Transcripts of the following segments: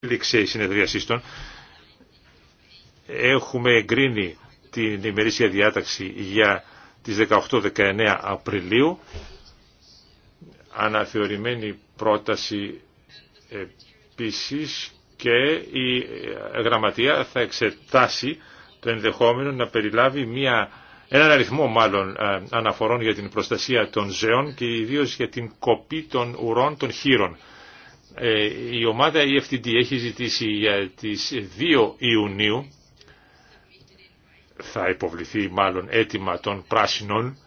Λήξε η συνεδρίασή των. Έχουμε εγκρίνει την ημερήσια διάταξη για τις 18-19 Απριλίου. Αναθεωρημένη πρόταση επίσης και η γραμματεία θα εξετάσει το ενδεχόμενο να περιλάβει μια, έναν αριθμό μάλλον ε, αναφορών για την προστασία των ζεών και ιδίως για την κοπή των ουρών των χείρων. Ε, η ομάδα EFTD έχει ζητήσει για τις 2 Ιουνίου θα υποβληθεί μάλλον αίτημα των πράσινων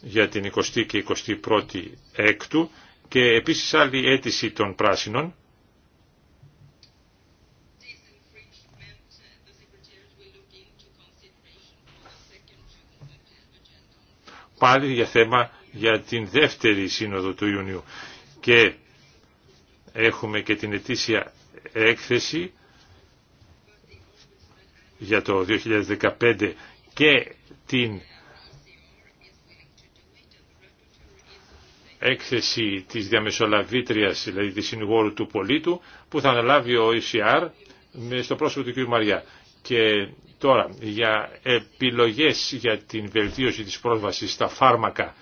για την 20η και 21η έκτου και επίσης άλλη αίτηση των πράσινων πάλι για θέμα για την δεύτερη σύνοδο του Ιουνίου. Και Έχουμε και την ετήσια έκθεση για το 2015 και την έκθεση της διαμεσολαβήτριας, δηλαδή της συνηγόρου του πολίτου, που θα αναλάβει ο ECR στο πρόσωπο του κ. Μαριά. Και τώρα, για επιλογές για την βελτίωση της πρόσβασης στα φάρμακα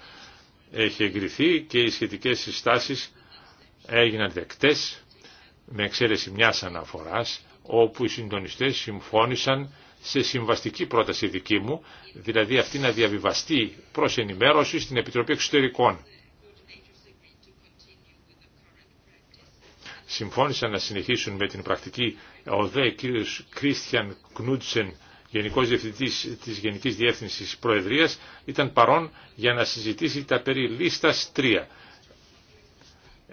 έχει εγκριθεί και οι σχετικές συστάσεις έγιναν δεκτές με εξαίρεση μιας αναφοράς όπου οι συντονιστές συμφώνησαν σε συμβαστική πρόταση δική μου, δηλαδή αυτή να διαβιβαστεί προς ενημέρωση στην Επιτροπή Εξωτερικών. Συμφώνησαν να συνεχίσουν με την πρακτική ο δε κ. Κρίστιαν Κνούτσεν, Γενικός Διευθυντής της Γενικής Διεύθυνσης Προεδρίας, ήταν παρόν για να συζητήσει τα περί λίστας 3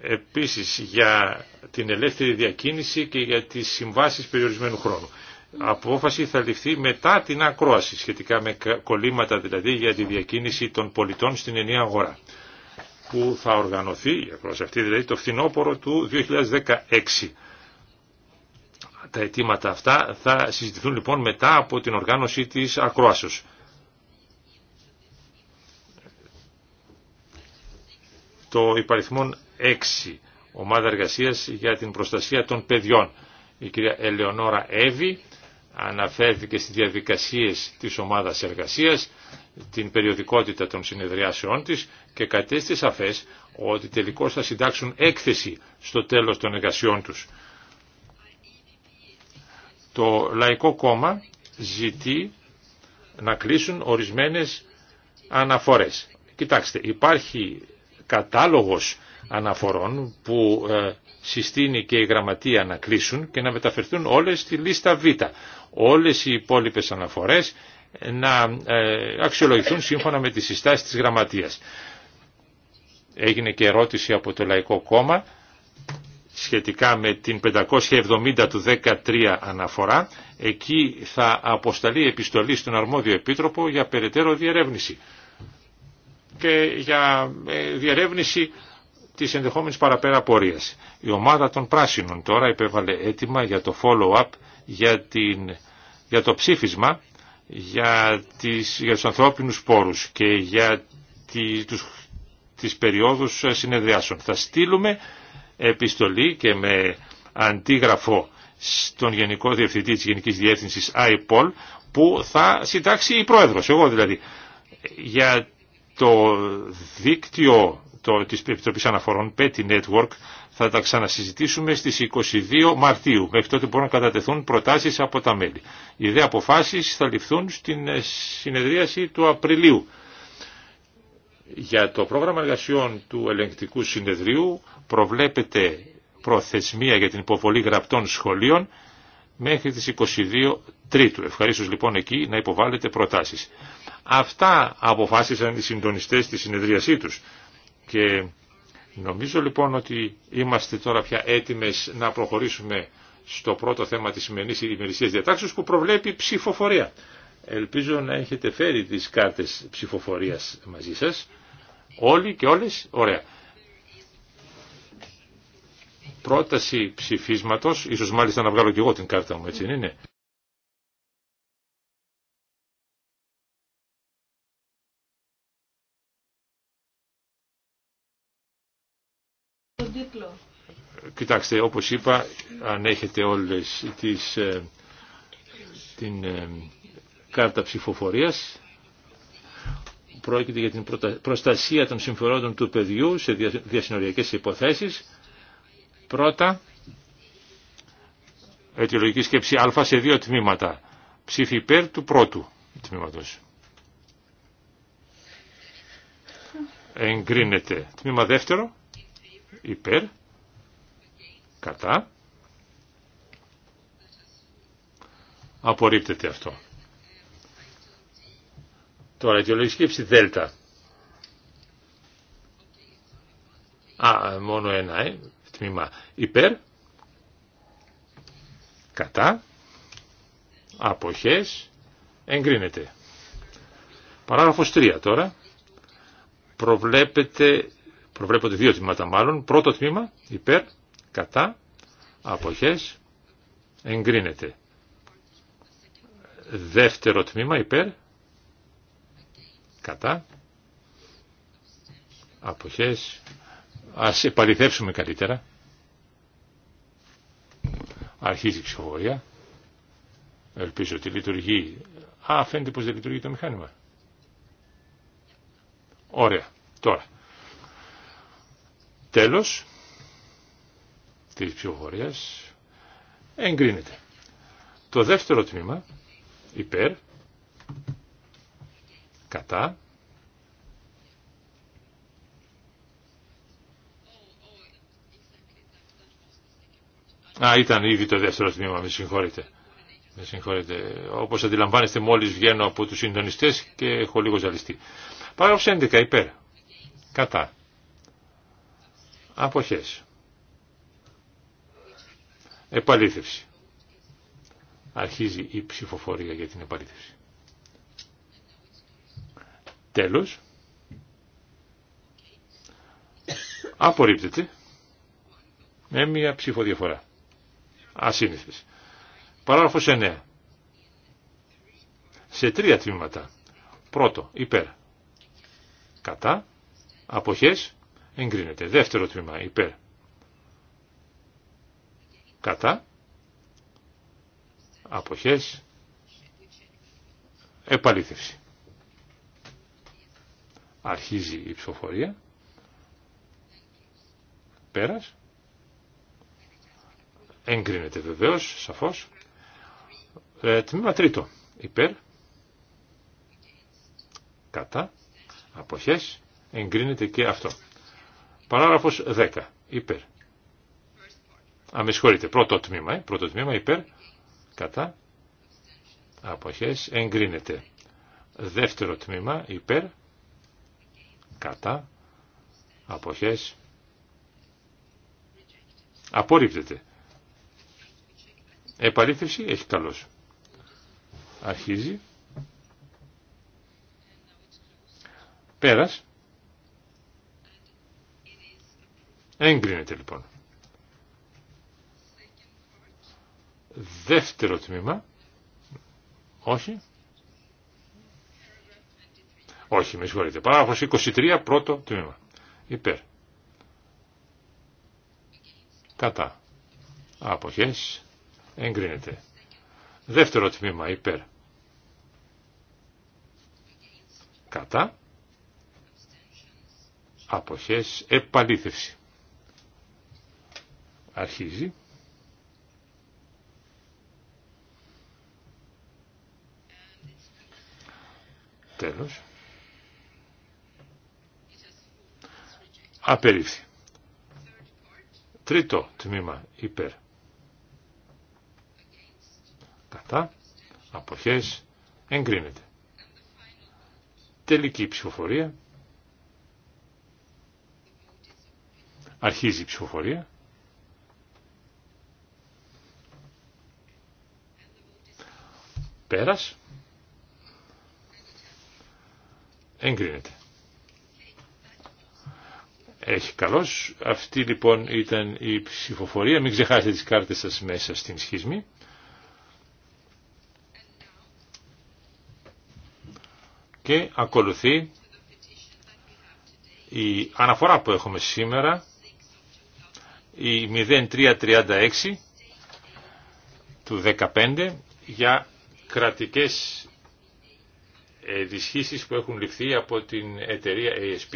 επίσης για την ελεύθερη διακίνηση και για τις συμβάσεις περιορισμένου χρόνου. Απόφαση θα ληφθεί μετά την ακρόαση σχετικά με κολλήματα δηλαδή για τη διακίνηση των πολιτών στην ενιαία αγορά που θα οργανωθεί η ακρόαση αυτή δηλαδή το φθινόπωρο του 2016. Τα αιτήματα αυτά θα συζητηθούν λοιπόν μετά από την οργάνωση της ακρόασης. Το υπαριθμόν 6, ομάδα εργασίας για την προστασία των παιδιών. Η κυρία Ελεονόρα Εύη αναφέρθηκε στις διαδικασίες της ομάδας εργασίας, την περιοδικότητα των συνεδριάσεών της και κατέστη σαφές ότι τελικώς θα συντάξουν έκθεση στο τέλος των εργασιών τους. Το Λαϊκό Κόμμα ζητεί να κλείσουν ορισμένες αναφορές. Κοιτάξτε, υπάρχει κατάλογος αναφορών που ε, συστήνει και η γραμματεία να κλείσουν και να μεταφερθούν όλες στη λίστα Β. Όλες οι υπόλοιπες αναφορές να ε, αξιολογηθούν σύμφωνα με τις συστάσεις της γραμματείας. Έγινε και ερώτηση από το Λαϊκό Κόμμα σχετικά με την 570 του 13 αναφορά. Εκεί θα αποσταλεί επιστολή στον αρμόδιο επίτροπο για περαιτέρω διερεύνηση και για ε, διερεύνηση Τη ενδεχόμενη παραπέρα πορείας. Η ομάδα των πράσινων τώρα υπέβαλε αίτημα για το follow-up για, την, για το ψήφισμα για, τις, για τους ανθρώπινους πόρους και για τι περιόδου τις περιόδους συνεδριάσεων. Θα στείλουμε επιστολή και με αντίγραφο στον Γενικό Διευθυντή της Γενικής Διεύθυνσης IPOL, που θα συντάξει η Πρόεδρος, εγώ δηλαδή, για το δίκτυο το, της Επιτροπής Αναφορών, Petty Network, θα τα ξανασυζητήσουμε στις 22 Μαρτίου. Μέχρι τότε μπορούν να κατατεθούν προτάσεις από τα μέλη. Οι δε αποφάσεις θα ληφθούν στην ε, συνεδρίαση του Απριλίου. Για το πρόγραμμα εργασιών του ελεγκτικού συνεδρίου προβλέπεται προθεσμία για την υποβολή γραπτών σχολείων μέχρι τις 22 Τρίτου. Ευχαρίστως λοιπόν εκεί να υποβάλλετε προτάσεις. Αυτά αποφάσισαν οι συντονιστές στη συνεδρίασή τους. Και νομίζω λοιπόν ότι είμαστε τώρα πια έτοιμες να προχωρήσουμε στο πρώτο θέμα της σημερινής ημερησίας διατάξεως που προβλέπει ψηφοφορία. Ελπίζω να έχετε φέρει τις κάρτες ψηφοφορίας μαζί σας. Όλοι και όλες, ωραία. Πρόταση ψηφίσματος, ίσως μάλιστα να βγάλω και εγώ την κάρτα μου, έτσι είναι. Κοιτάξτε, όπως είπα, αν έχετε όλες τις, ε, την ε, κάρτα ψηφοφορίας, πρόκειται για την προστασία των συμφερόντων του παιδιού σε διασυνοριακές υποθέσεις. Πρώτα, αιτιολογική σκέψη α σε δύο τμήματα. Ψήφι υπέρ του πρώτου τμήματος. Εγκρίνεται. Τμήμα δεύτερο, υπέρ. Κατά. Απορρίπτεται αυτό. Τώρα, αιτιολογική σκέψη δέλτα. Α, μόνο ένα, ε, τμήμα. Υπέρ. Κατά. Αποχές. Εγκρίνεται. Παράγραφος 3 τώρα. Προβλέπεται, προβλέπονται δύο τμήματα μάλλον. Πρώτο τμήμα, υπέρ κατά, αποχές, εγκρίνεται. Δεύτερο τμήμα υπέρ, κατά, αποχές, ας επαληθεύσουμε καλύτερα. Αρχίζει η ψηφοφορία. Ελπίζω ότι λειτουργεί. Α, φαίνεται πως δεν λειτουργεί το μηχάνημα. Ωραία. Τώρα. Τέλος της ψηφοφορίας εγκρίνεται. Το δεύτερο τμήμα υπέρ κατά Α, ήταν ήδη το δεύτερο τμήμα, με συγχωρείτε. Με συγχωρείτε. Όπως αντιλαμβάνεστε μόλις βγαίνω από τους συντονιστές και έχω λίγο ζαλιστεί. Παράγραφος 11, υπέρ. Κατά. Αποχές. Επαλήθευση. Αρχίζει η ψηφοφορία για την επαλήθευση. Τέλος. Απορρίπτεται. Με μια ψηφοδιαφορά. Ασύνηθες. Παράγραφος 9. Σε τρία τμήματα. Πρώτο, υπέρ. Κατά. Αποχές. Εγκρίνεται. Δεύτερο τμήμα, υπέρ Κατά. Αποχές. Επαλήθευση. Αρχίζει η ψηφοφορία. Πέρας. Εγκρίνεται βεβαίως, σαφώς. Ε, τμήμα τρίτο. Υπέρ. Κατά. Αποχές. Εγκρίνεται και αυτό. Παράγραφος 10. Υπέρ. Α, πρώτο τμήμα, ε. πρώτο τμήμα υπέρ, κατά, αποχές, εγκρίνεται. Δεύτερο τμήμα υπέρ, κατά, αποχές, απορρίπτεται. Επαλήθευση έχει καλώς. Αρχίζει. Πέρας. Έγκρινεται λοιπόν. Δεύτερο τμήμα. Όχι. Όχι, με συγχωρείτε. Παράγραφος 23, πρώτο τμήμα. Υπέρ. Κατά. Αποχές. Εγκρίνεται. Δεύτερο τμήμα, υπέρ. Κατά. Αποχές. Επαλήθευση. Αρχίζει. Τέλος. Απερίφθη. Τρίτο τμήμα υπέρ. Κατά. Αποχές. Εγκρίνεται. Τελική ψηφοφορία. Αρχίζει η ψηφοφορία. Πέρας. Εγκρίνεται. Έχει καλώς. Αυτή λοιπόν ήταν η ψηφοφορία. Μην ξεχάσετε τις κάρτες σας μέσα στην σχισμή. Και ακολουθεί η αναφορά που έχουμε σήμερα, η 0336 του 15 για κρατικές ενισχύσεις που έχουν ληφθεί από την εταιρεία ASP.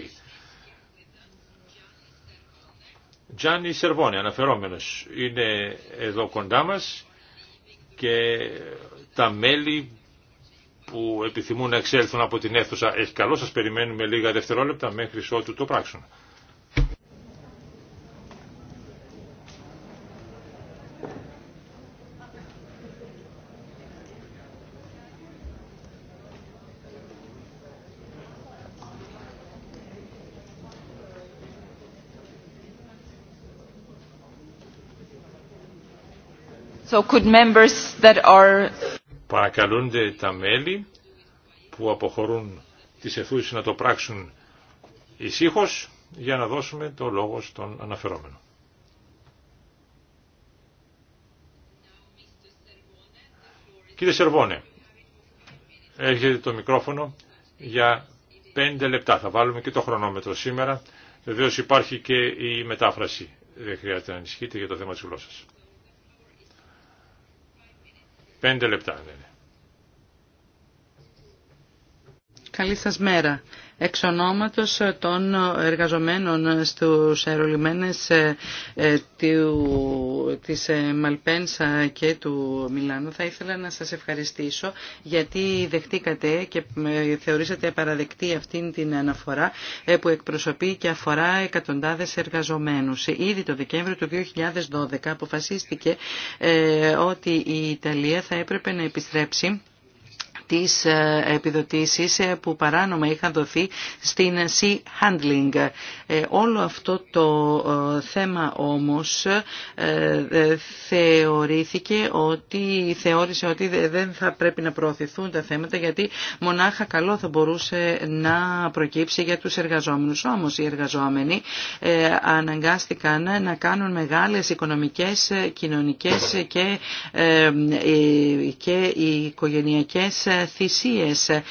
Τζάνι Σερβόνη, αναφερόμενος, είναι εδώ κοντά μας και τα μέλη που επιθυμούν να εξέλθουν από την αίθουσα. Έχει καλό, σας περιμένουμε λίγα δευτερόλεπτα μέχρι ότου το πράξουν. Παρακαλούνται τα μέλη που αποχωρούν τις αιθούσεις να το πράξουν ησύχω για να δώσουμε το λόγο στον αναφερόμενο. Κύριε Σερβόνε, έρχεται το μικρόφωνο για πέντε λεπτά. Θα βάλουμε και το χρονόμετρο σήμερα. Βεβαίως υπάρχει και η μετάφραση. Δεν χρειάζεται να ανησυχείτε για το θέμα της γλώσσας. Πέντε λεπτά. Ναι, ναι. Καλή σας μέρα εξ ονόματος των εργαζομένων στους αερολιμένες ε, ε, της Μαλπένσα ε, και του Μιλάνου θα ήθελα να σας ευχαριστήσω γιατί δεχτήκατε και θεωρήσατε παραδεκτή αυτήν την αναφορά που εκπροσωπεί και αφορά εκατοντάδες εργαζομένους. Ήδη το Δεκέμβριο του 2012 αποφασίστηκε ότι η Ιταλία θα έπρεπε να επιστρέψει τις ε, επιδοτήσεις ε, που παράνομα είχαν δοθεί στην Sea Handling. Ε, όλο αυτό το θέμα όμως θεωρήθηκε ότι, θεώρησε ότι δεν θα πρέπει να προωθηθούν τα θέματα γιατί μονάχα καλό θα μπορούσε να προκύψει για τους εργαζόμενους. Όμως οι εργαζόμενοι αναγκάστηκαν να κάνουν μεγάλες οικονομικές, κοινωνικές και, και οικογενειακές θυσίες ε,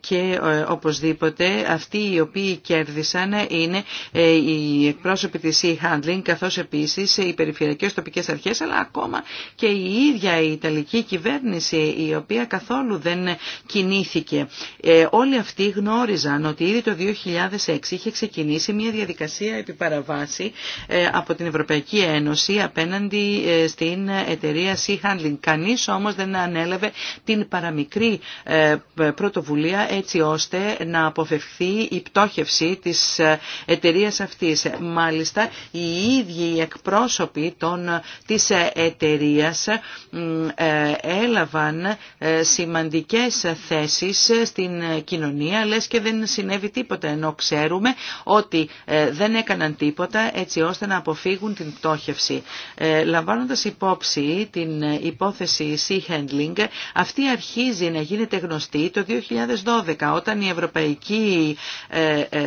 και ε, οπωσδήποτε αυτοί οι οποίοι κέρδισαν είναι ε, οι εκπρόσωποι της e-handling καθώς επίσης οι περιφερειακές τοπικές αρχές αλλά ακόμα και η ίδια η Ιταλική κυβέρνηση η οποία καθόλου δεν κινήθηκε. Όλοι αυτοί γνώριζαν ότι ήδη το 2006 είχε ξεκινήσει μια διαδικασία επιπαραβάση από την Ευρωπαϊκή Ένωση απέναντι στην εταιρεία Sea Handling. Κανείς όμως δεν ανέλαβε την παραμικρή ε, πρωτοβουλία έτσι ώστε να αποφευχθεί η πτώχευση της ε, εταιρεία αυτής. Μάλιστα, οι ίδιοι οι εκπρόσωποι των, της ε, εταιρεία έλαβαν σημαντικές θέσεις στην κοινωνία, λες και δεν συνέβη τίποτα, ενώ ξέρουμε ότι δεν έκαναν τίποτα έτσι ώστε να αποφύγουν την πτώχευση. Λαμβάνοντας υπόψη την υπόθεση c Handling, αυτή αρχίζει να γίνεται γνωστή το 2012 όταν η Ευρωπαϊκή ε, ε,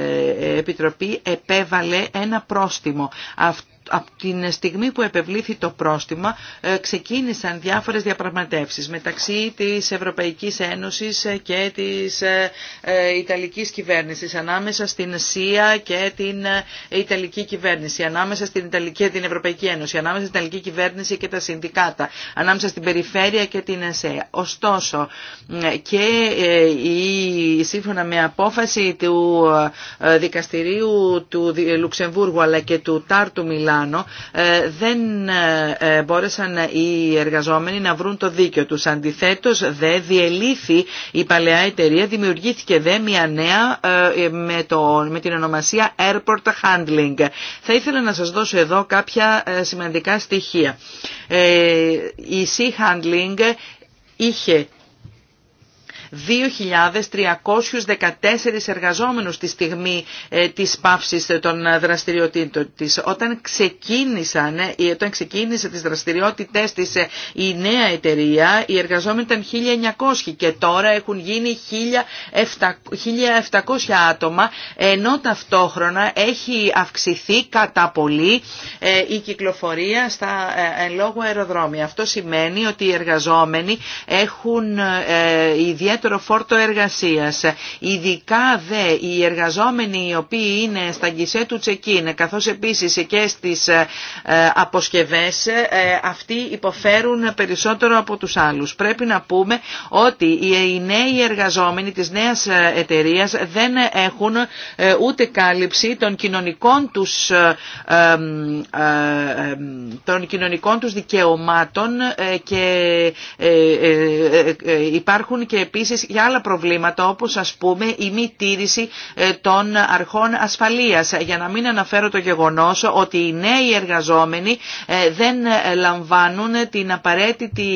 Επιτροπή επέβαλε ένα πρόστιμο. Αυτό από την στιγμή που επευλήθη το πρόστιμα ε, ξεκίνησαν διάφορες διαπραγματεύσεις μεταξύ της Ευρωπαϊκής Ένωσης ε, και της ε, Ιταλικής κυβέρνησης ανάμεσα στην ΣΥΑ και την Ιταλική κυβέρνηση ανάμεσα στην Ιταλική και την Ευρωπαϊκή Ένωση ανάμεσα στην Ιταλική κυβέρνηση και τα συνδικάτα ανάμεσα στην περιφέρεια και την ΕΣΕ. Ωστόσο και σύμφωνα με απόφαση του δικαστηρίου του Λουξεμβούργου αλλά και του Τάρτου Μιλά ε, δεν ε, ε, μπόρεσαν οι εργαζόμενοι να βρουν το δίκιο τους. Αντιθέτως δε διελήθη η παλαιά εταιρεία, δημιουργήθηκε δε μια νέα με, το, με την ονομασία Airport Handling. Θα ήθελα να σας δώσω εδώ κάποια σημαντικά στοιχεία. Η Sea Handling είχε 2.314 εργαζόμενους τη στιγμή ε, της πάυσης των δραστηριοτήτων της. Όταν, ξεκίνησαν, ε, όταν ξεκίνησε τις δραστηριότητες της ε, η νέα εταιρεία, οι εργαζόμενοι ήταν 1.900 και τώρα έχουν γίνει 1.700 άτομα, ενώ ταυτόχρονα έχει αυξηθεί κατά πολύ η κυκλοφορία στα λόγω αεροδρόμια. Αυτό σημαίνει ότι οι εργαζόμενοι έχουν ιδιαίτερα ιδιαίτερο φόρτο εργασίας. Ειδικά δε οι εργαζόμενοι οι οποίοι είναι στα γκισέ του τσεκίν, καθώς επίσης και στις ε, αποσκευές, ε, αυτοί υποφέρουν περισσότερο από τους άλλους. Πρέπει να πούμε ότι οι νέοι εργαζόμενοι της νέας ε, εταιρείας δεν έχουν ούτε κάλυψη των κοινωνικών τους, των κοινωνικών τους δικαιωμάτων και υπάρχουν και επίσης για άλλα προβλήματα όπως ας πούμε η μη τήρηση ε, των αρχών ασφαλείας. Για να μην αναφέρω το γεγονός ότι οι νέοι εργαζόμενοι ε, δεν ε, λαμβάνουν την απαραίτητη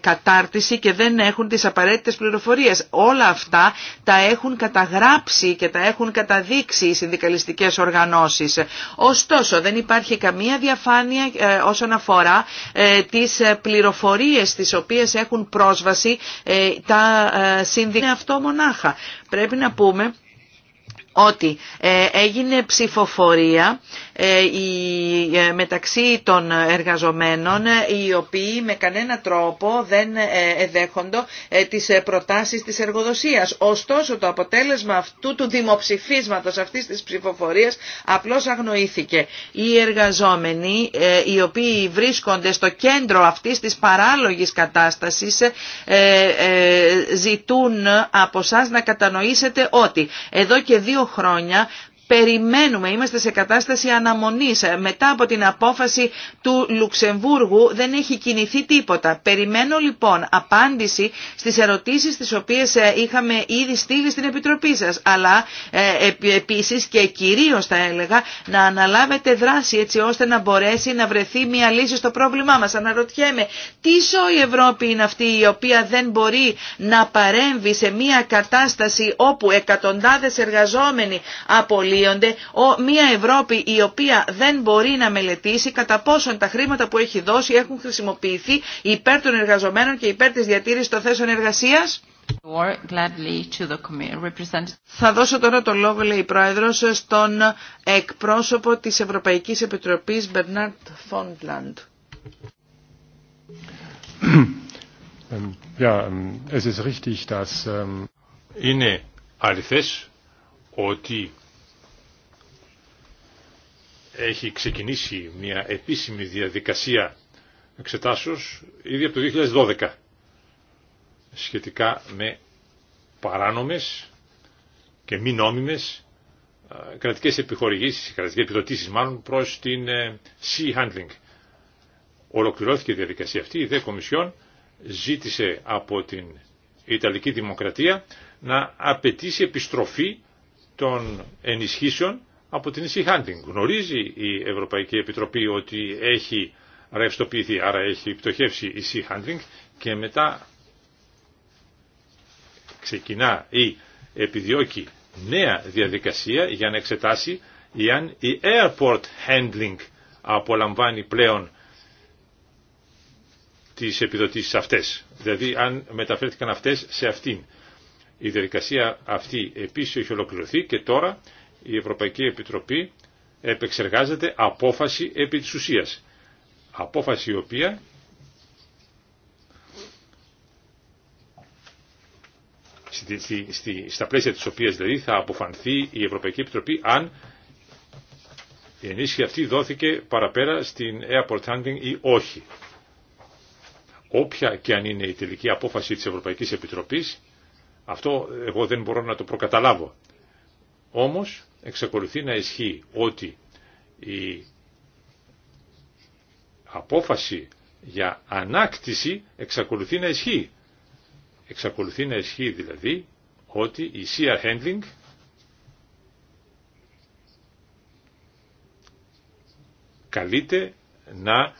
κατάρτιση και δεν έχουν τις απαραίτητες πληροφορίες. Όλα αυτά τα έχουν καταγράψει και τα έχουν καταδείξει οι συνδικαλιστικές οργανώσεις. Ωστόσο δεν υπάρχει καμία διαφάνεια όσον αφορά τι πληροφορίες τις οποίες έχουν πρόσβαση τα ε, συνδυα Είναι αυτό μονάχα. Πρέπει να πούμε ότι ε, έγινε ψηφοφορία ε, ε, μεταξύ των εργαζομένων οι οποίοι με κανένα τρόπο δεν εδέχοντο τις προτάσεις της εργοδοσίας. Ωστόσο το αποτέλεσμα αυτού του δημοψηφίσματος αυτής της ψηφοφορίας απλώς αγνοήθηκε. Οι εργαζόμενοι οι οποίοι βρίσκονται στο κέντρο αυτής της παράλογης κατάστασης ζητούν από σας να κατανοήσετε ότι εδώ και δύο δύο χρόνια περιμένουμε, είμαστε σε κατάσταση αναμονής. Μετά από την απόφαση του Λουξεμβούργου δεν έχει κινηθεί τίποτα. Περιμένω λοιπόν απάντηση στις ερωτήσεις τις οποίες ε, είχαμε ήδη στείλει στην Επιτροπή σας, αλλά ε, επίσης και κυρίως θα έλεγα να αναλάβετε δράση έτσι ώστε να μπορέσει να βρεθεί μια λύση στο πρόβλημά μας. Αναρωτιέμαι τι η Ευρώπη είναι αυτή η οποία δεν μπορεί να παρέμβει σε μια κατάσταση όπου εκατοντάδες εργαζόμενοι απολύουν ο μια Ευρώπη η οποία δεν μπορεί να μελετήσει κατά πόσον τα χρήματα που έχει δώσει έχουν χρησιμοποιηθεί υπέρ των εργαζομένων και υπέρ της διατήρησης των θέσεων εργασίας. Θα δώσω τώρα το λόγο, λέει η Πρόεδρος, στον εκπρόσωπο της Ευρωπαϊκής Επιτροπής, Μπερνάρτ Φόντλαντ. Ähm, ähm, ähm, Είναι αληθές ότι έχει ξεκινήσει μια επίσημη διαδικασία εξετάσεως ήδη από το 2012 σχετικά με παράνομες και μη νόμιμες ε, κρατικές επιχορηγήσεις, κρατικές επιδοτήσεις μάλλον προς την ε, Sea Handling. Ολοκληρώθηκε η διαδικασία αυτή, η ΔΕ Κομισιόν ζήτησε από την Ιταλική Δημοκρατία να απαιτήσει επιστροφή των ενισχύσεων από την EC Handling. Γνωρίζει η Ευρωπαϊκή Επιτροπή ότι έχει ρευστοποιηθεί, άρα έχει πτωχεύσει η EC Handling και μετά ξεκινά ή επιδιώκει νέα διαδικασία για να εξετάσει αν η Airport Handling απολαμβάνει πλέον τις επιδοτήσεις αυτές. Δηλαδή αν μεταφέρθηκαν αυτές σε αυτήν. Η διαδικασία αυτή επίσης έχει ολοκληρωθεί και τώρα η Ευρωπαϊκή Επιτροπή επεξεργάζεται απόφαση επί της ουσίας. Απόφαση η οποία στα πλαίσια της οποίας δηλαδή θα αποφανθεί η Ευρωπαϊκή Επιτροπή αν η ενίσχυση αυτή δόθηκε παραπέρα στην airport handling ή όχι. Όποια και αν είναι η τελική απόφαση της Ευρωπαϊκής Επιτροπής, αυτό εγώ δεν μπορώ να το προκαταλάβω. Όμως, εξακολουθεί να ισχύει ότι η απόφαση για ανάκτηση εξακολουθεί να ισχύει. Εξακολουθεί να ισχύει δηλαδή ότι η CR Handling καλείται να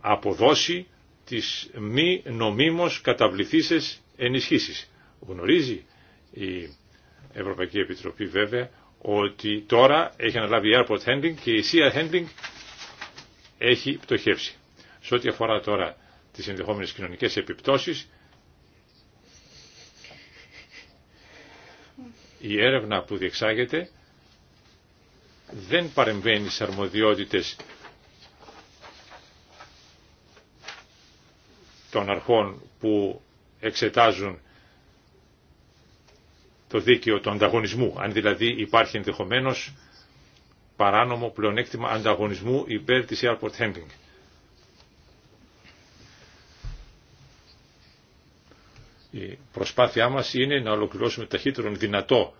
αποδώσει τις μη νομίμως καταβληθήσεις ενισχύσεις. Γνωρίζει η Ευρωπαϊκή Επιτροπή βέβαια ότι τώρα έχει αναλάβει η Airport Handling και η Sea Handling έχει πτωχεύσει. Σε ό,τι αφορά τώρα τις ενδεχόμενες κοινωνικές επιπτώσεις, η έρευνα που διεξάγεται δεν παρεμβαίνει στις αρμοδιότητες των αρχών που εξετάζουν το δίκαιο του ανταγωνισμού, αν δηλαδή υπάρχει ενδεχομένω παράνομο πλεονέκτημα ανταγωνισμού υπέρ της airport handling. Η προσπάθειά μας είναι να ολοκληρώσουμε ταχύτερον δυνατό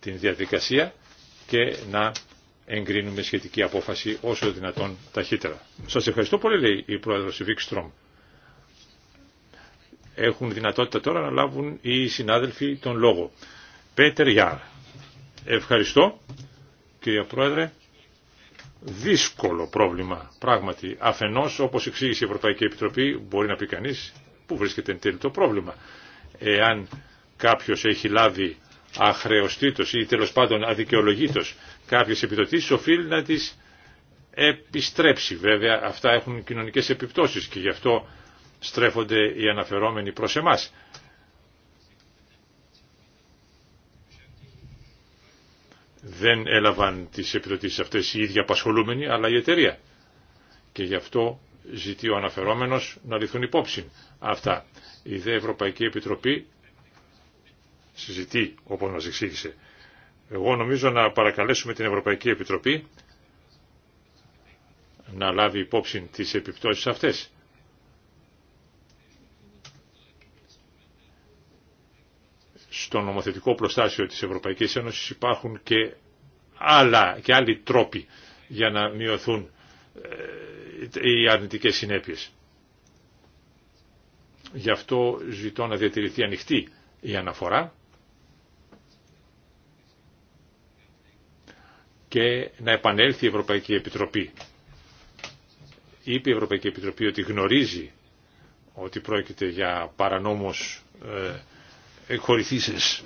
την διαδικασία και να εγκρίνουμε σχετική απόφαση όσο δυνατόν ταχύτερα. Σας ευχαριστώ πολύ, λέει η πρόεδρος Βίκστρομ. Έχουν δυνατότητα τώρα να λάβουν οι συνάδελφοι τον λόγο. Πέτερ Γιάρ. Ευχαριστώ, κύριε Πρόεδρε. Δύσκολο πρόβλημα, πράγματι. Αφενός, όπως εξήγησε η Ευρωπαϊκή Επιτροπή, μπορεί να πει κανείς πού βρίσκεται εν τέλει το πρόβλημα. Εάν κάποιος έχει λάβει αχρεωστήτως ή τέλος πάντων αδικαιολογήτως κάποιες επιδοτήσεις, οφείλει να τις επιστρέψει. Βέβαια, αυτά έχουν κοινωνικές επιπτώσεις και γι' αυτό στρέφονται οι αναφερόμενοι προς εμάς. δεν έλαβαν τις επιδοτήσεις αυτές οι ίδιοι απασχολούμενοι, αλλά η εταιρεία. Και γι' αυτό ζητεί ο αναφερόμενος να ληφθούν υπόψη αυτά. Η ΔΕ Ευρωπαϊκή Επιτροπή συζητεί, όπως μας εξήγησε. Εγώ νομίζω να παρακαλέσουμε την Ευρωπαϊκή Επιτροπή να λάβει υπόψη τις επιπτώσεις αυτές. στο νομοθετικό προστάσιο της Ευρωπαϊκής Ένωσης υπάρχουν και, άλλα, και άλλοι τρόποι για να μειωθούν ε, οι αρνητικές συνέπειες. Γι' αυτό ζητώ να διατηρηθεί ανοιχτή η αναφορά και να επανέλθει η Ευρωπαϊκή Επιτροπή. Είπε η Ευρωπαϊκή Επιτροπή ότι γνωρίζει ότι πρόκειται για παρανόμως ε, εκχωρηθήσεις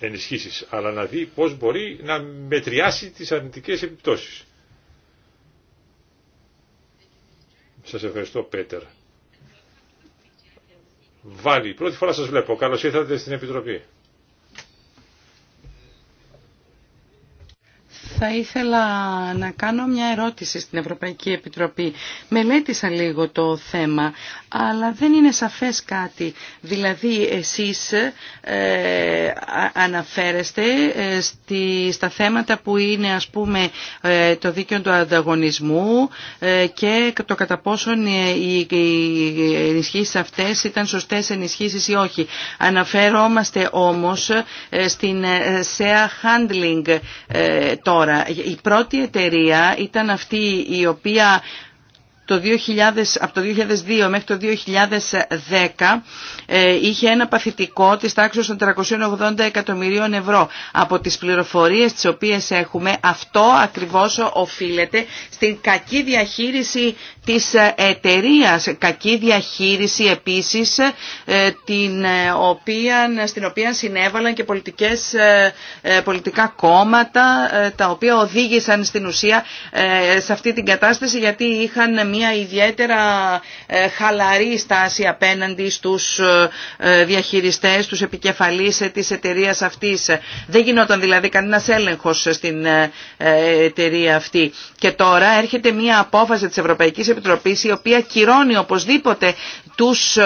ενισχύσεις, αλλά να δει πώς μπορεί να μετριάσει τις αρνητικές επιπτώσεις. Σας ευχαριστώ Πέτερ. Βάλει, πρώτη φορά σας βλέπω. Καλώς ήρθατε στην Επιτροπή. Θα ήθελα να κάνω μια ερώτηση στην Ευρωπαϊκή Επιτροπή. Μελέτησα λίγο το θέμα, αλλά δεν είναι σαφές κάτι. Δηλαδή, εσείς ε, αναφέρεστε ε, στη, στα θέματα που είναι, ας πούμε, ε, το δίκαιο του ανταγωνισμού και το κατά πόσον οι, οι ενισχύσεις αυτές ήταν σωστές ενισχύσεις ή όχι. Αναφέρομαστε όμως στην SEA Handling τώρα η πρώτη εταιρεία ήταν αυτή η οποία το 2000, από το 2002 μέχρι το 2010 ε, είχε ένα παθητικό της τάξης των 380 εκατομμυρίων ευρώ. Από τις πληροφορίες τις οποίες έχουμε αυτό ακριβώς οφείλεται στην κακή διαχείριση της ε, εταιρεία, κακή διαχείριση επίσης ε, την οποία, στην οποία συνέβαλαν και πολιτικές, πολιτικά κόμματα τα οποία οδήγησαν στην ουσία σε αυτή την κατάσταση γιατί είχαν μια ιδιαίτερα ε, χαλαρή στάση απέναντι στους ε, ε, διαχειριστές, τους επικεφαλείς της εταιρείας αυτής. Δεν γινόταν δηλαδή κανενα έλεγχος στην εταιρεία αυτή. Και τώρα έρχεται μια απόφαση της Ευρωπαϊκής Επιτροπής η οποία κυρώνει οπωσδήποτε τους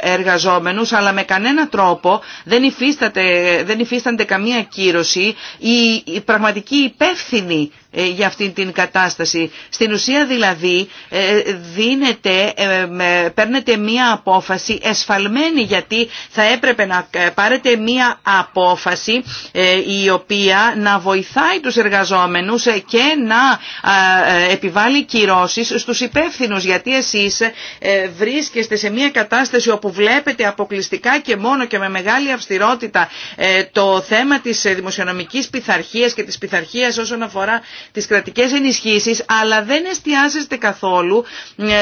εργαζόμενους αλλά με κανένα τρόπο δεν, υφίσταται, δεν υφίστανται καμία κύρωση η πραγματική υπεύθυνοι ε, για αυτή την κατάσταση. Στην ουσία δηλαδή ε, δίνεται, ε, παίρνετε μία απόφαση εσφαλμένη γιατί θα έπρεπε να πάρετε μία απόφαση η οποία να βοηθάει τους εργαζόμενους και να επιβάλλει κυρώσεις στους υπεύθυνους γιατί εσείς βρίσκεστε σε μία κατάσταση όπου βλέπετε αποκλειστικά και μόνο και με μεγάλη αυστηρότητα το θέμα της δημοσιονομικής πειθαρχίας και της πειθαρχίας όσον αφορά τις κρατικές ενισχύσεις, αλλά δεν εστιάζεστε καθόλου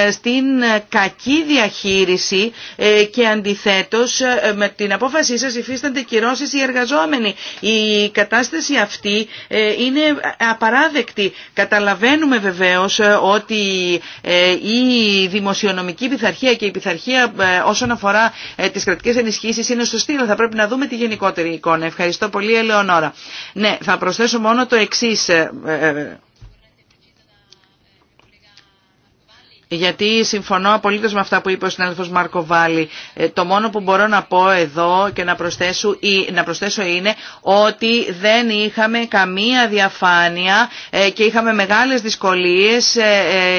ε, στην κακή διαχείριση ε, και αντιθέτως ε, με την απόφασή σας υφίστανται κυρώσεις οι εργαζόμενοι. Η κατάσταση αυτή είναι απαράδεκτη. Καταλαβαίνουμε βεβαίως ότι η δημοσιονομική πειθαρχία και η πειθαρχία όσον αφορά τις κρατικές ενισχύσεις είναι σωστή, αλλά θα πρέπει να δούμε τη γενικότερη εικόνα. Ευχαριστώ πολύ, Ελεονόρα. Ναι, θα προσθέσω μόνο το εξή ε, γιατί συμφωνώ απολύτως με αυτά που είπε ο συνάδελφος Μάρκο Βάλλη. Ε, το μόνο που μπορώ να πω εδώ και να προσθέσω, να προσθέσω είναι ότι δεν είχαμε καμία διαφάνεια ε, και είχαμε μεγάλες δυσκολίες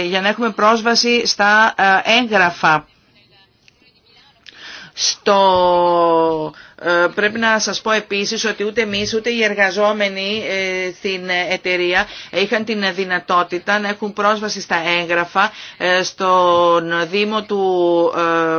για να έχουμε πρόσβαση στα έγγραφα. Στο, ε, πρέπει να σας πω επίσης ότι ούτε εμείς ούτε οι εργαζόμενοι ε, στην εταιρεία είχαν την δυνατότητα να έχουν πρόσβαση στα έγγραφα ε, στον Δήμο του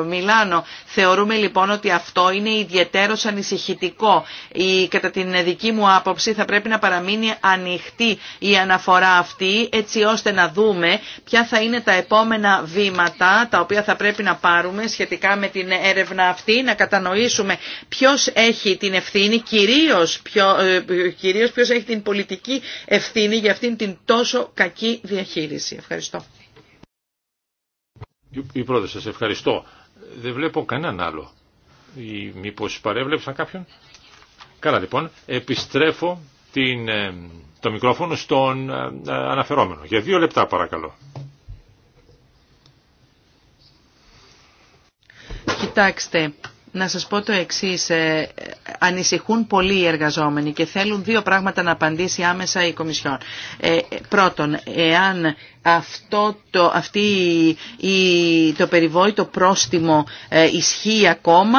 Μιλάνο Θεωρούμε λοιπόν ότι αυτό είναι ιδιαίτερο ανησυχητικό. Η, κατά την δική μου άποψη θα πρέπει να παραμείνει ανοιχτή η αναφορά αυτή έτσι ώστε να δούμε ποια θα είναι τα επόμενα βήματα τα οποία θα πρέπει να πάρουμε σχετικά με την έρευνα αυτή, να κατανοήσουμε ποιος έχει την ευθύνη, κυρίως, ποιο, ε, κυρίως ποιος έχει την πολιτική ευθύνη για αυτήν την τόσο κακή διαχείριση. Ευχαριστώ. Η πρόεδρε, ευχαριστώ. Δεν βλέπω κανέναν άλλο. Ή μήπως παρέβλεψαν κάποιον. Καλά λοιπόν, επιστρέφω την, ε, το μικρόφωνο στον ε, ε, αναφερόμενο. Για δύο λεπτά παρακαλώ. Κοιτάξτε, να σας πω το εξής. Ε, ανησυχούν πολλοί οι εργαζόμενοι και θέλουν δύο πράγματα να απαντήσει άμεσα η Κομισιόν. Ε, πρώτον, εάν αυτό το, αυτή, η, το περιβόητο πρόστιμο ε, ισχύει ακόμα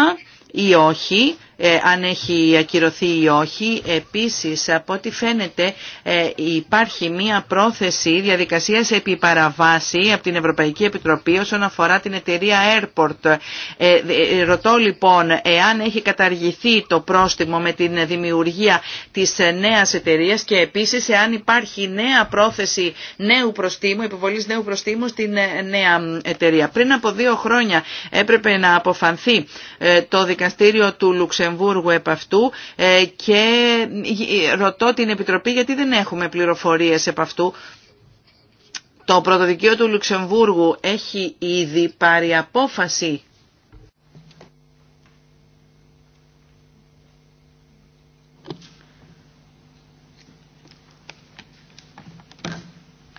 ή όχι ε, αν έχει ακυρωθεί ή όχι. Επίσης, από ό,τι φαίνεται, ε, υπάρχει μία πρόθεση διαδικασίας επί παραβάση από την Ευρωπαϊκή Επιτροπή όσον αφορά την εταιρεία Airport. Ε, ρωτώ λοιπόν, εάν έχει καταργηθεί το πρόστιμο με την δημιουργία της νέας εταιρείας και επίσης εάν υπάρχει νέα πρόθεση νέου προστίμου, υποβολής νέου προστίμου στην νέα εταιρεία. Πριν από δύο χρόνια έπρεπε να αποφανθεί το δικαστήριο του Λουξεμβούργου Λουξεμβούργου επ' αυτού ε, και ρωτώ την Επιτροπή γιατί δεν έχουμε πληροφορίες επ' αυτού. Το πρωτοδικείο του Λουξεμβούργου έχει ήδη πάρει απόφαση.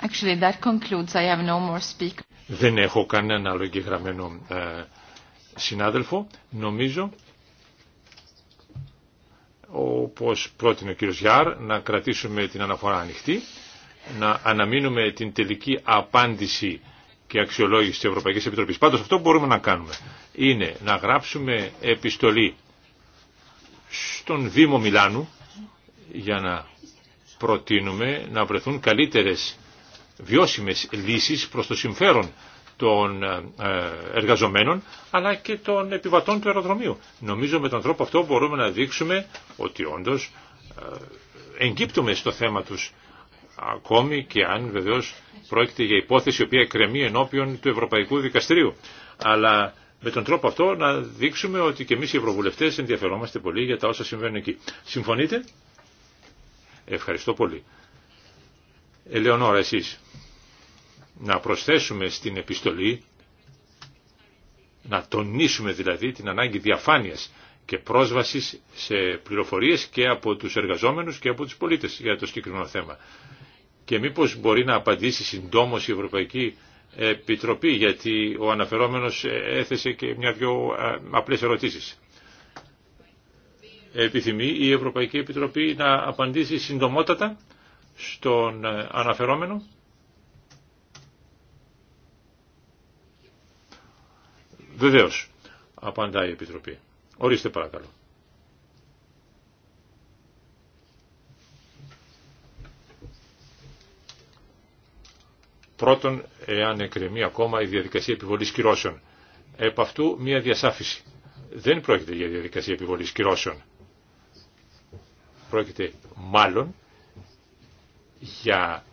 Actually, that Δεν έχω κανένα άλλο εγγεγραμμένο ε, συνάδελφο. Νομίζω όπως πρότεινε ο κύριος Γιάρ, να κρατήσουμε την αναφορά ανοιχτή, να αναμείνουμε την τελική απάντηση και αξιολόγηση της Ευρωπαϊκής Επιτροπής. Πάντως αυτό που μπορούμε να κάνουμε είναι να γράψουμε επιστολή στον Δήμο Μιλάνου για να προτείνουμε να βρεθούν καλύτερες βιώσιμες λύσεις προς το συμφέρον των ε, ε, εργαζομένων αλλά και των επιβατών του αεροδρομίου. Νομίζω με τον τρόπο αυτό μπορούμε να δείξουμε ότι όντως ε, εγκύπτουμε στο θέμα τους ακόμη και αν βεβαίως πρόκειται για υπόθεση η οποία εκκρεμεί ενώπιον του Ευρωπαϊκού Δικαστηρίου. Αλλά με τον τρόπο αυτό να δείξουμε ότι και εμείς οι Ευρωβουλευτές ενδιαφερόμαστε πολύ για τα όσα συμβαίνουν εκεί. Συμφωνείτε? Ευχαριστώ πολύ. Ελεονόρα, εσείς να προσθέσουμε στην επιστολή, να τονίσουμε δηλαδή την ανάγκη διαφάνειας και πρόσβασης σε πληροφορίες και από τους εργαζόμενους και από τους πολίτες για το συγκεκριμένο θέμα. Και μήπως μπορεί να απαντήσει συντόμως η Ευρωπαϊκή Επιτροπή, γιατί ο αναφερόμενος έθεσε και μια-δυο απλές ερωτήσεις. Επιθυμεί η Ευρωπαϊκή Επιτροπή να απαντήσει συντομότατα στον αναφερόμενο. Βεβαίω, απαντάει η Επιτροπή. Ορίστε παρακαλώ. Πρώτον, εάν εκκρεμεί ακόμα η διαδικασία επιβολής κυρώσεων. Επ' αυτού μια διασάφηση. Δεν πρόκειται για διαδικασία επιβολής κυρώσεων. Πρόκειται μάλλον για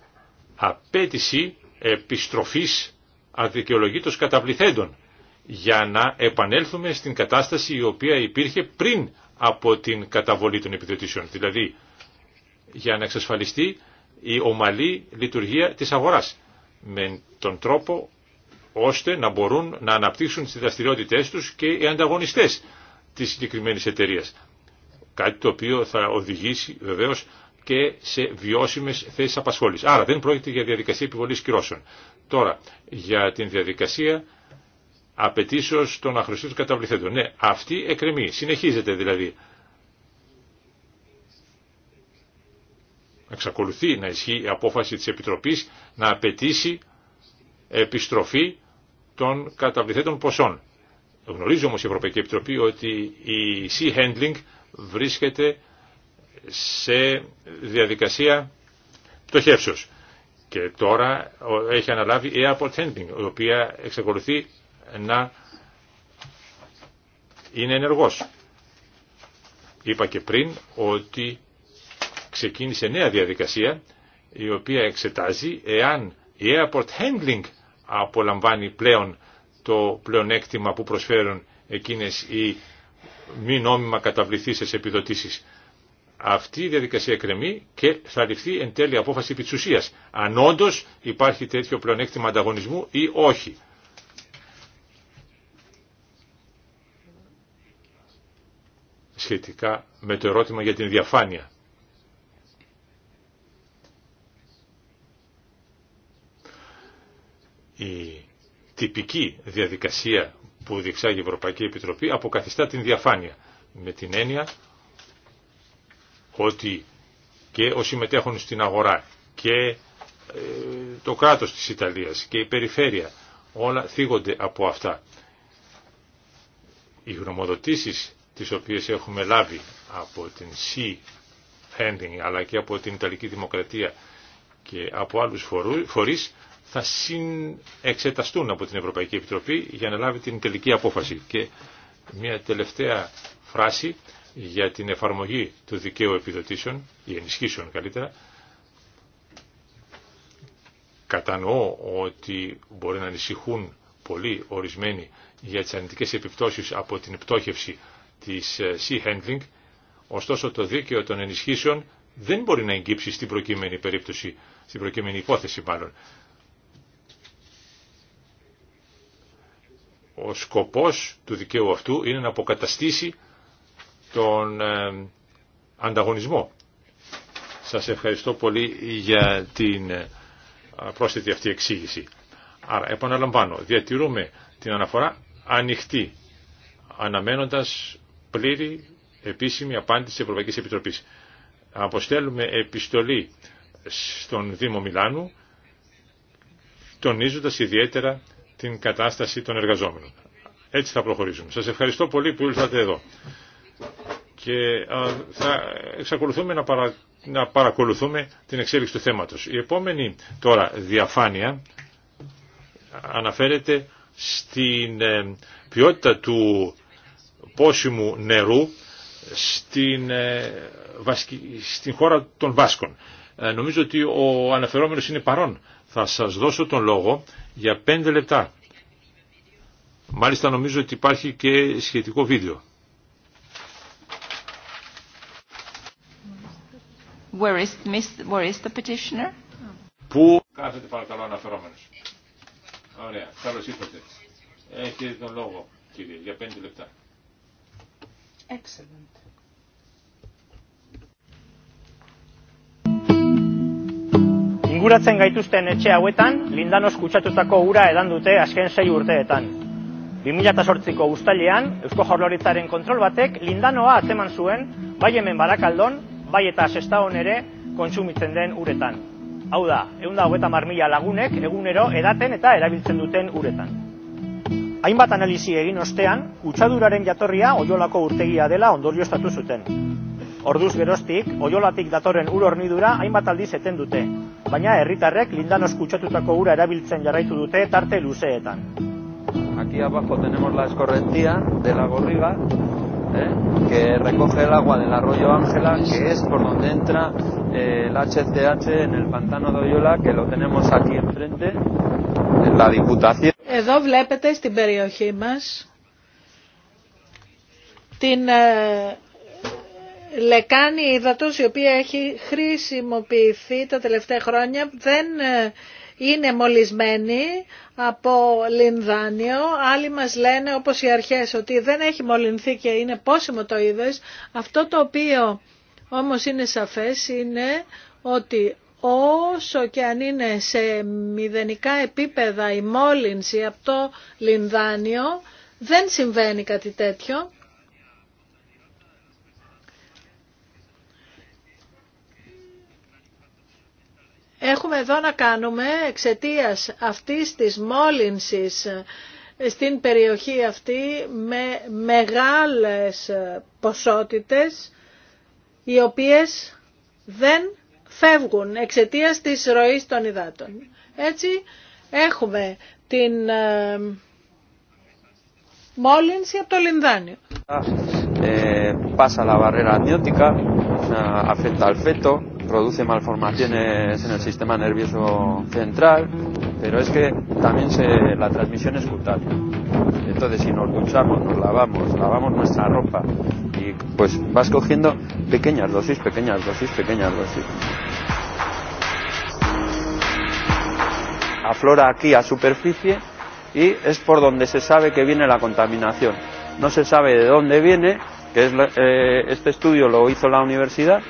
απέτηση επιστροφής αδικαιολογήτως καταβληθέντων για να επανέλθουμε στην κατάσταση η οποία υπήρχε πριν από την καταβολή των επιδοτήσεων. Δηλαδή, για να εξασφαλιστεί η ομαλή λειτουργία της αγοράς με τον τρόπο ώστε να μπορούν να αναπτύξουν τις δραστηριότητές τους και οι ανταγωνιστές της συγκεκριμένης εταιρείας. Κάτι το οποίο θα οδηγήσει βεβαίως και σε βιώσιμες θέσεις απασχόλησης. Άρα δεν πρόκειται για διαδικασία επιβολής κυρώσεων. Τώρα, για την διαδικασία απαιτήσεω των αχρηστών καταβληθέντων. Ναι, αυτή εκκρεμεί. Συνεχίζεται δηλαδή. Εξακολουθεί να ισχύει η απόφαση της Επιτροπής να απαιτήσει επιστροφή των καταβληθέντων ποσών. Γνωρίζει όμως η Ευρωπαϊκή Επιτροπή ότι η Sea Handling βρίσκεται σε διαδικασία πτωχεύσεως. Και τώρα έχει αναλάβει η Airport Handling, η οποία εξακολουθεί να είναι ενεργός. Είπα και πριν ότι ξεκίνησε νέα διαδικασία η οποία εξετάζει εάν η airport handling απολαμβάνει πλέον το πλεονέκτημα που προσφέρουν εκείνες οι μη νόμιμα καταβληθήσεις επιδοτήσεις. Αυτή η διαδικασία κρεμεί και θα ληφθεί εν τέλει απόφαση επί της ουσίας, αν όντως υπάρχει τέτοιο πλεονέκτημα ανταγωνισμού ή όχι. σχετικά με το ερώτημα για την διαφάνεια. Η τυπική διαδικασία που διεξάγει η Ευρωπαϊκή Επιτροπή αποκαθιστά την διαφάνεια με την έννοια ότι και όσοι συμμετέχουν στην αγορά και ε, το κράτος της Ιταλίας και η περιφέρεια όλα θίγονται από αυτά. Οι γνωμοδοτήσεις τις οποίες έχουμε λάβει από την c Ending αλλά και από την Ιταλική Δημοκρατία και από άλλους φορείς θα εξεταστούν από την Ευρωπαϊκή Επιτροπή για να λάβει την τελική απόφαση. Και μια τελευταία φράση για την εφαρμογή του δικαίου επιδοτήσεων ή ενισχύσεων καλύτερα. Κατανοώ ότι μπορεί να ανησυχούν πολύ ορισμένοι για τις αρνητικές επιπτώσεις από την πτώχευση της ε, Sea Handling, ωστόσο το δίκαιο των ενισχύσεων δεν μπορεί να εγκύψει στην προκειμένη περίπτωση, στην προκειμένη υπόθεση μάλλον. Ο σκοπός του δικαίου αυτού είναι να αποκαταστήσει τον ε, ανταγωνισμό. Σας ευχαριστώ πολύ για την ε, πρόσθετη αυτή εξήγηση. Άρα, επαναλαμβάνω, διατηρούμε την αναφορά ανοιχτή, αναμένοντας πλήρη επίσημη απάντηση της Ευρωπαϊκής Επιτροπής. Αποστέλουμε επιστολή στον Δήμο Μιλάνου, τονίζοντας ιδιαίτερα την κατάσταση των εργαζόμενων. Έτσι θα προχωρήσουμε. Σας ευχαριστώ πολύ που ήλθατε εδώ. Και θα εξακολουθούμε να, να παρακολουθούμε την εξέλιξη του θέματος. Η επόμενη τώρα διαφάνεια αναφέρεται στην ε, ποιότητα του πόσιμου νερού στην, ε, στην χώρα των Βάσκων. Ε, νομίζω ότι ο αναφερόμενος είναι παρόν. Θα σας δώσω τον λόγο για πέντε λεπτά. Μάλιστα νομίζω ότι υπάρχει και σχετικό βίντεο. Where is, where is the petitioner? Πού κάθεται παρακαλώ αναφερόμενος. Ωραία. Καλώς ήρθατε. Έχετε τον λόγο κύριε για πέντε λεπτά. Excellent. Inguratzen gaituzten etxe hauetan, lindanos kutsatutako ura edan dute azken sei urteetan. 2008ko ustailean, Eusko Jaurlaritzaren kontrol batek lindanoa atzeman zuen, bai hemen barakaldon, bai eta sestaon ere kontsumitzen den uretan. Hau da, egun da hogeta marmila lagunek egunero edaten eta erabiltzen duten uretan. Hainbat analisi egin ostean, kutsaduraren jatorria oiolako urtegia dela ondorioztatu zuten. Orduz geroztik, oiolatik datorren ur hornidura hainbat aldiz eten dute, baina herritarrek lindanos kutsatutako ura erabiltzen jarraitu dute tarte luzeetan. Aquí abajo tenemos la escorrentía de la Gorriga, ¿eh? que recoge el agua del arroyo Ángela, que es por donde entra el HCH en el pantano de Oyola, que lo tenemos aquí enfrente, en la Diputación. Εδώ βλέπετε στην περιοχή μας την ε, λεκάνη υδατός η οποία έχει χρησιμοποιηθεί τα τελευταία χρόνια δεν ε, είναι μολυσμένη από λινδάνιο. Άλλοι μας λένε όπως οι αρχές ότι δεν έχει μολυνθεί και είναι πόσιμο το είδες. Αυτό το οποίο όμως είναι σαφές είναι ότι όσο και αν είναι σε μηδενικά επίπεδα η μόλυνση από το λινδάνιο, δεν συμβαίνει κάτι τέτοιο. Έχουμε εδώ να κάνουμε εξαιτία αυτής της μόλυνσης στην περιοχή αυτή με μεγάλες ποσότητες οι οποίες δεν φεύγουν εξαιτίας της ροής των υδάτων. Έτσι έχουμε την μόλυνση από το λινδάνιο. Eh, pasa la barrera amniótica, afecta al feto, produce malformaciones en el sistema nervioso central, pero es que también se, la transmisión es cutánea. Entonces, si nos duchamos, nos lavamos, lavamos nuestra ropa, y pues vas cogiendo pequeñas dosis, pequeñas dosis, pequeñas dosis. aflora aquí a superficie y es por donde se sabe que viene la contaminación. No se sabe de dónde viene, que este estudio lo hizo la universidad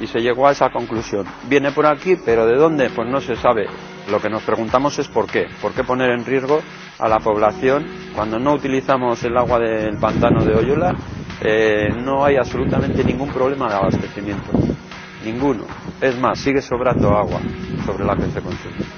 y se llegó a esa conclusión. Viene por aquí, pero de dónde, pues no se sabe. Lo que nos preguntamos es por qué. ¿Por qué poner en riesgo a la población cuando no utilizamos el agua del pantano de Oyola? Eh, no hay absolutamente ningún problema de abastecimiento. Ninguno. Es más, sigue sobrando agua sobre la que se consume.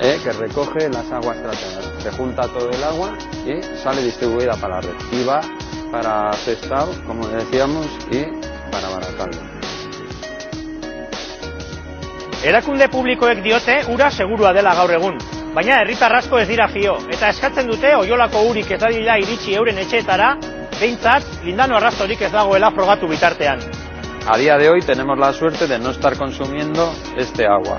¿eh? que recoge las aguas tratadas. Se junta todo el agua y sale distribuida para la red. Y va para Sestao, como decíamos, y para Baracaldo. Erakunde publikoek diote ura segurua dela gaur egun, baina herritarrasko ez dira fio eta eskatzen dute oiolako urik ez dadila iritsi euren etxeetara, beintzat lindano arrastorik ez dagoela frogatu bitartean. A día de hoy tenemos la suerte de no estar consumiendo este agua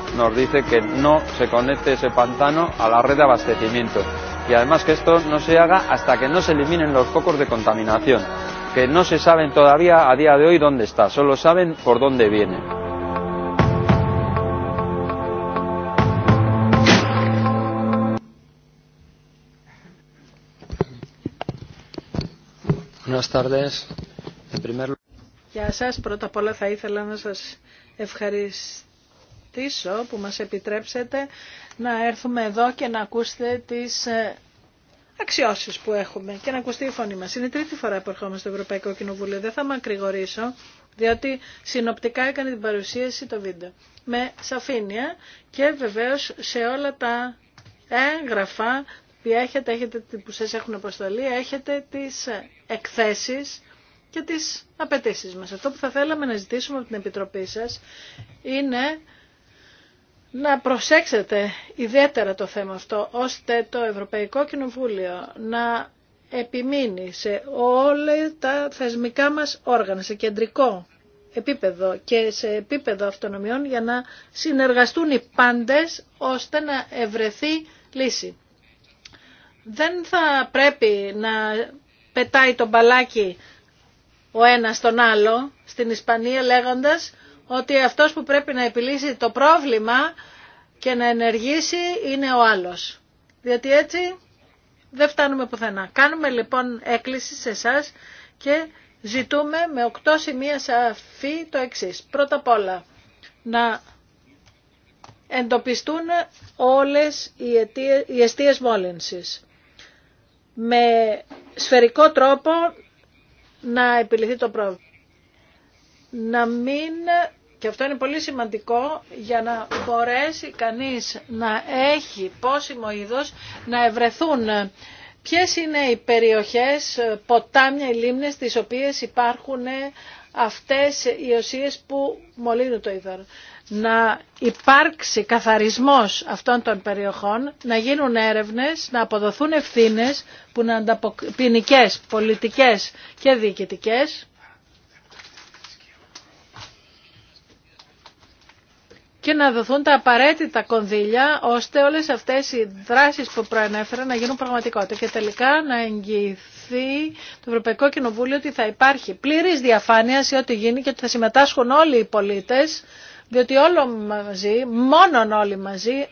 nos dice que no se conecte ese pantano a la red de abastecimiento y además que esto no se haga hasta que no se eliminen los focos de contaminación, que no se saben todavía a día de hoy dónde está, solo saben por dónde viene. Buenas tardes. En primer Γεια σας. Πρώτα ευχαριστήσω που μας επιτρέψετε να έρθουμε εδώ και να ακούσετε τις ε, αξιώσεις που έχουμε και να ακουστεί η φωνή μας. Είναι η τρίτη φορά που ερχόμαστε στο Ευρωπαϊκό Κοινοβούλιο. Δεν θα μακρηγορήσω, διότι συνοπτικά έκανε την παρουσίαση το βίντεο. Με σαφήνεια και βεβαίως σε όλα τα έγγραφα που έχετε, έχετε που σας έχουν αποστολή, έχετε τις εκθέσεις και τις απαιτήσει μας. Αυτό που θα θέλαμε να ζητήσουμε από την Επιτροπή σας είναι να προσέξετε ιδιαίτερα το θέμα αυτό, ώστε το Ευρωπαϊκό Κοινοβούλιο να επιμείνει σε όλα τα θεσμικά μας όργανα, σε κεντρικό επίπεδο και σε επίπεδο αυτονομιών για να συνεργαστούν οι πάντες ώστε να ευρεθεί λύση. Δεν θα πρέπει να πετάει το μπαλάκι ο ένας τον άλλο στην Ισπανία λέγοντας ότι αυτός που πρέπει να επιλύσει το πρόβλημα και να ενεργήσει είναι ο άλλος. Διότι έτσι δεν φτάνουμε πουθενά. Κάνουμε λοιπόν έκκληση σε εσά και ζητούμε με οκτώ σημεία σαφή το εξή. Πρώτα απ' όλα να εντοπιστούν όλες οι, αιτίες, οι Με σφαιρικό τρόπο να επιληθεί το πρόβλημα. Να μην και αυτό είναι πολύ σημαντικό για να μπορέσει κανείς να έχει πόσιμο είδος να ευρεθούν ποιες είναι οι περιοχές, ποτάμια, οι λίμνες, τις οποίες υπάρχουν αυτές οι οσίες που μολύνουν το είδωρο. Να υπάρξει καθαρισμός αυτών των περιοχών, να γίνουν έρευνες, να αποδοθούν ευθύνες που να ανταποκ... πολιτικές και διοικητικές και να δοθούν τα απαραίτητα κονδύλια ώστε όλες αυτές οι δράσεις που προανέφερα να γίνουν πραγματικότητα και τελικά να εγγυηθεί το Ευρωπαϊκό Κοινοβούλιο ότι θα υπάρχει πλήρης διαφάνεια σε ό,τι γίνει και ότι θα συμμετάσχουν όλοι οι πολίτες διότι όλο μαζί, μόνον όλοι μαζί,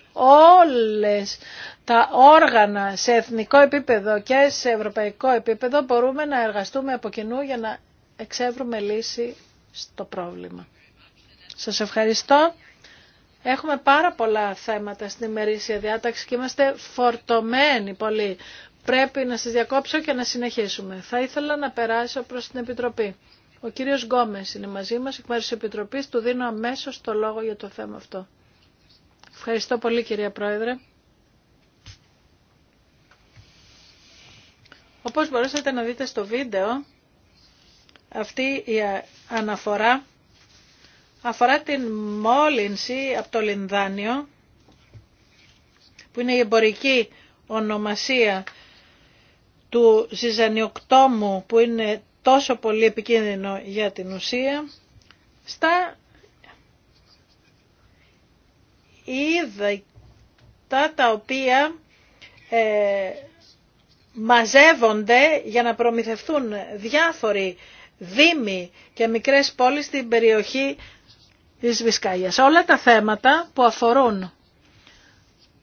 όλες τα όργανα σε εθνικό επίπεδο και σε ευρωπαϊκό επίπεδο μπορούμε να εργαστούμε από κοινού για να εξεύρουμε λύση στο πρόβλημα. Σας ευχαριστώ. Έχουμε πάρα πολλά θέματα στην ημερήσια διάταξη και είμαστε φορτωμένοι πολύ. Πρέπει να σας διακόψω και να συνεχίσουμε. Θα ήθελα να περάσω προς την Επιτροπή. Ο κύριος Γκόμες είναι μαζί μας, εκ μέρους της Επιτροπής. Του δίνω αμέσως το λόγο για το θέμα αυτό. Ευχαριστώ πολύ κυρία Πρόεδρε. Όπως μπορούσατε να δείτε στο βίντεο, αυτή η αναφορά αφορά την μόλυνση από το λινδάνιο, που είναι η εμπορική ονομασία του ζυζανιοκτόμου που είναι τόσο πολύ επικίνδυνο για την ουσία, στα είδα τα, οποία ε, μαζεύονται για να προμηθευτούν διάφοροι δήμοι και μικρές πόλεις στην περιοχή της Όλα τα θέματα που αφορούν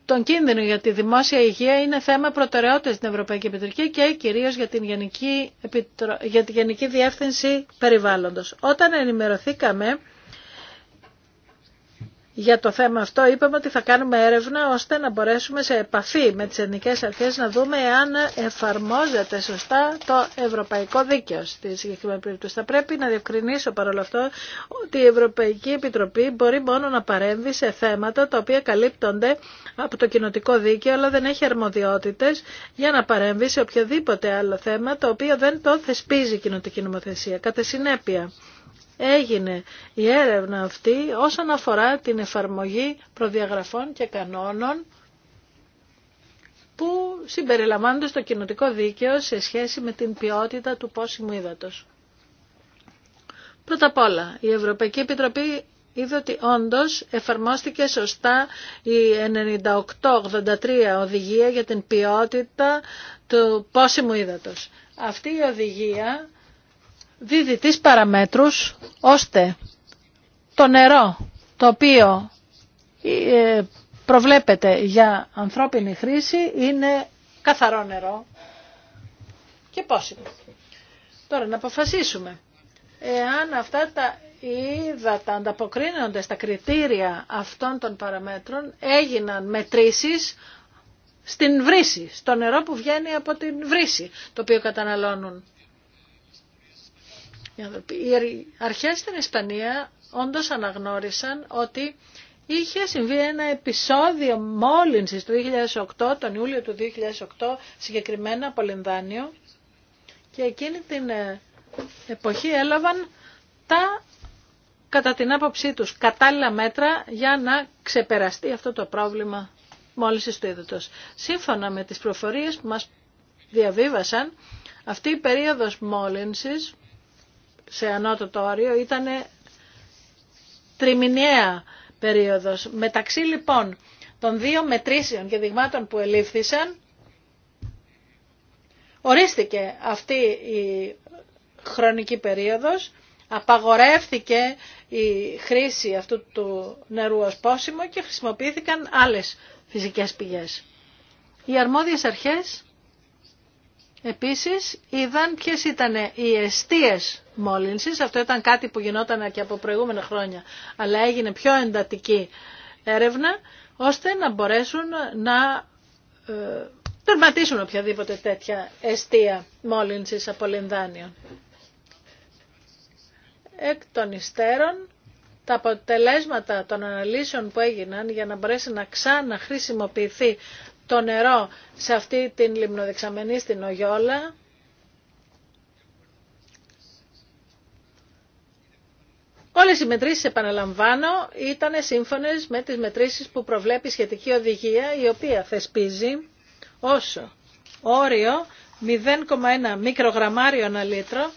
τον κίνδυνο για τη δημόσια υγεία είναι θέμα προτεραιότητας στην Ευρωπαϊκή Επιτροπή και κυρίω για, την για τη Γενική Διεύθυνση Περιβάλλοντο. Όταν ενημερωθήκαμε για το θέμα αυτό είπαμε ότι θα κάνουμε έρευνα ώστε να μπορέσουμε σε επαφή με τις ελληνικές αρχές να δούμε αν εφαρμόζεται σωστά το ευρωπαϊκό δίκαιο στη συγκεκριμένη περίπτωση. Θα πρέπει να διευκρινίσω παρόλο αυτό ότι η Ευρωπαϊκή Επιτροπή μπορεί μόνο να παρέμβει σε θέματα τα οποία καλύπτονται από το κοινοτικό δίκαιο αλλά δεν έχει αρμοδιότητες για να παρέμβει σε οποιοδήποτε άλλο θέμα το οποίο δεν το θεσπίζει η κοινοτική νομοθεσία. Κατά συνέπεια, έγινε η έρευνα αυτή όσον αφορά την εφαρμογή προδιαγραφών και κανόνων που συμπεριλαμβάνονται στο κοινοτικό δίκαιο σε σχέση με την ποιότητα του πόσιμου ύδατος. Πρώτα απ' όλα, η Ευρωπαϊκή Επιτροπή είδε ότι όντως εφαρμόστηκε σωστά η 9883 οδηγία για την ποιότητα του πόσιμου ύδατος. Αυτή η οδηγία δίδει τις παραμέτρους ώστε το νερό το οποίο ε, προβλέπεται για ανθρώπινη χρήση είναι καθαρό νερό και πόσιμο. Τώρα να αποφασίσουμε εάν αυτά τα ύδατα ανταποκρίνονται στα κριτήρια αυτών των παραμέτρων έγιναν μετρήσεις στην βρύση, στο νερό που βγαίνει από την βρύση, το οποίο καταναλώνουν οι αρχές στην Ισπανία όντως αναγνώρισαν ότι είχε συμβεί ένα επεισόδιο μόλυνσης του 2008, τον Ιούλιο του 2008, συγκεκριμένα από Λινδάνιο και εκείνη την ε, εποχή έλαβαν τα, κατά την άποψή τους, κατάλληλα μέτρα για να ξεπεραστεί αυτό το πρόβλημα μόλυνσης του είδου. Σύμφωνα με τις προφορίες που μας διαβίβασαν, αυτή η περίοδος μόλυνσης σε ανώτατο όριο ήταν τριμηνιαία περίοδος. Μεταξύ λοιπόν των δύο μετρήσεων και δειγμάτων που ελήφθησαν, ορίστηκε αυτή η χρονική περίοδος, απαγορεύθηκε η χρήση αυτού του νερού ως πόσιμο και χρησιμοποιήθηκαν άλλες φυσικές πηγές. Οι αρμόδιες αρχές Επίσης είδαν ποιες ήταν οι αιστείες μόλυνσης. Αυτό ήταν κάτι που γινόταν και από προηγούμενα χρόνια, αλλά έγινε πιο εντατική έρευνα, ώστε να μπορέσουν να ε, τερματίσουν οποιαδήποτε τέτοια αιστεία μόλυνσης από Λινδάνιο. Εκ των υστέρων, τα αποτελέσματα των αναλύσεων που έγιναν για να μπορέσει να ξαναχρησιμοποιηθεί το νερό σε αυτή την λιμνοδεξαμενή στην Ογιόλα. Όλες οι μετρήσεις, επαναλαμβάνω, ήταν σύμφωνες με τις μετρήσεις που προβλέπει η σχετική οδηγία, η οποία θεσπίζει όσο όριο 0,1 μικρογραμμάριο ένα λίτρο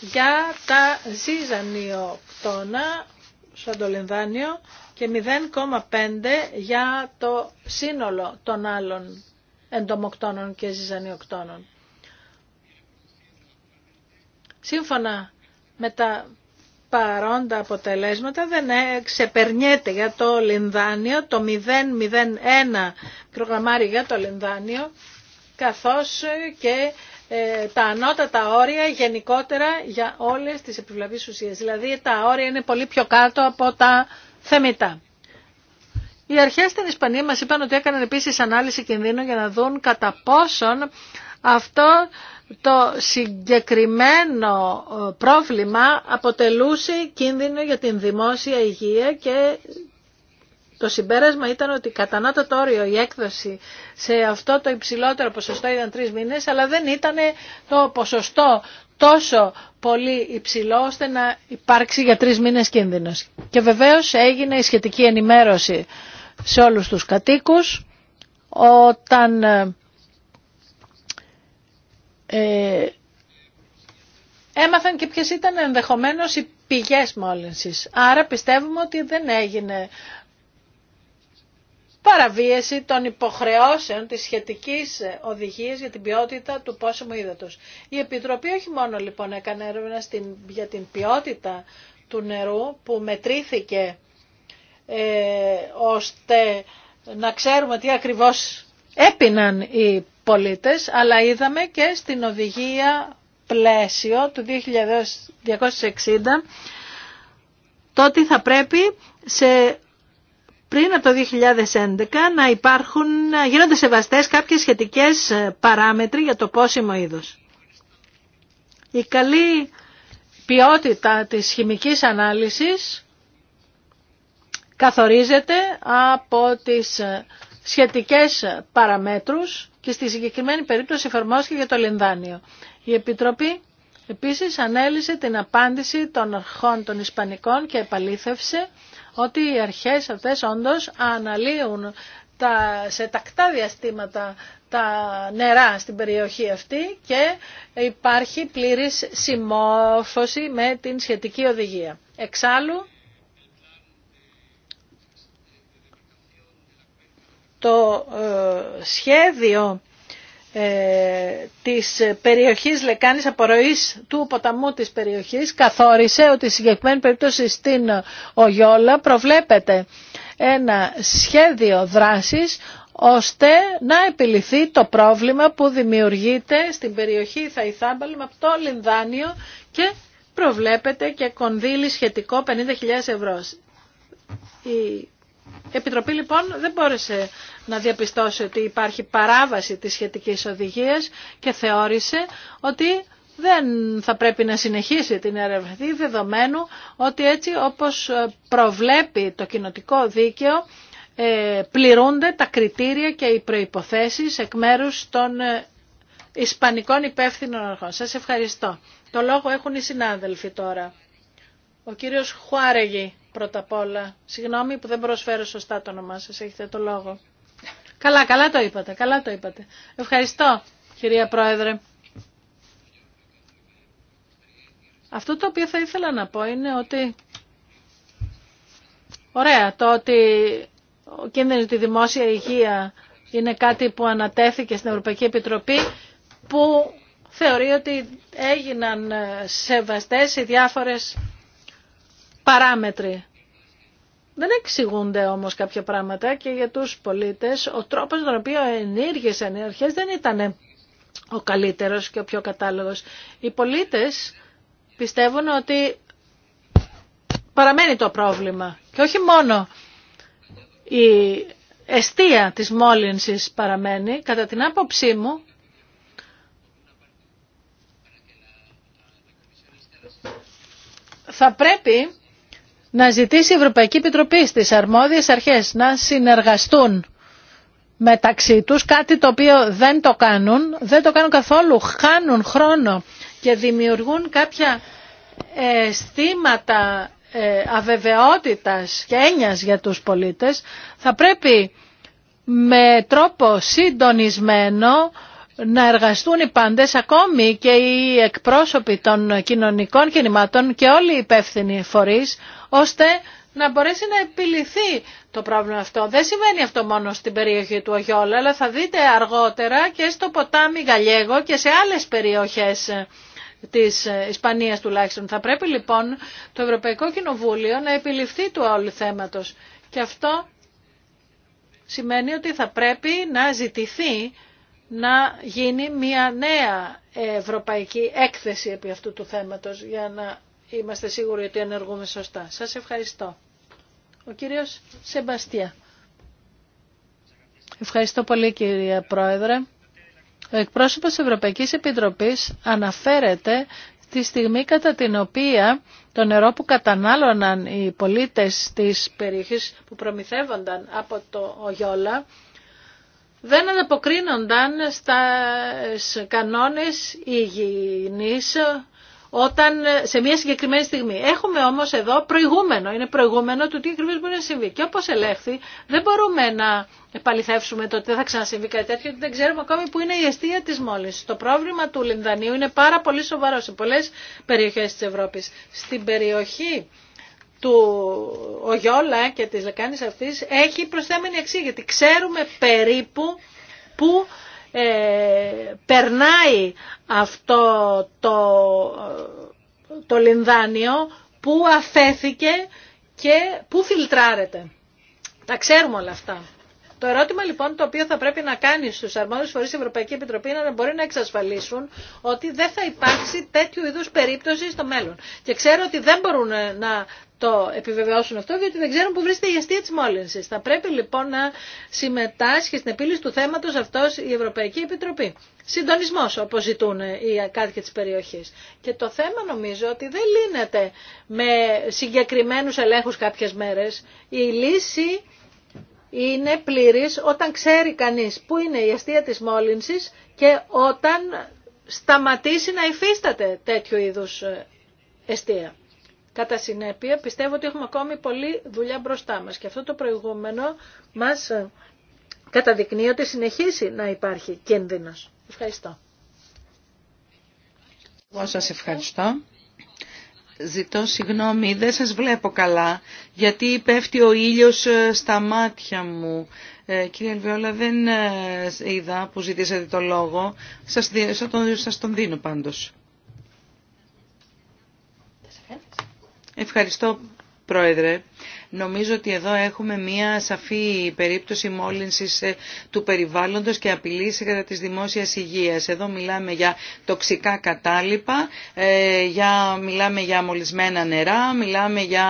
για τα ζυζανιοκτώνα σαν το και 0,5 για το σύνολο των άλλων εντομοκτώνων και ζυζανιοκτώνων. Σύμφωνα με τα παρόντα αποτελέσματα δεν ε, ξεπερνιέται για το λινδάνιο το 0,01 μικρογραμμάρι για το λινδάνιο καθώς ε, και ε, τα ανώτατα όρια γενικότερα για όλες τις επιβλαβείς ουσίες. Δηλαδή τα όρια είναι πολύ πιο κάτω από τα θεμητά. Οι αρχές στην Ισπανία μας είπαν ότι έκαναν επίσης ανάλυση κινδύνου για να δουν κατά πόσον αυτό το συγκεκριμένο ε, πρόβλημα αποτελούσε κίνδυνο για την δημόσια υγεία και το συμπέρασμα ήταν ότι κατά το όριο η έκδοση σε αυτό το υψηλότερο ποσοστό ήταν τρεις μήνες, αλλά δεν ήταν το ποσοστό τόσο πολύ υψηλό ώστε να υπάρξει για τρεις μήνες κίνδυνος. Και βεβαίως έγινε η σχετική ενημέρωση σε όλους τους κατοίκους όταν ε, ε έμαθαν και ποιες ήταν ενδεχομένως οι πηγές μόλυνσης. Άρα πιστεύουμε ότι δεν έγινε παραβίαση των υποχρεώσεων της σχετικής οδηγίας για την ποιότητα του πόσιμου ύδατος. Η Επιτροπή όχι μόνο λοιπόν έκανε έρευνα στην, για την ποιότητα του νερού που μετρήθηκε ε, ώστε να ξέρουμε τι ακριβώς έπιναν οι πολίτες, αλλά είδαμε και στην οδηγία πλαίσιο του 2260 το ότι θα πρέπει σε πριν από το 2011 να υπάρχουν, γίνονται σεβαστές κάποιες σχετικές ε, παράμετροι για το πόσιμο είδος. Η καλή ποιότητα της χημικής ανάλυσης καθορίζεται από τις ε, σχετικές παραμέτρους και στη συγκεκριμένη περίπτωση εφαρμόστηκε για το Λινδάνιο. Η Επιτροπή επίσης ανέλησε την απάντηση των αρχών των Ισπανικών και επαλήθευσε ότι οι αρχές αυτές όντως αναλύουν τα, σε τακτά διαστήματα τα νερά στην περιοχή αυτή και υπάρχει πλήρης συμμόρφωση με την σχετική οδηγία. Εξάλλου, το ε, σχέδιο ε, της περιοχής λεκάνης απορροής του ποταμού της περιοχής καθόρισε ότι στην συγκεκριμένη περίπτωση στην Ογιόλα προβλέπεται ένα σχέδιο δράσης ώστε να επιληθεί το πρόβλημα που δημιουργείται στην περιοχή Θαϊθάμπαλη με το λινδάνιο και προβλέπεται και κονδύλι σχετικό 50.000 ευρώ. Η Επιτροπή λοιπόν δεν μπόρεσε να διαπιστώσει ότι υπάρχει παράβαση της σχετικής οδηγίας και θεώρησε ότι δεν θα πρέπει να συνεχίσει την έρευνα δεδομένου ότι έτσι όπως προβλέπει το κοινοτικό δίκαιο ε, πληρούνται τα κριτήρια και οι προϋποθέσεις εκ μέρους των ε, Ισπανικών υπεύθυνων αρχών. Σας ευχαριστώ. Το λόγο έχουν οι συνάδελφοι τώρα. Ο κύριος Χουάρεγη πρώτα απ' όλα. Συγγνώμη που δεν προσφέρω σωστά το όνομά σας, έχετε το λόγο. Καλά, καλά το είπατε, καλά το είπατε. Ευχαριστώ, κυρία Πρόεδρε. Αυτό το οποίο θα ήθελα να πω είναι ότι... Ωραία, το ότι ο κίνδυνος τη δημόσια υγεία είναι κάτι που ανατέθηκε στην Ευρωπαϊκή Επιτροπή που θεωρεί ότι έγιναν ε, σεβαστές οι διάφορες παράμετροι. Δεν εξηγούνται όμως κάποια πράγματα και για τους πολίτες ο τρόπος τον οποίο ενήργησαν οι αρχές δεν ήταν ο καλύτερος και ο πιο κατάλογος. Οι πολίτες πιστεύουν ότι παραμένει το πρόβλημα και όχι μόνο η αιστεία της μόλυνσης παραμένει, κατά την άποψή μου θα πρέπει να ζητήσει η Ευρωπαϊκή Επιτροπή στις αρμόδιες αρχές να συνεργαστούν μεταξύ τους, κάτι το οποίο δεν το κάνουν, δεν το κάνουν καθόλου, χάνουν χρόνο και δημιουργούν κάποια ε, αισθήματα ε, αβεβαιότητας και έννοιας για τους πολίτες, θα πρέπει με τρόπο συντονισμένο να εργαστούν οι πάντες, ακόμη και οι εκπρόσωποι των κοινωνικών κινημάτων και όλοι οι υπεύθυνοι φορείς, ώστε να μπορέσει να επιληθεί το πρόβλημα αυτό. Δεν σημαίνει αυτό μόνο στην περιοχή του Ογιόλα, αλλά θα δείτε αργότερα και στο ποτάμι Γαλιέγο και σε άλλες περιοχές της Ισπανίας τουλάχιστον. Θα πρέπει λοιπόν το Ευρωπαϊκό Κοινοβούλιο να επιληφθεί του όλου θέματος. Και αυτό σημαίνει ότι θα πρέπει να ζητηθεί να γίνει μια νέα ευρωπαϊκή έκθεση επί αυτού του θέματος για να είμαστε σίγουροι ότι ενεργούμε σωστά. Σας ευχαριστώ. Ο κύριος Σεμπαστία. Ευχαριστώ πολύ κύριε Πρόεδρε. Ο εκπρόσωπος της Ευρωπαϊκής Επιτροπής αναφέρεται τη στιγμή κατά την οποία το νερό που κατανάλωναν οι πολίτες της περιοχής που προμηθεύονταν από το Ογιόλα δεν ανταποκρίνονταν στα κανόνες υγιεινής όταν, σε μια συγκεκριμένη στιγμή. Έχουμε όμως εδώ προηγούμενο, είναι προηγούμενο του τι ακριβώς μπορεί να συμβεί. Και όπως ελέγχθη, δεν μπορούμε να επαληθεύσουμε το ότι δεν θα ξανασυμβεί κάτι τέτοιο, γιατί δεν ξέρουμε ακόμη που είναι η αιστεία της μόλις. Το πρόβλημα του λινδανίου είναι πάρα πολύ σοβαρό σε πολλές περιοχές της Ευρώπης. Στην περιοχή του Ογιόλα και της λεκάνης αυτής έχει προσθέμενη αξία γιατί ξέρουμε περίπου που ε, περνάει αυτό το, το λινδάνιο που αφέθηκε και που φιλτράρεται. Τα ξέρουμε όλα αυτά. Το ερώτημα λοιπόν το οποίο θα πρέπει να κάνει στου αρμόδιους φορείς η Ευρωπαϊκή Επιτροπή είναι να μπορεί να εξασφαλίσουν ότι δεν θα υπάρξει τέτοιου είδου περίπτωση στο μέλλον. Και ξέρω ότι δεν μπορούν να το επιβεβαιώσουν αυτό γιατί δεν ξέρουν που βρίσκεται η αστεία τη μόλυνσης. Θα πρέπει λοιπόν να συμμετάσχει στην επίλυση του θέματος αυτός η Ευρωπαϊκή Επιτροπή. Συντονισμό όπω ζητούν οι κάτοικοι τη περιοχή. Και το θέμα νομίζω ότι δεν λύνεται με συγκεκριμένου ελέγχους κάποιες μέρες. Η λύση είναι πλήρης όταν ξέρει κανείς που είναι η αστεία της μόλυνσης και όταν σταματήσει να υφίσταται τέτοιου είδους ε, αιστεία. Κατά συνέπεια, πιστεύω ότι έχουμε ακόμη πολλή δουλειά μπροστά μας και αυτό το προηγούμενο μας καταδεικνύει ότι συνεχίσει να υπάρχει κίνδυνος. Ευχαριστώ. Εγώ σας ευχαριστώ. Ζητώ συγγνώμη, δεν σας βλέπω καλά, γιατί πέφτει ο ήλιος ε, στα μάτια μου. Ε, κύριε Ελβιόλα, δεν ε, είδα που ζητήσατε το λόγο. Σας, σας τον δίνω πάντως. Ευχαριστώ, Πρόεδρε. Νομίζω ότι εδώ έχουμε μία σαφή περίπτωση μόλυνσης ε, του περιβάλλοντος και απειλής κατά της δημόσιας υγείας. Εδώ μιλάμε για τοξικά κατάλοιπα, ε, για, μιλάμε για μολυσμένα νερά, μιλάμε για,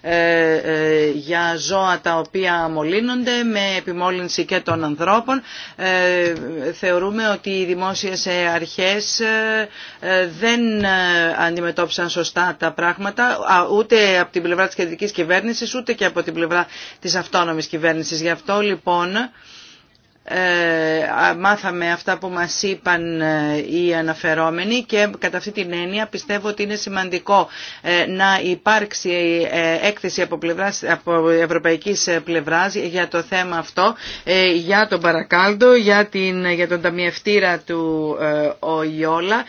ε, για ζώα τα οποία μολύνονται με επιμόλυνση και των ανθρώπων. Θεωρούμε ότι οι δημόσιες αρχές δεν αντιμετώπισαν σωστά τα πράγματα, ούτε από την πλευρά της κεντρικής κυβέρνησης, ούτε και από την πλευρά της αυτόνομης κυβέρνησης. Γι' αυτό λοιπόν ε, μάθαμε αυτά που μας είπαν ε, οι αναφερόμενοι και κατά αυτή την έννοια πιστεύω ότι είναι σημαντικό ε, να υπάρξει έκθεση από, πλευράς, από ευρωπαϊκής πλευράς για το θέμα αυτό, για τον Παρακάλντο, για, την, για τον ταμιευτήρα του ΟΙΟΛΑ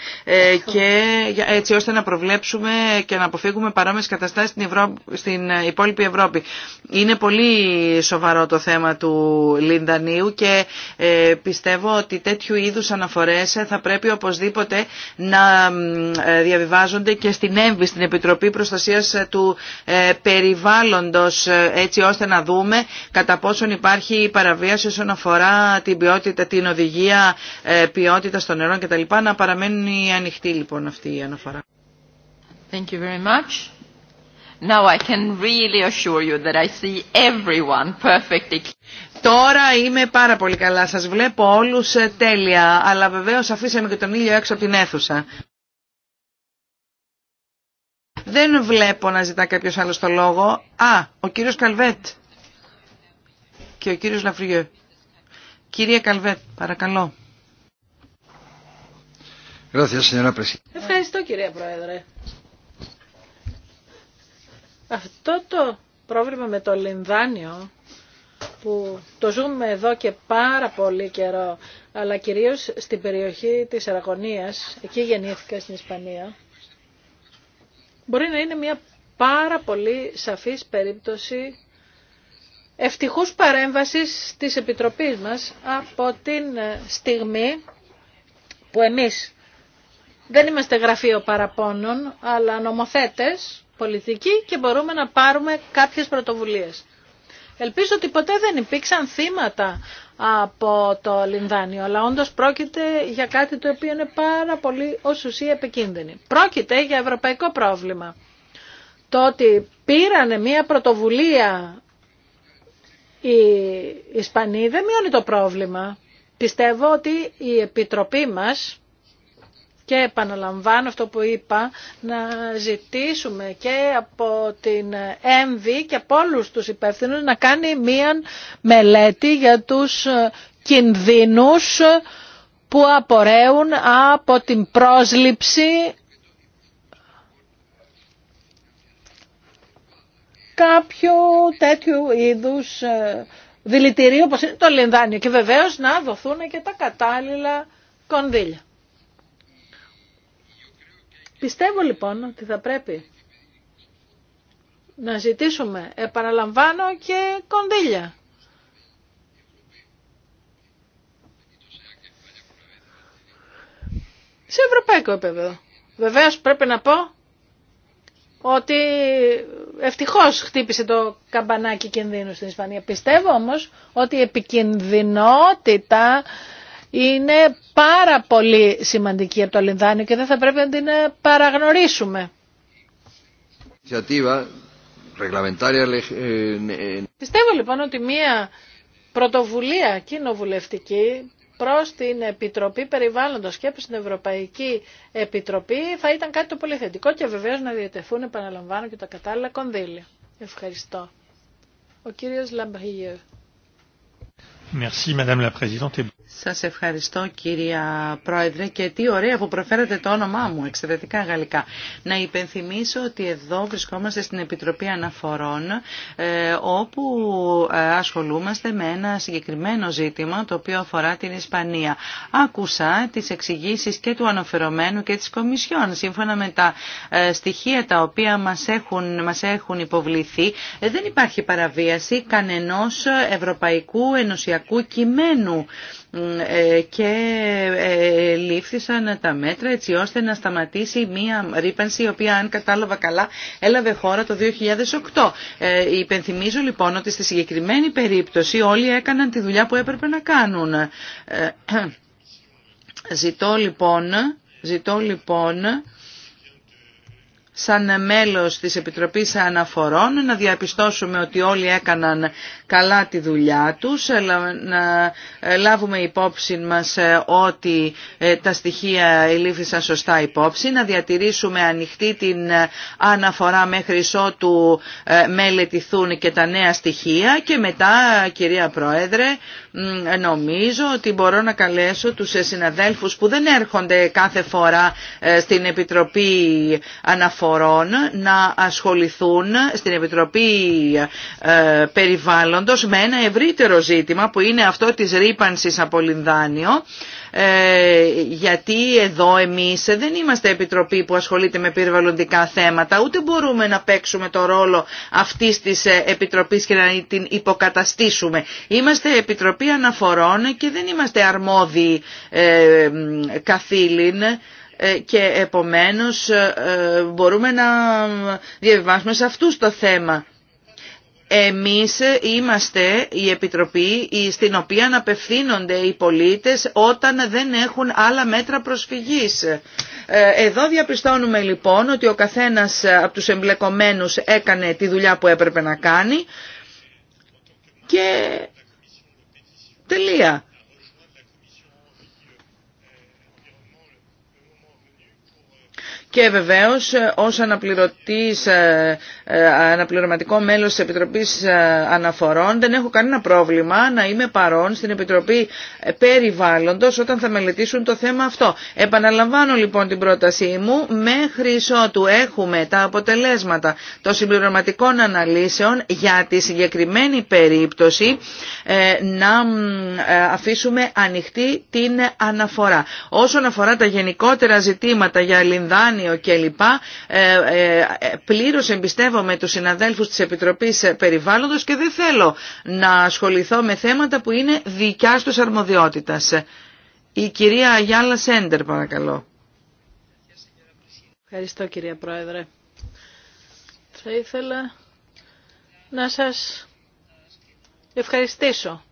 και έτσι ώστε να προβλέψουμε και να αποφύγουμε παρόμοιες καταστάσεις στην, Ευρώ... στην υπόλοιπη Ευρώπη. Είναι πολύ σοβαρό το θέμα του Λινδανίου και ε, πιστεύω ότι τέτοιου είδους αναφορές θα πρέπει οπωσδήποτε να ε, διαβιβάζονται και στην ΕΜΒΗ, στην Επιτροπή Προστασίας του ε, Περιβάλλοντος, έτσι ώστε να δούμε κατά πόσον υπάρχει παραβίαση όσον αφορά την ποιότητα, την οδηγία ποιότητα των νερών κτλ. Να οι ανοιχτή λοιπόν αυτή η αναφορά. Thank you very much. Now I can really assure you that I see everyone perfectly. Τώρα είμαι πάρα πολύ καλά, σας βλέπω όλους ε, τέλεια, αλλά βεβαίως αφήσαμε και τον ήλιο έξω από την αίθουσα. Δεν βλέπω να ζητά κάποιος άλλος το λόγο. Α, ο κύριος Καλβέτ και ο κύριος Λαφριέ. Κύριε Καλβέτ, παρακαλώ. Ευχαριστώ κύριε Πρόεδρε. Αυτό το πρόβλημα με το λινδάνιο που το ζούμε εδώ και πάρα πολύ καιρό, αλλά κυρίως στην περιοχή της Αραγωνίας, εκεί γεννήθηκα στην Ισπανία, μπορεί να είναι μια πάρα πολύ σαφής περίπτωση ευτυχούς παρέμβασης της Επιτροπής μας από την στιγμή που εμείς δεν είμαστε γραφείο παραπώνων, αλλά νομοθέτες, πολιτικοί και μπορούμε να πάρουμε κάποιες πρωτοβουλίες. Ελπίζω ότι ποτέ δεν υπήρξαν θύματα από το λινδάνιο, αλλά όντω πρόκειται για κάτι το οποίο είναι πάρα πολύ ω ουσία επικίνδυνη. Πρόκειται για ευρωπαϊκό πρόβλημα. Το ότι πήρανε μία πρωτοβουλία οι Ισπανοί δεν μειώνει το πρόβλημα. Πιστεύω ότι η Επιτροπή μας και επαναλαμβάνω αυτό που είπα, να ζητήσουμε και από την ΕΜΒΗ και από όλους τους υπεύθυνους να κάνει μία μελέτη για τους κινδύνους που απορρέουν από την πρόσληψη κάποιου τέτοιου είδους ε, δηλητηρίου όπως είναι το λινδάνιο και βεβαίως να δοθούν και τα κατάλληλα κονδύλια. Πιστεύω λοιπόν ότι θα πρέπει να ζητήσουμε, επαναλαμβάνω, και κονδύλια. Σε ευρωπαϊκό επίπεδο. Βεβαίως πρέπει να πω ότι ευτυχώς χτύπησε το καμπανάκι κινδύνου στην Ισπανία. Πιστεύω όμως ότι η επικινδυνότητα είναι πάρα πολύ σημαντική από το Λινδάνιο και δεν θα πρέπει να την ε, παραγνωρίσουμε. Eh, eh, Πιστεύω λοιπόν ότι μία πρωτοβουλία κοινοβουλευτική προς την Επιτροπή Περιβάλλοντος και προς την Ευρωπαϊκή Επιτροπή θα ήταν κάτι το πολύ θετικό και βεβαίως να διατεθούν επαναλαμβάνω και τα κατάλληλα κονδύλια. Ευχαριστώ. Ο κύριος Λαμπριέ. Merci, Madame la σας ευχαριστώ κυρία Πρόεδρε και τι ωραία που προφέρατε το όνομά μου, εξαιρετικά γαλλικά. Να υπενθυμίσω ότι εδώ βρισκόμαστε στην Επιτροπή Αναφορών ε, όπου ε, ασχολούμαστε με ένα συγκεκριμένο ζήτημα το οποίο αφορά την Ισπανία. Άκουσα τις εξηγήσεις και του αναφερομένου και της Κομισιόν. Σύμφωνα με τα ε, στοιχεία τα οποία μας έχουν, μας έχουν υποβληθεί δεν υπάρχει παραβίαση κανενός ευρωπαϊκού ενωσιακού κειμένου ε, και ε, λήφθησαν τα μέτρα έτσι ώστε να σταματήσει μία ρήπανση η οποία αν κατάλαβα καλά έλαβε χώρα το 2008. Ε, υπενθυμίζω λοιπόν ότι στη συγκεκριμένη περίπτωση όλοι έκαναν τη δουλειά που έπρεπε να κάνουν. Ζητώ λοιπόν, ζητώ λοιπόν σαν μέλος της Επιτροπής Αναφορών να διαπιστώσουμε ότι όλοι έκαναν καλά τη δουλειά τους, να ε, λάβουμε υπόψη μας ε, ότι ε, τα στοιχεία ελήφθησαν σωστά υπόψη, να διατηρήσουμε ανοιχτή την αναφορά μέχρι ότου μελετηθούν και τα νέα στοιχεία και μετά, κυρία Πρόεδρε, Νομίζω ότι μπορώ να καλέσω τους ε, συναδέλφους που δεν έρχονται κάθε φορά ε, στην Επιτροπή Αναφορών να ασχοληθούν στην Επιτροπή ε, Περιβάλλοντος με ένα ευρύτερο ζήτημα που είναι αυτό της ρήπανσης από λινδάνιο ε, γιατί εδώ εμείς δεν είμαστε επιτροπή που ασχολείται με περιβαλλοντικά θέματα, ούτε μπορούμε να παίξουμε το ρόλο αυτής της ε, επιτροπής και να την υποκαταστήσουμε. Είμαστε επιτροπή αναφορών και δεν είμαστε αρμόδιοι ε, καθήλυν και επομένως μπορούμε να διαβιβάσουμε σε αυτούς το θέμα. Εμείς είμαστε η Επιτροπή στην οποία απευθύνονται οι πολίτες όταν δεν έχουν άλλα μέτρα προσφυγής. Ε, εδώ διαπιστώνουμε λοιπόν ότι ο καθένας από τους εμπλεκομένους έκανε τη δουλειά που έπρεπε να κάνει και τελεία. και βεβαίως ε, ως αναπληρωτής, ε, ε, αναπληρωματικό μέλος της Επιτροπής Αναφορών δεν έχω κανένα πρόβλημα να είμαι παρόν στην Επιτροπή Περιβάλλοντος όταν θα μελετήσουν το θέμα αυτό. Επαναλαμβάνω λοιπόν την πρότασή μου μέχρι ότου έχουμε τα αποτελέσματα των συμπληρωματικών αναλύσεων για τη συγκεκριμένη περίπτωση να αφήσουμε ανοιχτή την αναφορά. Όσον αφορά τα γενικότερα ζητήματα για Λινδάνη δάνειο κλπ. Ε, ε, πλήρως εμπιστεύομαι τους συναδέλφους της Επιτροπής Περιβάλλοντος και δεν θέλω να ασχοληθώ με θέματα που είναι δικιά τους αρμοδιότητας. Η κυρία Αγιάλα Σέντερ παρακαλώ. Ευχαριστώ κυρία Πρόεδρε. Θα ήθελα να σας ευχαριστήσω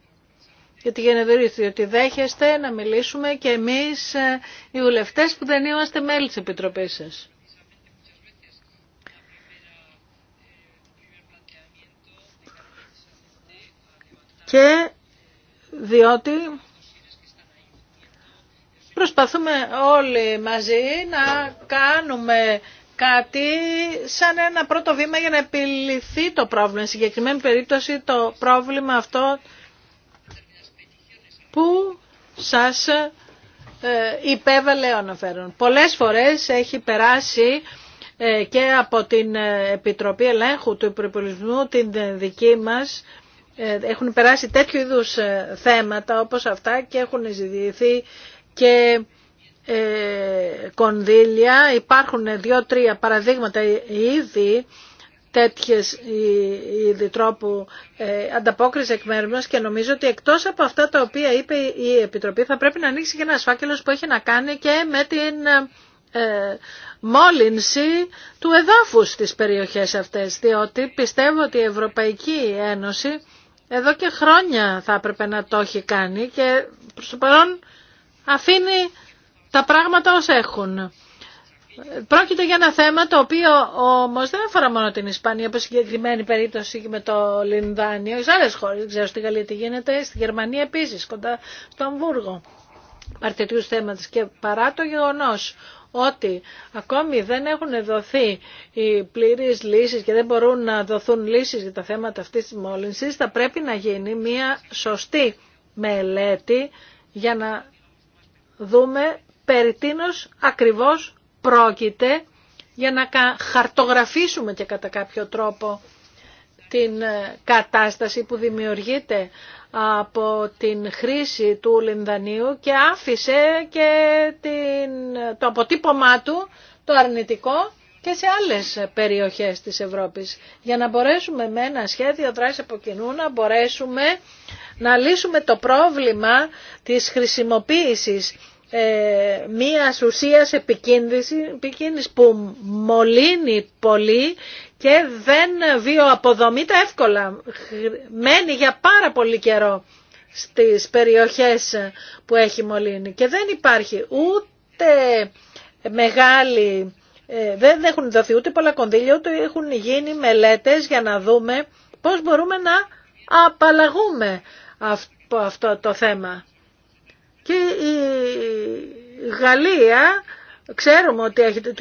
γιατί τη ότι δέχεστε να μιλήσουμε και εμείς ε, οι βουλευτές που δεν είμαστε μέλη της Επιτροπής σας. Και διότι προσπαθούμε όλοι μαζί να κάνουμε κάτι σαν ένα πρώτο βήμα για να επιληθεί το πρόβλημα. Στην συγκεκριμένη περίπτωση το πρόβλημα αυτό που σας ε, υπέβαλε ο αναφέρον. Πολλές φορές έχει περάσει ε, και από την ε, Επιτροπή Ελέγχου του Υπουργού την δική μας έχουν περάσει τέτοιου είδους θέματα όπως αυτά και έχουν ζητηθεί και κονδύλια. Υπάρχουν δύο-τρία παραδείγματα ήδη τέτοιες ε, είδη τρόπου ε, ανταπόκριση εκ μέρου μας και νομίζω ότι εκτός από αυτά τα οποία είπε η Επιτροπή θα πρέπει να ανοίξει και ένα φάκελο που έχει να κάνει και με την ε, μόλυνση του εδάφου στις περιοχές αυτές διότι πιστεύω ότι η Ευρωπαϊκή Ένωση εδώ και χρόνια θα έπρεπε να το έχει κάνει και προς το παρόν αφήνει τα πράγματα ως έχουν. Πρόκειται για ένα θέμα το οποίο όμω δεν αφορά μόνο την Ισπανία, όπω συγκεκριμένη περίπτωση με το Λινδάνιο, σε άλλε χώρε. Δεν ξέρω στη Γαλλία τι γίνεται, στη Γερμανία επίση, κοντά στο Αμβούργο. Αρκετού θέματα και παρά το γεγονό ότι ακόμη δεν έχουν δοθεί οι πλήρεις λύσεις και δεν μπορούν να δοθούν λύσεις για τα θέματα αυτής της μόλυνσης, θα πρέπει να γίνει μια σωστή μελέτη για να δούμε περί τίνος ακριβώς πρόκειται για να χαρτογραφήσουμε και κατά κάποιο τρόπο την ε, κατάσταση που δημιουργείται από την χρήση του λινδανίου και άφησε και την, το αποτύπωμά του, το αρνητικό, και σε άλλες περιοχές της Ευρώπης. Για να μπορέσουμε με ένα σχέδιο δράση από κοινού να μπορέσουμε να λύσουμε το πρόβλημα της χρησιμοποίησης ε, μία ουσίας επικίνδυνης που μολύνει πολύ και δεν βιοαποδομείται εύκολα. Μένει για πάρα πολύ καιρό στις περιοχές που έχει μολύνει και δεν υπάρχει ούτε μεγάλη, ε, δεν έχουν δοθεί ούτε πολλά κονδύλια, ούτε έχουν γίνει μελέτες για να δούμε πώς μπορούμε να απαλλαγούμε αυτό το θέμα. Και η Γαλλία Ξέρουμε ότι έχει το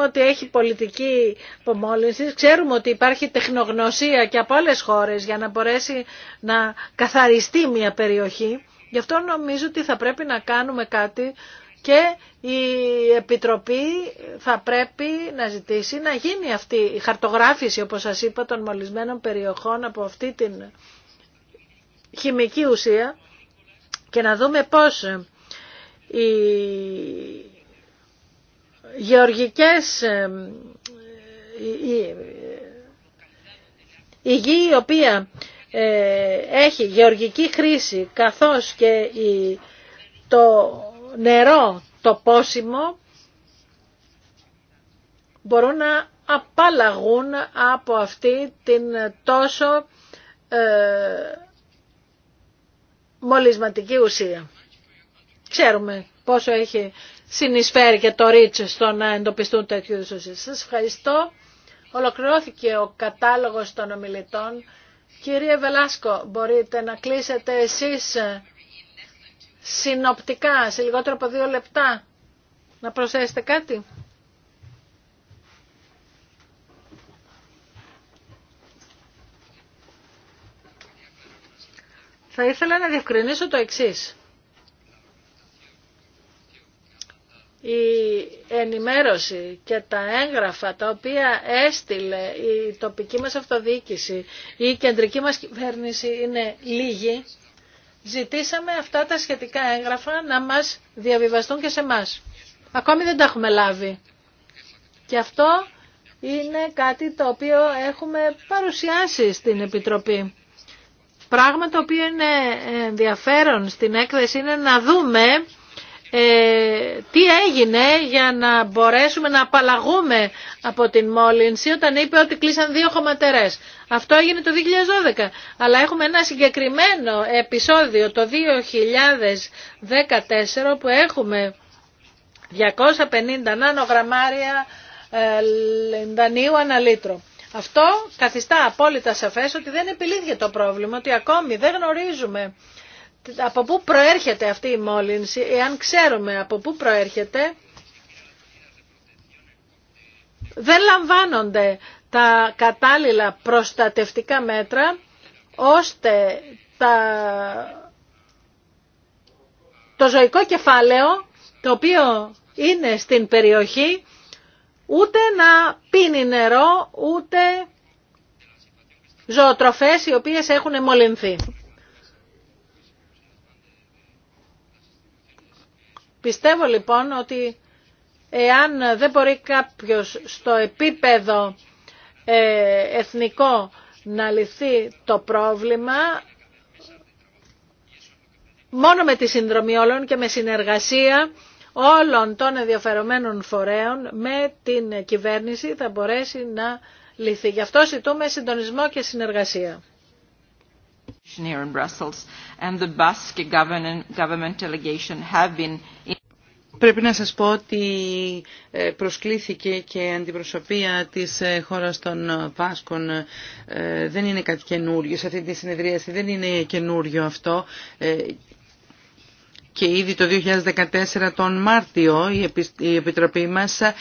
ότι έχει πολιτική υπομόλυνση, ξέρουμε ότι υπάρχει τεχνογνωσία και από άλλε χώρε για να μπορέσει να καθαριστεί μια περιοχή. Γι' αυτό νομίζω ότι θα πρέπει να κάνουμε κάτι και η Επιτροπή θα πρέπει να ζητήσει να γίνει αυτή η χαρτογράφηση, όπως σας είπα, των μολυσμένων περιοχών από αυτή την χημική ουσία και να δούμε πώς ε, οι γεωργικές ε, η γη η οποία ε, έχει γεωργική χρήση καθώς και το νερό το πόσιμο μπορούν να απαλλαγούν από αυτή την τόσο μολυσματική ουσία. Ξέρουμε πόσο έχει συνεισφέρει και το ρίτσε στο να εντοπιστούν τέτοιου είδους ουσίες. Σας ευχαριστώ. Ολοκληρώθηκε ο κατάλογος των ομιλητών. Κύριε Βελάσκο, μπορείτε να κλείσετε εσείς ε, συνοπτικά σε λιγότερο από δύο λεπτά. Να προσθέσετε κάτι. Θα ήθελα να διευκρινίσω το εξής. η ενημέρωση και τα έγγραφα τα οποία έστειλε η τοπική μας αυτοδιοίκηση ή η κεντρική μας κυβέρνηση είναι λίγη, ζητήσαμε αυτά τα σχετικά έγγραφα να μας διαβιβαστούν και σε μας. Ακόμη δεν τα έχουμε λάβει. Και αυτό είναι κάτι το οποίο έχουμε παρουσιάσει στην Επιτροπή. Πράγμα το οποίο είναι ενδιαφέρον στην έκθεση είναι να δούμε ε, τι έγινε για να μπορέσουμε να απαλλαγούμε από την μόλυνση όταν είπε ότι κλείσαν δύο χωματερές. Αυτό έγινε το 2012, αλλά έχουμε ένα συγκεκριμένο επεισόδιο το 2014 που έχουμε 250 νανογραμμάρια ε, λιντανίου αναλύτρου. Αυτό καθιστά απόλυτα σαφές ότι δεν επιλύθηκε το πρόβλημα, ότι ακόμη δεν γνωρίζουμε από πού προέρχεται αυτή η μόλυνση, εάν ξέρουμε από πού προέρχεται, δεν λαμβάνονται τα κατάλληλα προστατευτικά μέτρα, ώστε το ζωικό κεφάλαιο, το οποίο είναι στην περιοχή, ούτε να πίνει νερό, ούτε ζωοτροφές οι οποίες έχουν μολυνθεί. Πιστεύω λοιπόν ότι εάν δεν μπορεί κάποιος στο επίπεδο ε, εθνικό να λυθεί το πρόβλημα, μόνο με τη συνδρομή όλων και με συνεργασία όλων των ενδιαφερομένων φορέων με την κυβέρνηση θα μπορέσει να λυθεί. Γι' αυτό ζητούμε συντονισμό και συνεργασία. Πρέπει να σας πω ότι ε, προσκλήθηκε και αντιπροσωπεία της ε, χώρας των Πάσκων. Ε, δεν είναι κάτι καινούριο σε αυτή τη συνεδρίαση, δεν είναι καινούριο αυτό και ήδη το 2014 τον Μάρτιο η Επιτροπή μας ε,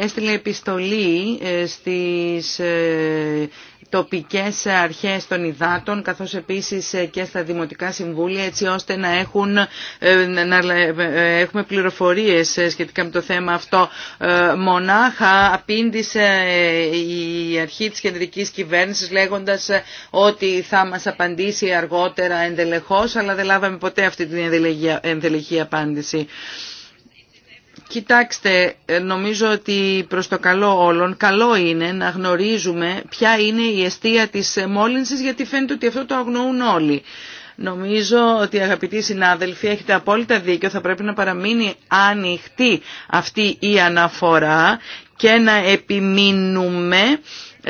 έστειλε επιστολή ε, στις ε, τοπικές αρχές των υδάτων καθώς επίσης και στα δημοτικά συμβούλια έτσι ώστε να, έχουν, ε, να ε, έχουμε πληροφορίες σχετικά με το θέμα αυτό. Ε, μονάχα απήντησε η αρχή της κεντρικής κυβέρνησης λέγοντας ότι θα μας απαντήσει αργότερα εντελεχώς αλλά δεν λάβαμε ποτέ αυτή την εντελεχή απάντηση. Κοιτάξτε, ε, νομίζω ότι προς το καλό όλων, καλό είναι να γνωρίζουμε ποια είναι η αιστεία της ε, μόλυνσης, γιατί φαίνεται ότι αυτό το αγνοούν όλοι. Νομίζω ότι αγαπητοί συνάδελφοι έχετε απόλυτα δίκιο, θα πρέπει να παραμείνει ανοιχτή αυτή η αναφορά και να επιμείνουμε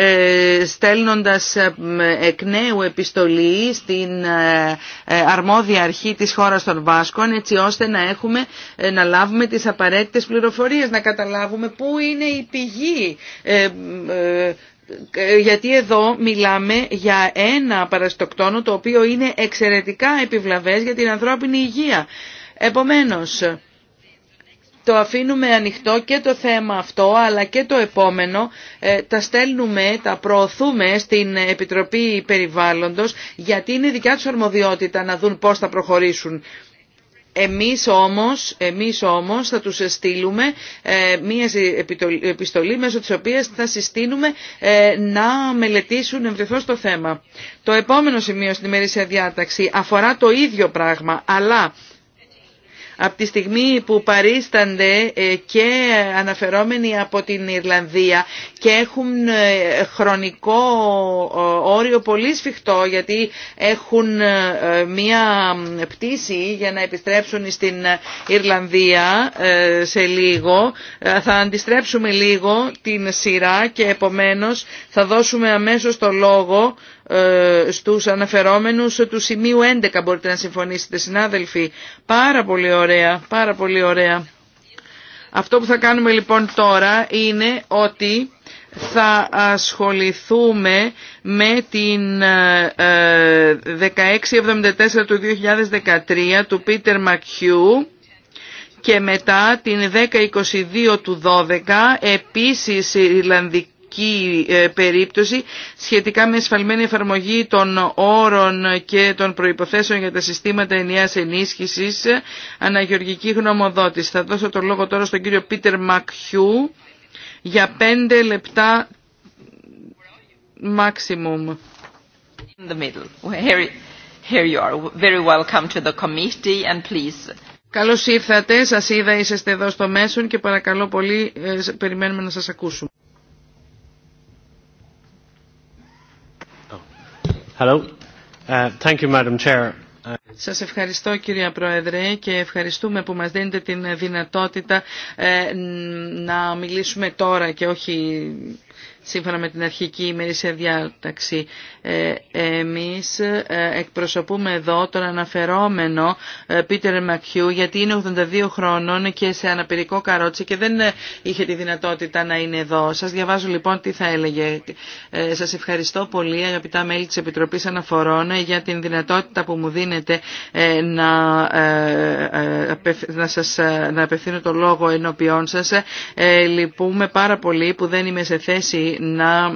ε, στέλνοντας ε, εκ νέου επιστολή στην ε, αρμόδια αρχή της χώρας των Βάσκων έτσι ώστε να, έχουμε, να λάβουμε τις απαραίτητες πληροφορίες, να καταλάβουμε πού είναι η πηγή γιατί εδώ μιλάμε για ένα παραστοκτόνο το οποίο είναι εξαιρετικά επιβλαβές για την ανθρώπινη υγεία. Επομένως, το αφήνουμε ανοιχτό και το θέμα αυτό αλλά και το επόμενο. Ε, τα στέλνουμε, τα προωθούμε στην Επιτροπή Περιβάλλοντος γιατί είναι δικιά τους αρμοδιότητα να δουν πώς θα προχωρήσουν. Εμείς όμως, εμείς όμως θα τους στείλουμε ε, μία επιστολή μέσω της οποίας θα συστήνουμε ε, να μελετήσουν ευρεθώς το θέμα. Το επόμενο σημείο στην ημερήσια διάταξη αφορά το ίδιο πράγμα, αλλά από τη στιγμή που παρίστανται ε, και αναφερόμενοι από την Ιρλανδία και έχουν ε, χρονικό όριο πολύ σφιχτό γιατί έχουν ε, μία πτήση για να επιστρέψουν στην Ιρλανδία σε λίγο. Θα αντιστρέψουμε λίγο την σειρά και επομένως θα δώσουμε αμέσως το λόγο ε, στους αναφερόμενους του σημείου 11 μπορείτε να συμφωνήσετε συνάδελφοι. Πάρα πολύ ωραία, πάρα πολύ ωραία. Αυτό που θα κάνουμε λοιπόν τώρα είναι ότι θα ασχοληθούμε με την 1674 ε, του 2013 του Πίτερ Μακιού και μετά την 1022 του 12 επίσης Ιρλανδική ειδική ε, περίπτωση σχετικά με εσφαλμένη εφαρμογή των όρων και των προϋποθέσεων για τα συστήματα ενιαίας ενίσχυσης αναγεωργική γνωμοδότηση. Θα δώσω το λόγο τώρα στον κύριο Πίτερ Μακχιού για πέντε λεπτά maximum. In Καλώς ήρθατε, σας είδα, είσαστε εδώ στο μέσον και παρακαλώ πολύ, ε, περιμένουμε να σας ακούσουμε. Hello. Uh, Σας ευχαριστώ κύριε Πρόεδρε και ευχαριστούμε που μας δίνετε την δυνατότητα ε, να μιλήσουμε τώρα και όχι σύμφωνα με την αρχική ημερήσια διάταξη. Ε, εμείς ε, εκπροσωπούμε εδώ τον αναφερόμενο ε, Πίτερ Μακιού γιατί είναι 82 χρόνων και σε αναπηρικό καρότσι και δεν είχε τη δυνατότητα να είναι εδώ. Σας διαβάζω λοιπόν τι θα έλεγε. Σας ευχαριστώ πολύ αγαπητά μέλη της Επιτροπής Αναφορών για την δυνατότητα που μου δίνετε να, να, σας, να απευθύνω το λόγο ενώπιόν σας. Λυπούμε πάρα πολύ που δεν είμαι σε θέση να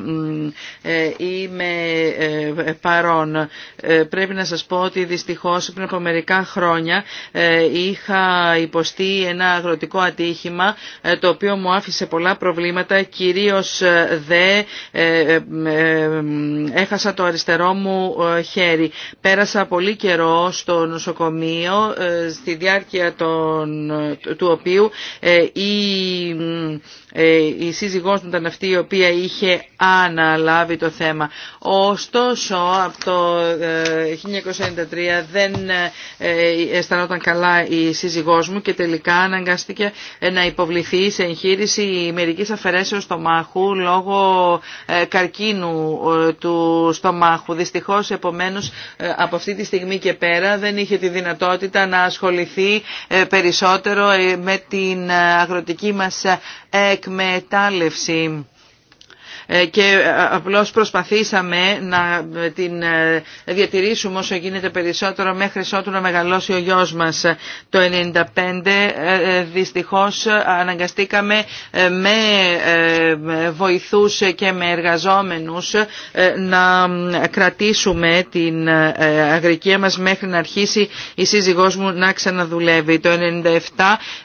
ε, είμαι ε, παρόν. Ε, πρέπει να σας πω ότι δυστυχώς πριν από μερικά χρόνια είχα υποστεί ένα αγροτικό ατύχημα το οποίο μου άφησε πολλά προβλήματα, κυρίως δε έχασα το αριστερό μου χέρι. Πέρασα πολύ καιρό στο νοσοκομείο, στη διάρκεια του οποίου η ε, η σύζυγός μου ήταν αυτή η οποία είχε αναλάβει το θέμα. Ωστόσο από το 1993 ε, δεν ε, αισθανόταν καλά η σύζυγός μου και τελικά αναγκαστήκε να υποβληθεί σε εγχείρηση μερικής αφαιρέσεως στομάχου λόγω καρκίνου του στομάχου. Δυστυχώς επομένως από αυτή τη στιγμή και πέρα δεν είχε τη δυνατότητα να ασχοληθεί περισσότερο με την αγροτική μας εκμετάλλευση ε, και ε, απλώς προσπαθήσαμε να ε, την διατηρήσουμε όσο γίνεται περισσότερο μέχρι ότου να μεγαλώσει ο γιος μας. Το 1995 δυστυχώς αναγκαστήκαμε με βοηθούς και με εργαζόμενους να κρατήσουμε την αγρικία μας μέχρι να αρχίσει η σύζυγός μου να ξαναδουλεύει. Το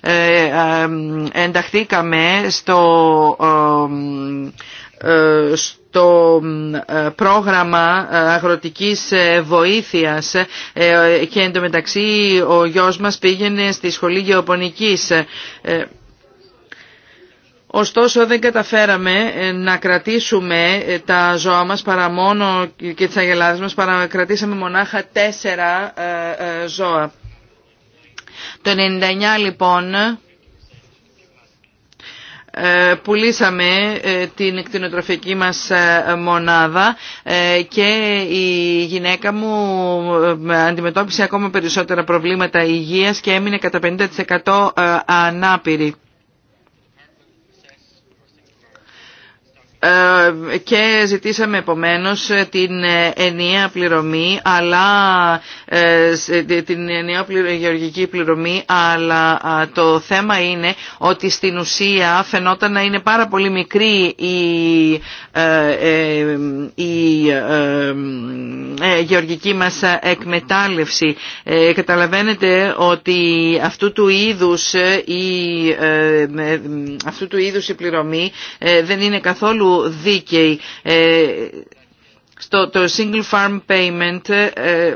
1997 ενταχθήκαμε στο ε, στο ε, πρόγραμμα ε, αγροτικής βοήθειας και εντωμεταξύ ο γιος μας πήγαινε στη σχολή γεωπονικής. Ωστόσο δεν καταφέραμε να κρατήσουμε τα ζώα μας παρά και τις αγελάδες μας, παρά κρατήσαμε μονάχα τέσσερα ζώα. Το 99 λοιπόν ε, πουλήσαμε ε, την εκτινοτροφική μας ε, μονάδα και η γυναίκα μου αντιμετώπισε ακόμα περισσότερα προβλήματα υγείας και έμεινε κατά 50% ανάπηρη. Ε, και ζητήσαμε επομένως ε, την ε, ενιαία πληρωμή αλλά την ενιαία γεωργική πληρωμή αλλά το θέμα είναι ότι στην ουσία φαινόταν να είναι πάρα πολύ μικρή η, η γεωργική μας εκμετάλλευση. Καταλαβαίνετε ότι αυτού του είδους αυτού του είδους η πληρωμή δεν είναι καθόλου δίκαιοι Ε, Στο το single farm payment ε,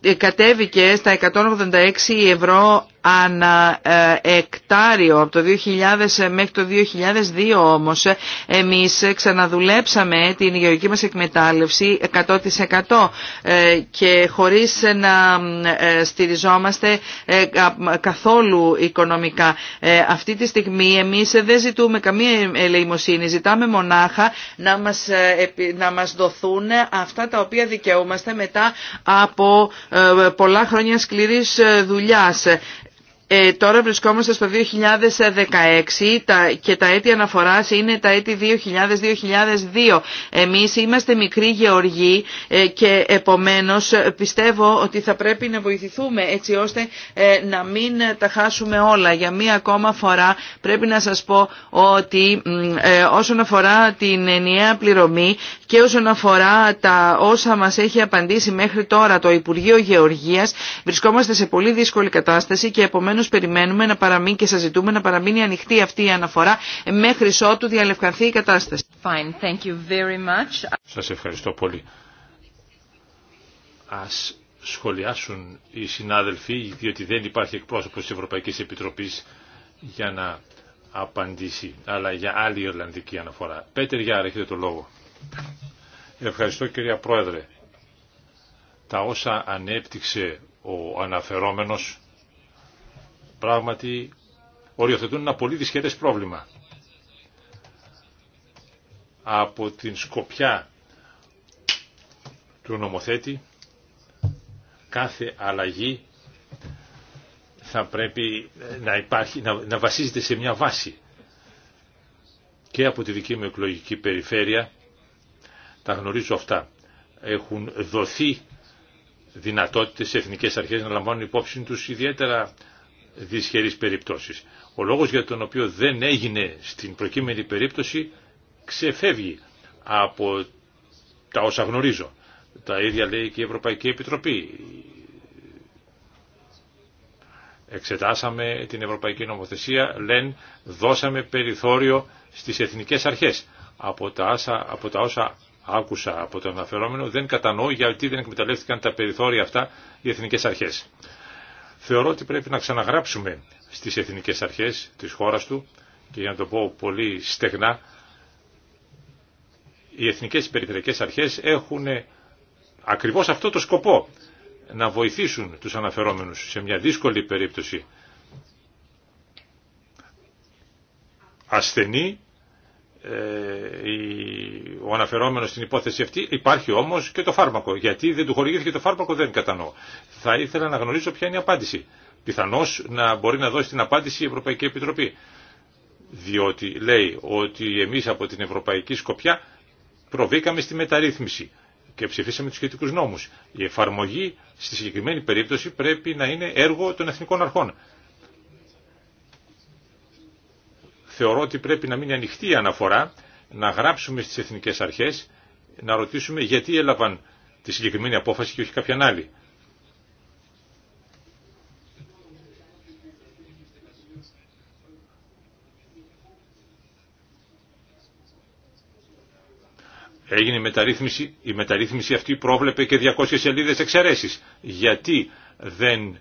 ε, κατέβηκε στα 186 ευρώ ανά ε, εκτάριο από το 2000 ε, μέχρι το 2002 όμως ε, εμείς ξαναδουλέψαμε την γεωργική μας εκμετάλλευση 100% και χωρίς να στηριζόμαστε καθόλου οικονομικά. Αυτή τη στιγμή εμείς δεν ζητούμε καμία ελεημοσύνη, ζητάμε μονάχα να μας, να μας δοθούν αυτά τα οποία δικαιούμαστε μετά από πολλά χρόνια σκληρής δουλειάς ε, τώρα βρισκόμαστε στο 2016 τα, και τα έτη αναφοράς είναι τα έτη 2000-2002. Εμείς είμαστε μικροί γεωργοί ε, και επομένως ε, πιστεύω ότι θα πρέπει να βοηθηθούμε έτσι ώστε να μην τα χάσουμε όλα. Για μία ακόμα φορά πρέπει να σας πω ότι όσον αφορά την ενιαία πληρωμή και όσον αφορά τα όσα μας έχει απαντήσει μέχρι τώρα το Υπουργείο Γεωργίας βρισκόμαστε σε πολύ δύσκολη κατάσταση και επομένως επομένως περιμένουμε να παραμείνει και σας ζητούμε να παραμείνει ανοιχτή αυτή η αναφορά μέχρι ότου διαλευκανθεί η κατάσταση. Fine. Σας ευχαριστώ πολύ. Ας σχολιάσουν οι συνάδελφοι, διότι δεν υπάρχει εκπρόσωπος της Ευρωπαϊκής Επιτροπής για να απαντήσει, αλλά για άλλη Ιρλανδική αναφορά. Πέτερ Γιάρ, έχετε το λόγο. Ευχαριστώ κυρία Πρόεδρε. Τα όσα ανέπτυξε ο αναφερόμενος πράγματι οριοθετούν ένα πολύ δυσχερές πρόβλημα. Από την σκοπιά του νομοθέτη κάθε αλλαγή θα πρέπει να, υπάρχει, να, βασίζεται σε μια βάση. Και από τη δική μου εκλογική περιφέρεια τα γνωρίζω αυτά. Έχουν δοθεί δυνατότητες σε εθνικές αρχές να λαμβάνουν υπόψη τους ιδιαίτερα δυσχερείς περιπτώσεις. Ο λόγος για τον οποίο δεν έγινε στην προκείμενη περίπτωση ξεφεύγει από τα όσα γνωρίζω. Τα ίδια λέει και η Ευρωπαϊκή Επιτροπή. Εξετάσαμε την Ευρωπαϊκή Νομοθεσία, λένε δώσαμε περιθώριο στις εθνικές αρχές. Από τα, από τα όσα άκουσα από το αναφερόμενο δεν κατανοώ γιατί δεν εκμεταλλεύτηκαν τα περιθώρια αυτά οι εθνικές αρχές θεωρώ ότι πρέπει να ξαναγράψουμε στις εθνικές αρχές της χώρας του και για να το πω πολύ στεγνά, οι εθνικές περιφερειακές αρχές έχουν ακριβώς αυτό το σκοπό να βοηθήσουν τους αναφερόμενους σε μια δύσκολη περίπτωση ασθενή ε, ο αναφερόμενο στην υπόθεση αυτή υπάρχει όμως και το φάρμακο. Γιατί δεν του χορηγήθηκε το φάρμακο δεν κατανοώ. Θα ήθελα να γνωρίζω ποια είναι η απάντηση. Πιθανώ να μπορεί να δώσει την απάντηση η Ευρωπαϊκή Επιτροπή. Διότι λέει ότι εμείς από την Ευρωπαϊκή Σκοπιά προβήκαμε στη μεταρρύθμιση και ψηφίσαμε του σχετικού νόμου. Η εφαρμογή στη συγκεκριμένη περίπτωση πρέπει να είναι έργο των εθνικών αρχών. θεωρώ ότι πρέπει να μείνει ανοιχτή η αναφορά, να γράψουμε στις εθνικές αρχές, να ρωτήσουμε γιατί έλαβαν τη συγκεκριμένη απόφαση και όχι κάποιαν άλλη. Έγινε η μεταρρύθμιση, η μεταρρύθμιση αυτή πρόβλεπε και 200 σελίδες εξαιρέσεις. Γιατί δεν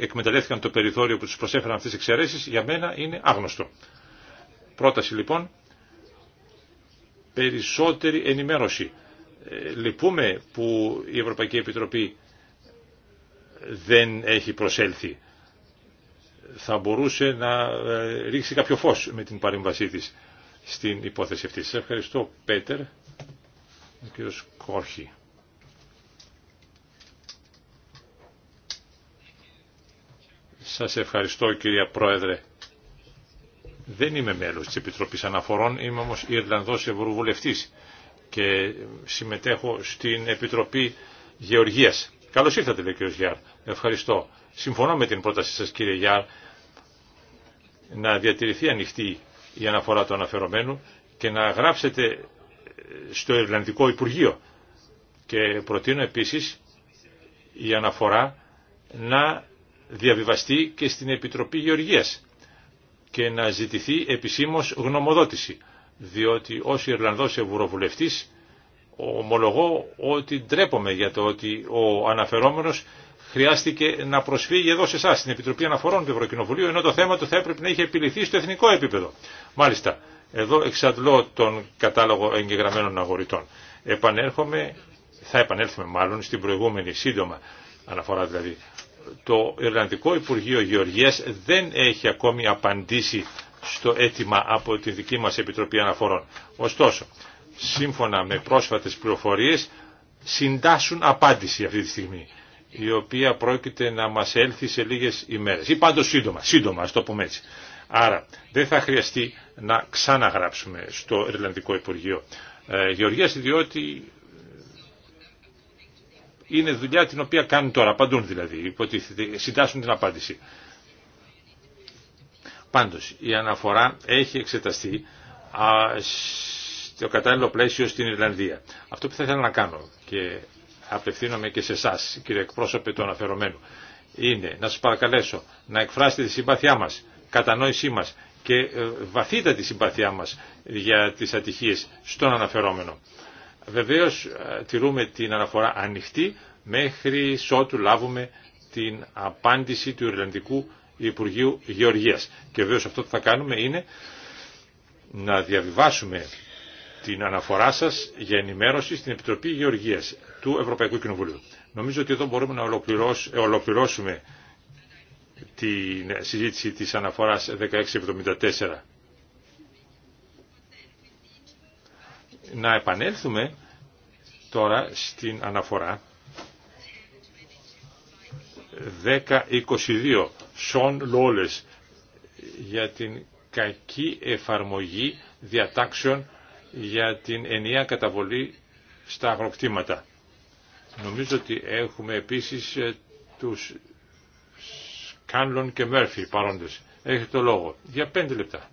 εκμεταλλεύτηκαν το περιθώριο που τους προσέφεραν αυτές τις εξαιρέσεις, για μένα είναι άγνωστο. Πρόταση λοιπόν, περισσότερη ενημέρωση. Ε, λυπούμε που η Ευρωπαϊκή Επιτροπή δεν έχει προσέλθει. Θα μπορούσε να ε, ρίξει κάποιο φως με την παρέμβασή της στην υπόθεση αυτή. Σας ευχαριστώ Πέτερ, ο κύριος Κόρχη. Σας ευχαριστώ κυρία Πρόεδρε. Δεν είμαι μέλος της Επιτροπής Αναφορών, είμαι όμως Ιρλανδός Ευρωβουλευτής και συμμετέχω στην Επιτροπή Γεωργίας. Καλώς ήρθατε, λέει ο κ. Γιάρ. Ευχαριστώ. Συμφωνώ με την πρότασή σας, κύριε Γιάρ, να διατηρηθεί ανοιχτή η αναφορά του αναφερομένου και να γράψετε στο Ιρλανδικό Υπουργείο. Και προτείνω επίσης η αναφορά να διαβιβαστεί και στην Επιτροπή Γεωργίας και να ζητηθεί επισήμως γνωμοδότηση, διότι ως Ιρλανδός Ευρωβουλευτής ομολογώ ότι ντρέπομαι για το ότι ο αναφερόμενος χρειάστηκε να προσφύγει εδώ σε εσά, στην Επιτροπή Αναφορών του Ευρωκοινοβουλίου, ενώ το θέμα του θα έπρεπε να είχε επιληθεί στο εθνικό επίπεδο. Μάλιστα, εδώ εξαντλώ τον κατάλογο εγγεγραμμένων αγορητών. Επανέρχομαι, θα επανέλθουμε μάλλον στην προηγούμενη σύντομα αναφορά δηλαδή το Ιρλανδικό Υπουργείο Γεωργίας δεν έχει ακόμη απαντήσει στο αίτημα από την δική μας Επιτροπή Αναφορών. Ωστόσο, σύμφωνα με πρόσφατες πληροφορίες, συντάσσουν απάντηση αυτή τη στιγμή, η οποία πρόκειται να μας έλθει σε λίγες ημέρες, ή πάντως σύντομα, σύντομα, ας το πούμε έτσι. Άρα, δεν θα χρειαστεί να ξαναγράψουμε στο Ιρλανδικό Υπουργείο ε, Γεωργίας, διότι είναι δουλειά την οποία κάνουν τώρα, απαντούν δηλαδή, υποτίθεται, συντάσσουν την απάντηση. Πάντως, η αναφορά έχει εξεταστεί α, στο κατάλληλο πλαίσιο στην Ιρλανδία. Αυτό που θα ήθελα να κάνω και απευθύνομαι και σε εσά, κύριε εκπρόσωπε του αναφερομένου, είναι να σας παρακαλέσω να εκφράσετε τη συμπάθειά μας, κατανόησή μας και ε, βαθύτατη συμπάθειά μας για τις ατυχίες στον αναφερόμενο. Βεβαίως ε, τηρούμε την αναφορά ανοιχτή μέχρι ότου λάβουμε την απάντηση του Ιρλανδικού Υπουργείου Γεωργίας. Και βεβαίως αυτό που θα κάνουμε είναι να διαβιβάσουμε την αναφορά σας για ενημέρωση στην Επιτροπή Γεωργίας του Ευρωπαϊκού Κοινοβουλίου. Νομίζω ότι εδώ μπορούμε να ε, ολοκληρώσουμε την συζήτηση της αναφοράς 1674. να επανέλθουμε τώρα στην αναφορά 1022 Σον Λόλες για την κακή εφαρμογή διατάξεων για την ενιαία καταβολή στα αγροκτήματα. Νομίζω ότι έχουμε επίσης ε, τους Κάνλον και Μέρφυ παρόντες. Έχετε το λόγο. Για πέντε λεπτά.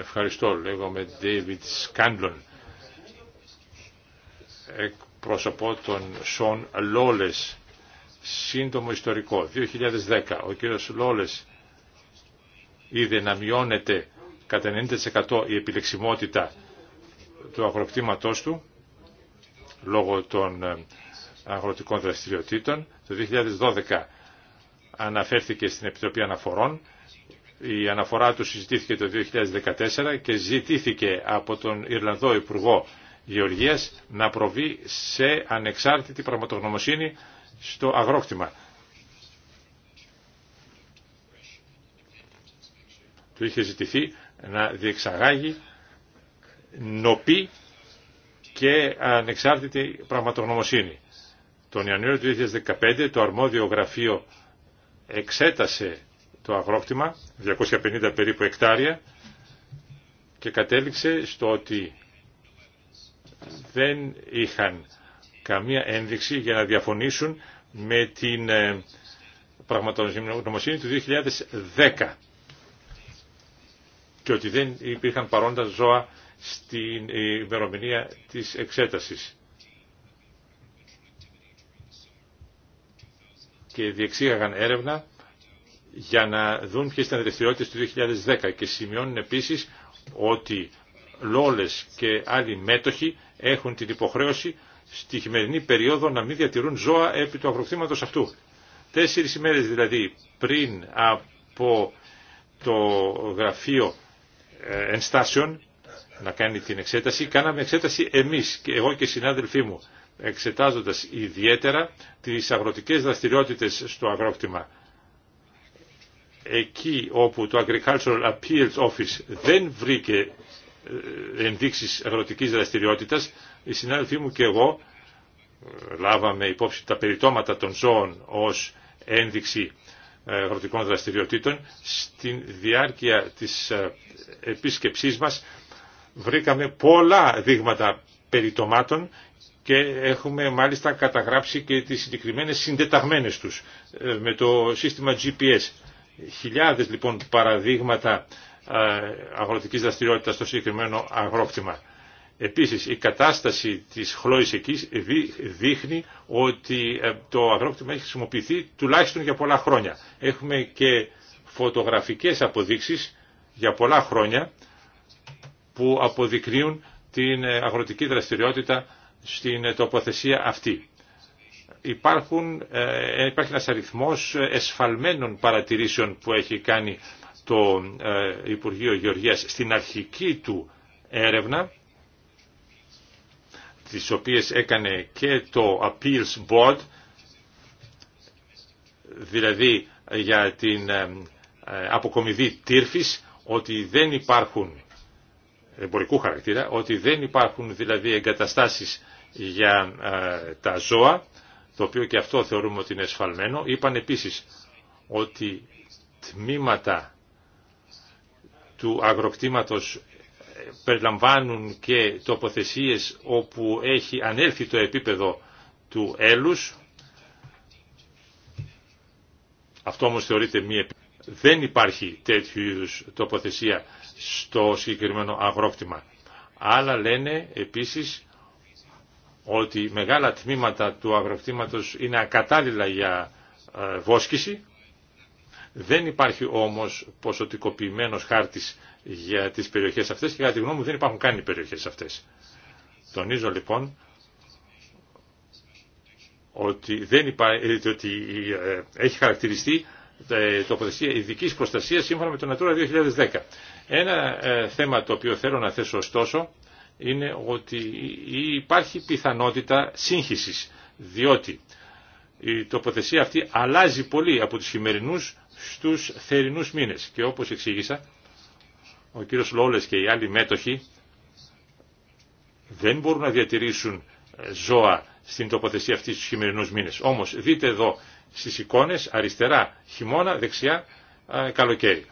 Ευχαριστώ. Λέγομαι David Scanlon. Εκπροσωπώ τον Σον Λόλες. Σύντομο ιστορικό. 2010. Ο κύριος Λόλες είδε να μειώνεται κατά 90% η επιλεξιμότητα του αγροκτήματός του λόγω των ε, αγροτικών δραστηριοτήτων. Το 2012 αναφέρθηκε στην Επιτροπή Αναφορών η αναφορά του συζητήθηκε το 2014 και ζητήθηκε από τον Ιρλανδό Υπουργό Γεωργίας να προβεί σε ανεξάρτητη πραγματογνωμοσύνη στο αγρόκτημα. Του είχε ζητηθεί να διεξαγάγει νοπή και ανεξάρτητη πραγματογνωμοσύνη. Τον Ιανουάριο του 2015 το αρμόδιο γραφείο εξέτασε το αγρόκτημα, 250 περίπου εκτάρια, και κατέληξε στο ότι δεν είχαν καμία ένδειξη για να διαφωνήσουν με την ε, πραγματογνωμοσύνη του 2010 και ότι δεν υπήρχαν παρόντα ζώα στην ε, ημερομηνία της εξέτασης. Και διεξήγαγαν έρευνα για να δουν ποιες ήταν οι δραστηριότητες του 2010 και σημειώνουν επίσης ότι Λόλες και άλλοι μέτοχοι έχουν την υποχρέωση στη χειμερινή περίοδο να μην διατηρούν ζώα επί του αγροκτήματος αυτού. Τέσσερις ημέρες δηλαδή πριν από το γραφείο ε, ενστάσεων να κάνει την εξέταση, κάναμε εξέταση εμείς και εγώ και οι συνάδελφοί μου, εξετάζοντας ιδιαίτερα τις αγροτικές δραστηριότητες στο αγρόκτημα εκεί όπου το Agricultural Appeals Office δεν βρήκε ε, ενδείξεις αγροτικής δραστηριότητας, οι συνάδελφοί μου και εγώ ε, λάβαμε υπόψη τα περιτώματα των ζώων ως ένδειξη ε, αγροτικών δραστηριοτήτων. Στην διάρκεια της επίσκεψής μας βρήκαμε πολλά δείγματα περιτωμάτων και έχουμε μάλιστα καταγράψει και τις συγκεκριμένες συντεταγμένες τους με το σύστημα GPS. Χιλιάδες λοιπόν παραδείγματα ε, αγροτικής δραστηριότητας στο συγκεκριμένο αγρόκτημα. Επίσης η κατάσταση της χλώης εκεί δείχνει ότι ε, το αγρόκτημα έχει χρησιμοποιηθεί τουλάχιστον για πολλά χρόνια. Έχουμε και φωτογραφικές αποδείξεις για πολλά χρόνια που αποδεικνύουν την ε, αγροτική δραστηριότητα στην τοποθεσία αυτή υπάρχουν, ε, υπάρχει ένας αριθμός εσφαλμένων παρατηρήσεων που έχει κάνει το ε, Υπουργείο Γεωργίας στην αρχική του έρευνα, τις οποίες έκανε και το Appeals Board, δηλαδή για την ε, αποκομιδή τύρφης, ότι δεν υπάρχουν εμπορικού χαρακτήρα, ότι δεν υπάρχουν δηλαδή εγκαταστάσεις για τα ζώα το οποίο και αυτό θεωρούμε ότι είναι εσφαλμένο. Είπαν επίσης ότι τμήματα του αγροκτήματος περιλαμβάνουν και τοποθεσίες όπου έχει ανέλθει το επίπεδο του έλους. Αυτό όμως θεωρείται μη επίπεδο. Δεν υπάρχει τέτοιου είδους τοποθεσία στο συγκεκριμένο αγρόκτημα. Άλλα λένε επίσης ότι μεγάλα τμήματα του αγροκτήματος είναι ακατάλληλα για ε, βόσκηση. Δεν υπάρχει όμως ποσοτικοποιημένος χάρτης για τις περιοχές αυτές και κατά τη γνώμη μου δεν υπάρχουν καν οι περιοχές αυτές. Τονίζω λοιπόν ότι, δεν υπά... Ε, ότι ε, έχει χαρακτηριστεί τοποθεσία ειδική προστασία σύμφωνα με το Natura 2010. Ένα θέμα το οποίο θέλω να θέσω ωστόσο είναι ότι υπάρχει πιθανότητα σύγχυσης, διότι η τοποθεσία αυτή αλλάζει πολύ από τους χειμερινούς στους θερινούς μήνες. Και όπως εξήγησα, ο κύριος Λόλες και οι άλλοι μέτοχοι δεν μπορούν να διατηρήσουν ζώα στην τοποθεσία αυτή στους χειμερινούς μήνες. Όμως δείτε εδώ στις εικόνες αριστερά χειμώνα, δεξιά ε, καλοκαίρι.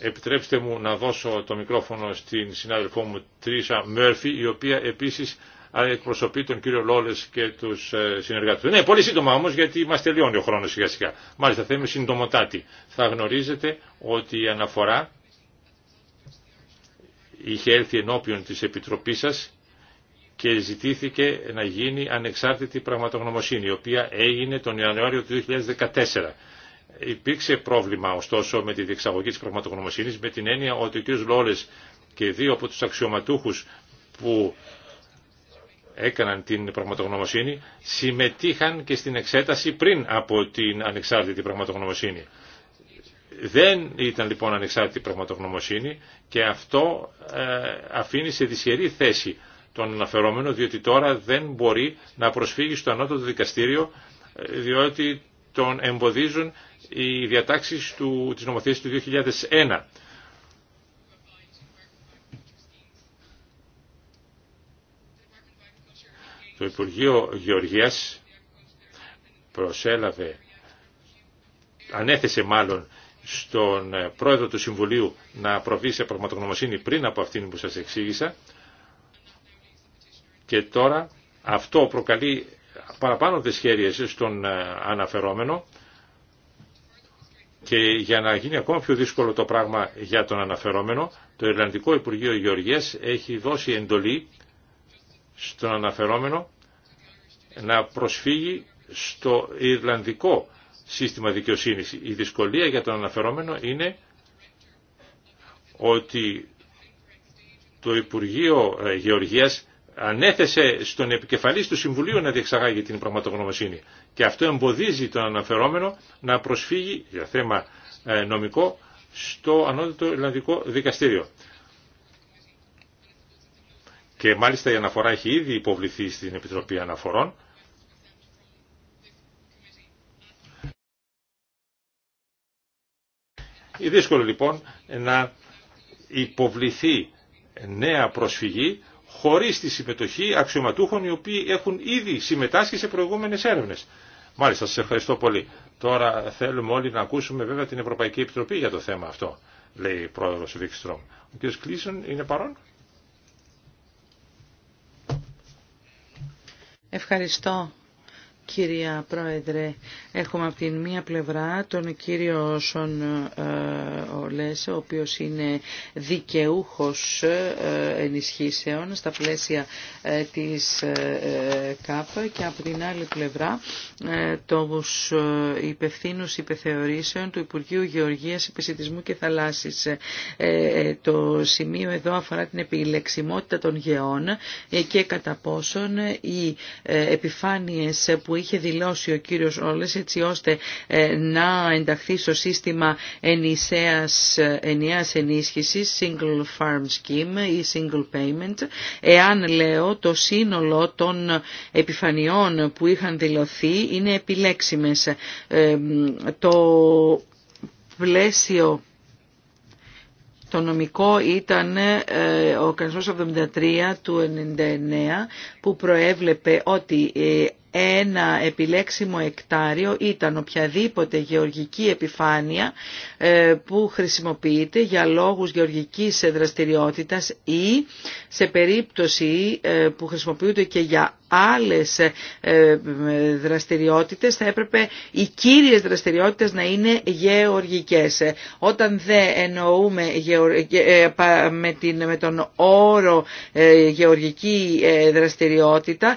Επιτρέψτε μου να δώσω το μικρόφωνο στην συνάδελφό μου Τρίσα Μέρφη, η οποία επίσης ε, εκπροσωπεί τον κύριο Λόλες και τους ε, συνεργάτες του. Ναι, πολύ σύντομα όμως γιατί μας τελειώνει ο χρόνος σιγά σιγά. Μάλιστα θα είμαι συντομοτάτη. Θα γνωρίζετε ότι η αναφορά είχε έρθει ενώπιον της Επιτροπής σας και ζητήθηκε να γίνει ανεξάρτητη πραγματογνωμοσύνη, η οποία έγινε τον Ιανουάριο του 2014. Υπήρξε πρόβλημα ωστόσο με τη διεξαγωγή της πραγματογνωμοσύνης με την έννοια ότι ο κ. Λόλες και δύο από τους αξιωματούχους που έκαναν την πραγματογνωμοσύνη συμμετείχαν και στην εξέταση πριν από την ανεξάρτητη πραγματογνωμοσύνη. Δεν ήταν λοιπόν ανεξάρτητη πραγματογνωμοσύνη και αυτό ε, αφήνει σε δυσχερή θέση τον αναφερόμενο διότι τώρα δεν μπορεί να προσφύγει στο ανώτατο δικαστήριο ε, διότι τον εμποδίζουν οι διατάξεις του, της νομοθεσίας του 2001. Το Υπουργείο Γεωργίας προσέλαβε, ανέθεσε μάλλον στον ε, πρόεδρο του Συμβουλίου να προβεί σε πραγματογνωμοσύνη πριν από αυτήν που σας εξήγησα και τώρα αυτό προκαλεί παραπάνω δυσχέρειες στον ε, αναφερόμενο και για να γίνει ακόμα πιο δύσκολο το πράγμα για τον αναφερόμενο, το Ιρλανδικό Υπουργείο Γεωργίας έχει δώσει εντολή στον αναφερόμενο να προσφύγει στο Ιρλανδικό σύστημα δικαιοσύνης. Η δυσκολία για τον αναφερόμενο είναι ότι το Υπουργείο ε, Γεωργίας ανέθεσε στον επικεφαλής του Συμβουλίου να διεξαγάγει την πραγματογνωμοσύνη. Και αυτό εμποδίζει τον αναφερόμενο να προσφύγει για θέμα ε, νομικό στο ανώτατο Ιρλανδικό Δικαστήριο. Και μάλιστα η αναφορά έχει ήδη υποβληθεί στην Επιτροπή Αναφορών. Είναι δύσκολο λοιπόν να υποβληθεί νέα προσφυγή χωρίς τη συμμετοχή αξιωματούχων οι οποίοι έχουν ήδη συμμετάσχει σε προηγούμενες έρευνες. Μάλιστα, σας ευχαριστώ πολύ. Τώρα θέλουμε όλοι να ακούσουμε βέβαια την Ευρωπαϊκή Επιτροπή για το θέμα αυτό, λέει η πρόεδρος Βίκστρομ. Ο κ. Κλίσον είναι παρόν. Ευχαριστώ Κυρία Πρόεδρε, έχουμε από την μία πλευρά τον κύριο Σον ε, Ολέσε, ο οποίος είναι δικαιούχος ε, ενισχύσεων στα πλαίσια ε, της ΚΑΠ και από την άλλη πλευρά τους υπευθύνους υπεθεωρήσεων του Υπουργείου Γεωργίας, Επισητισμού και Θαλάσσης. Το σημείο εδώ αφορά την επιλεξιμότητα των γεών και κατά πόσον οι επιφάνειες που είχε δηλώσει ο κύριος Όλες έτσι ώστε ε, να ενταχθεί στο σύστημα ενισέας, ενιαίας ενίσχυσης Single Farm Scheme ή Single Payment εάν λέω το σύνολο των επιφανειών που είχαν δηλωθεί είναι επιλέξιμες. Ε, το πλαίσιο το νομικό ήταν ε, ο κανονισμός 73 του 99 που προέβλεπε ότι ένα επιλέξιμο εκτάριο ήταν οποιαδήποτε γεωργική επιφάνεια ε, που χρησιμοποιείται για λόγους γεωργικής δραστηριότητας ή σε περίπτωση ε, που χρησιμοποιούνται και για άλλες ε, δραστηριότητες θα έπρεπε οι κύριες δραστηριότητες να είναι γεωργικές. Όταν δεν εννοούμε με, την, με τον όρο γεωργική δραστηριότητα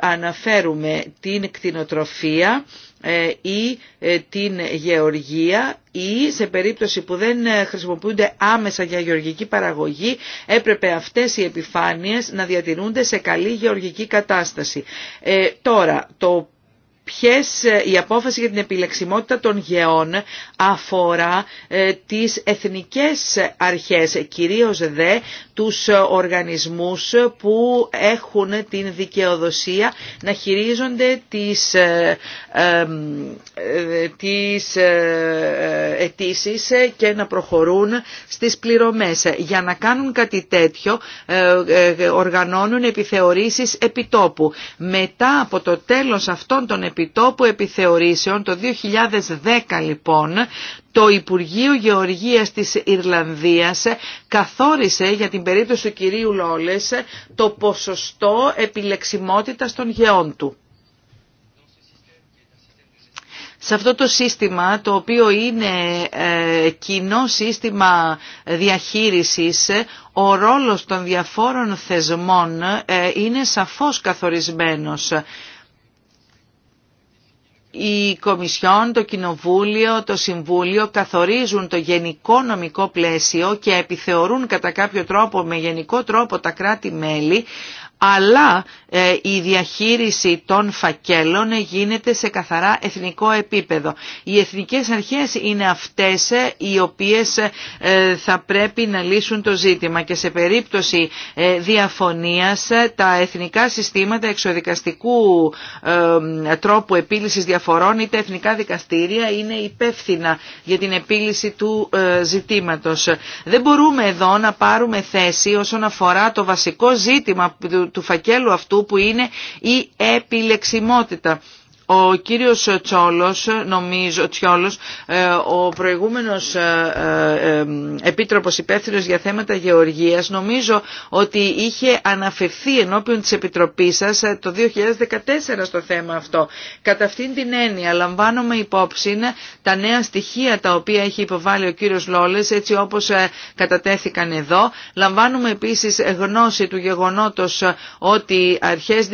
αναφέρουμε την κτηνοτροφία ε, ή ε, την γεωργία ή σε περίπτωση που δεν ε, χρησιμοποιούνται άμεσα για γεωργική παραγωγή έπρεπε αυτές οι επιφάνειες να διατηρούνται σε καλή γεωργική κατάσταση. τώρα, το ποιες ε, η απόφαση για την επιλεξιμότητα των γεών αφορά ε, τις εθνικές αρχές, κυρίως δε τους οργανισμούς που έχουν την δικαιοδοσία να χειρίζονται τις, ε, τις αιτήσει και να προχωρούν στις πληρωμές. Για να κάνουν κάτι τέτοιο οργανώνουν επιθεωρήσεις επιτόπου. Μετά από το τέλος αυτών των επιτόπου επιθεωρήσεων το 2010 λοιπόν το Υπουργείο Γεωργίας της Ιρλανδίας καθόρισε για την περίπτωση του κυρίου Λόλες το ποσοστό επιλεξιμότητας των γεών του. Σε αυτό το σύστημα, το οποίο είναι ε, κοινό σύστημα διαχείρισης, ο ρόλος των διαφόρων θεσμών ε, είναι σαφώς καθορισμένος η Κομισιόν, το Κοινοβούλιο, το Συμβούλιο καθορίζουν το γενικό νομικό πλαίσιο και επιθεωρούν κατά κάποιο τρόπο, με γενικό τρόπο τα κράτη-μέλη αλλά ε, η διαχείριση των φακέλων γίνεται σε καθαρά εθνικό επίπεδο. Οι εθνικές αρχές είναι αυτές ε, οι οποίες ε, θα πρέπει να λύσουν το ζήτημα και σε περίπτωση διαφωνίας τα εθνικά συστήματα εξοδικαστικού τρόπου επίλυσης διαφορών ή τα εθνικά δικαστήρια είναι υπεύθυνα για την επίλυση του ζητήματος. Δεν μπορούμε εδώ να πάρουμε θέση όσον αφορά το βασικό ζήτημα του του φακέλου αυτού που είναι η επιλεξιμότητα. Ο κύριος Τσόλος, νομίζω, Τσιόλος, ε, ο προηγούμενος ε, ε, επίτροπος υπεύθυνος για θέματα γεωργίας, νομίζω ότι είχε αναφερθεί ενώπιον της Επιτροπής σας το 2014 στο θέμα αυτό. Κατά αυτήν την έννοια λαμβάνομαι υπόψη τα νέα στοιχεία τα οποία έχει υποβάλει ο κύριος Λόλες, έτσι όπως κατατέθηκαν εδώ. Λαμβάνουμε επίσης γνώση του γεγονότος ότι αρχές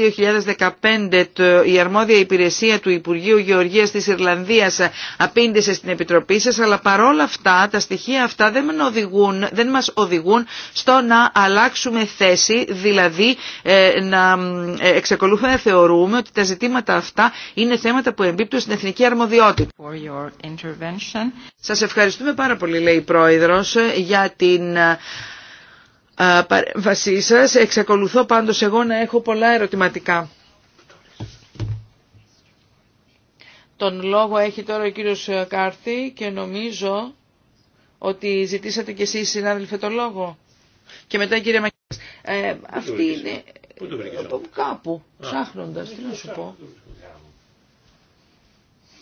2015 η αρμόδια υπηρεσία υπηρεσία του Υπουργείου Γεωργίας της Ιρλανδίας απήντησε στην Επιτροπή σας, αλλά παρόλα αυτά τα στοιχεία αυτά δεν, οδηγούν, δεν μας οδηγούν στο να αλλάξουμε θέση, δηλαδή ε, να ε, εξακολουθούμε να θεωρούμε ότι τα ζητήματα αυτά είναι θέματα που εμπίπτουν στην εθνική αρμοδιότητα. Σας ευχαριστούμε πάρα πολύ, λέει η Πρόεδρος, για την ε, παρέμβασή σας. Εξακολουθώ πάντως εγώ να έχω πολλά ερωτηματικά. Τον λόγο έχει τώρα ο κύριος Κάρθη και νομίζω ότι ζητήσατε κι εσείς συνάδελφε τον λόγο. Και μετά κύριε Μακίνας. Ε, αυτή είναι... Πού ε, Κάπου, ψάχνοντας, τι να σου πω.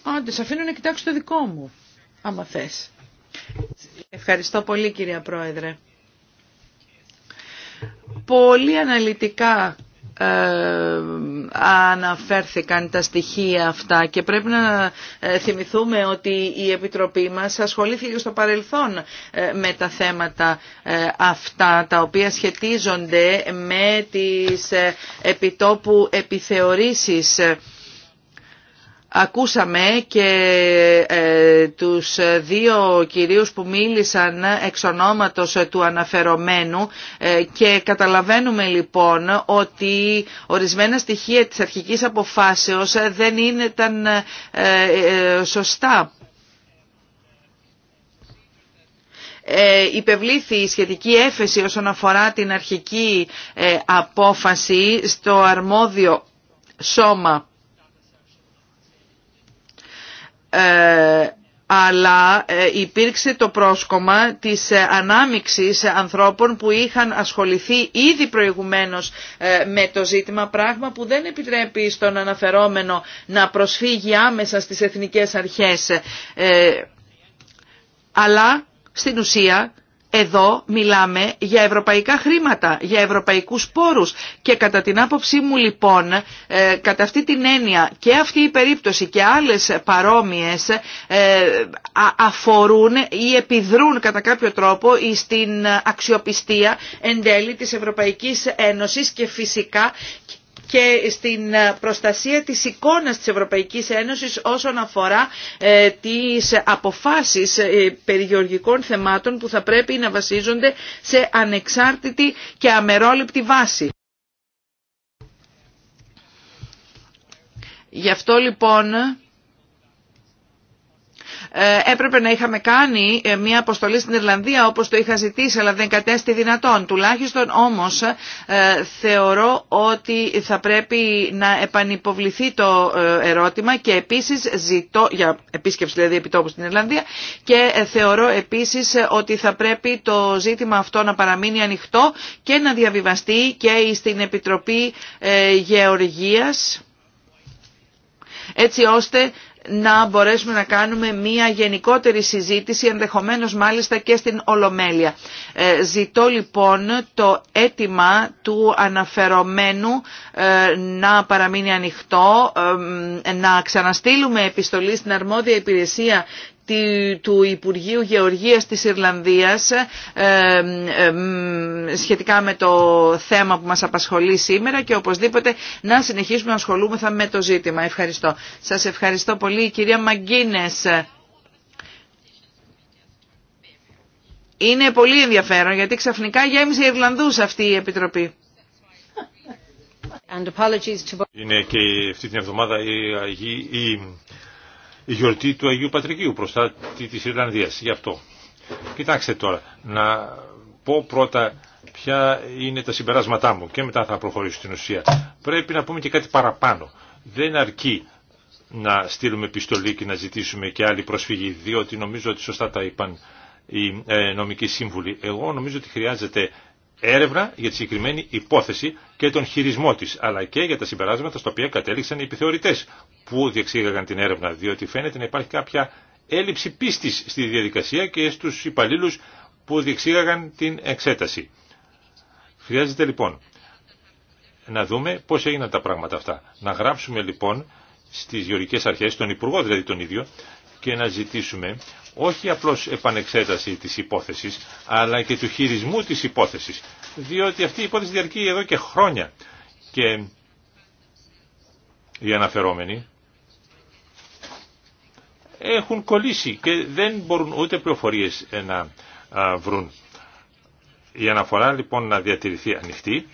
Άντε, σε αφήνω να κοιτάξω το δικό μου, άμα θες. Ευχαριστώ πολύ κυρία Πρόεδρε. Πολύ αναλυτικά ε, αναφέρθηκαν τα στοιχεία αυτά και πρέπει να ε, θυμηθούμε ότι η Επιτροπή μας ασχολήθηκε στο παρελθόν ε, με τα θέματα αυτά τα οποία σχετίζονται με τις επιτόπου επιθεωρήσεις Ακούσαμε και ε, τους δύο κυρίους που μίλησαν εξ ονόματος του αναφερομένου ε, και καταλαβαίνουμε λοιπόν ότι ορισμένα στοιχεία της αρχικής αποφάσεως δεν ήταν ε, σωστά. υπευλήθη η σχετική έφεση όσον αφορά την αρχική απόφαση στο αρμόδιο σώμα ε, αλλά ε, υπήρξε το πρόσκομα της ε, ανάμιξης ανθρώπων που είχαν ασχοληθεί ήδη προηγουμένως με το ζήτημα, πράγμα που δεν επιτρέπει στον αναφερόμενο να προσφύγει άμεσα στις εθνικές αρχές. Αλλά στην ουσία εδώ μιλάμε για ευρωπαϊκά χρήματα, για ευρωπαϊκούς πόρους και κατά την άποψή μου λοιπόν, ε, κατά αυτή την έννοια και αυτή η περίπτωση και άλλες παρόμοιες ε, αφορούν ή επιδρούν κατά κάποιο τρόπο στην αξιοπιστία εν τέλει της Ευρωπαϊκής Ένωσης και φυσικά και στην ε, προστασία της εικόνας της Ευρωπαϊκής Ένωσης όσον αφορά ε, τις αποφάσεις ε, περιγεωργικών θεμάτων που θα πρέπει να βασίζονται σε ανεξάρτητη και αμερόληπτη βάση. Γι' αυτό λοιπόν ε, έπρεπε να είχαμε κάνει ε, μια αποστολή στην Ιρλανδία όπως το είχα ζητήσει αλλά δεν κατέστη δυνατόν. Τουλάχιστον όμως ε, θεωρώ ότι θα πρέπει να επανυποβληθεί το ερώτημα και επίσης ζητώ, για επίσκεψη δηλαδή επιτόπου στην Ιρλανδία και θεωρώ επίσης ότι θα πρέπει το ζήτημα αυτό να παραμείνει ανοιχτό και να διαβιβαστεί και στην Επιτροπή Γεωργίας έτσι ώστε να μπορέσουμε να κάνουμε μια γενικότερη συζήτηση, ενδεχομένως μάλιστα και στην Ολομέλεια. Ε, ζητώ λοιπόν το αίτημα του αναφερομένου ε, να παραμείνει ανοιχτό, ε, να ξαναστείλουμε επιστολή στην αρμόδια υπηρεσία του Υπουργείου Γεωργίας της Ιρλανδίας ε, ε, σχετικά με το θέμα που μας απασχολεί σήμερα και οπωσδήποτε να συνεχίσουμε να ασχολούμεθα με το ζήτημα. Ευχαριστώ. Σας ευχαριστώ πολύ. κυρία Μαγκίνες. Είναι πολύ ενδιαφέρον γιατί ξαφνικά γέμισε Ιρλανδούς αυτή η Επιτροπή. Είναι και αυτή την εβδομάδα η, η η γιορτή του Αγίου Πατρικίου, προστάτη της Ιρλανδίας, γι' αυτό. Κοιτάξτε τώρα, να πω πρώτα ποια είναι τα συμπεράσματά μου και μετά θα προχωρήσω στην ουσία. Πρέπει να πούμε και κάτι παραπάνω. Δεν αρκεί να στείλουμε επιστολή και να ζητήσουμε και άλλη προσφυγή, διότι νομίζω ότι σωστά τα είπαν οι ε, νομικοί σύμβουλοι. Εγώ νομίζω ότι χρειάζεται έρευνα για τη συγκεκριμένη υπόθεση και τον χειρισμό της, αλλά και για τα συμπεράσματα στα οποία κατέληξαν οι επιθεωρητές που διεξήγαγαν την έρευνα, διότι φαίνεται να υπάρχει κάποια έλλειψη πίστης στη διαδικασία και στους υπαλλήλους που διεξήγαγαν την εξέταση. Χρειάζεται λοιπόν να δούμε πώς έγιναν τα πράγματα αυτά. Να γράψουμε λοιπόν στις γεωρικέ αρχές, τον Υπουργό δηλαδή τον ίδιο, και να ζητήσουμε όχι απλώς επανεξέταση της υπόθεσης, αλλά και του χειρισμού της υπόθεσης, διότι αυτή η υπόθεση διαρκεί εδώ και χρόνια και οι αναφερόμενοι έχουν κολλήσει και δεν μπορούν ούτε πληροφορίες να βρουν. Η αναφορά λοιπόν να διατηρηθεί ανοιχτή.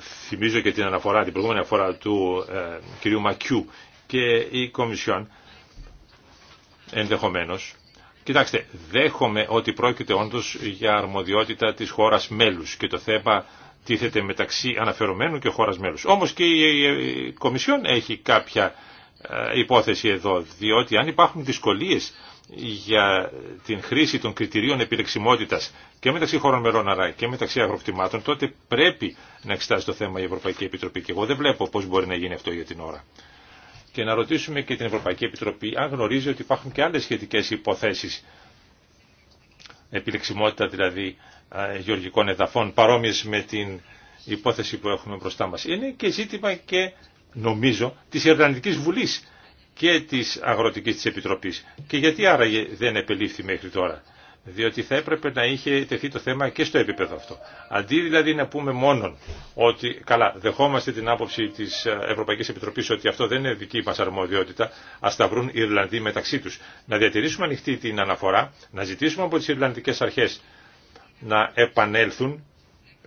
Θυμίζω και την αναφορά, την προηγούμενη αναφορά του ε, κυρίου Μακιού και η Κομισιόν Ενδεχομένω, Κοιτάξτε, δέχομαι ότι πρόκειται όντως για αρμοδιότητα της χώρας μέλους και το θέμα τίθεται μεταξύ αναφερομένου και χώρας μέλους. Όμως και η Κομισιόν έχει κάποια ε, υπόθεση εδώ, διότι αν υπάρχουν δυσκολίες για την χρήση των κριτηρίων επιλεξιμότητας και μεταξύ χώρων μελών αλλά και μεταξύ αγροκτημάτων, τότε πρέπει να εξετάσει το θέμα η Ευρωπαϊκή Επιτροπή. Και εγώ δεν βλέπω πώς μπορεί να γίνει αυτό για την ώρα και να ρωτήσουμε και την Ευρωπαϊκή Επιτροπή αν γνωρίζει ότι υπάρχουν και άλλες σχετικές υποθέσεις επιλεξιμότητα δηλαδή γεωργικών εδαφών παρόμοιες με την υπόθεση που έχουμε μπροστά μας. Είναι και ζήτημα και νομίζω της Ιρλανδικής Βουλής και της Αγροτικής της Επιτροπής. Και γιατί άραγε δεν επελήφθη μέχρι τώρα διότι θα έπρεπε να είχε τεθεί το θέμα και στο επίπεδο αυτό. Αντί δηλαδή να πούμε μόνον ότι, καλά, δεχόμαστε την άποψη τη ε, Ευρωπαϊκή Επιτροπή ότι αυτό δεν είναι δική μα αρμοδιότητα, α τα βρουν οι Ιρλανδοί μεταξύ του. Να διατηρήσουμε ανοιχτή την αναφορά, να ζητήσουμε από τι Ιρλανδικέ αρχέ να επανέλθουν,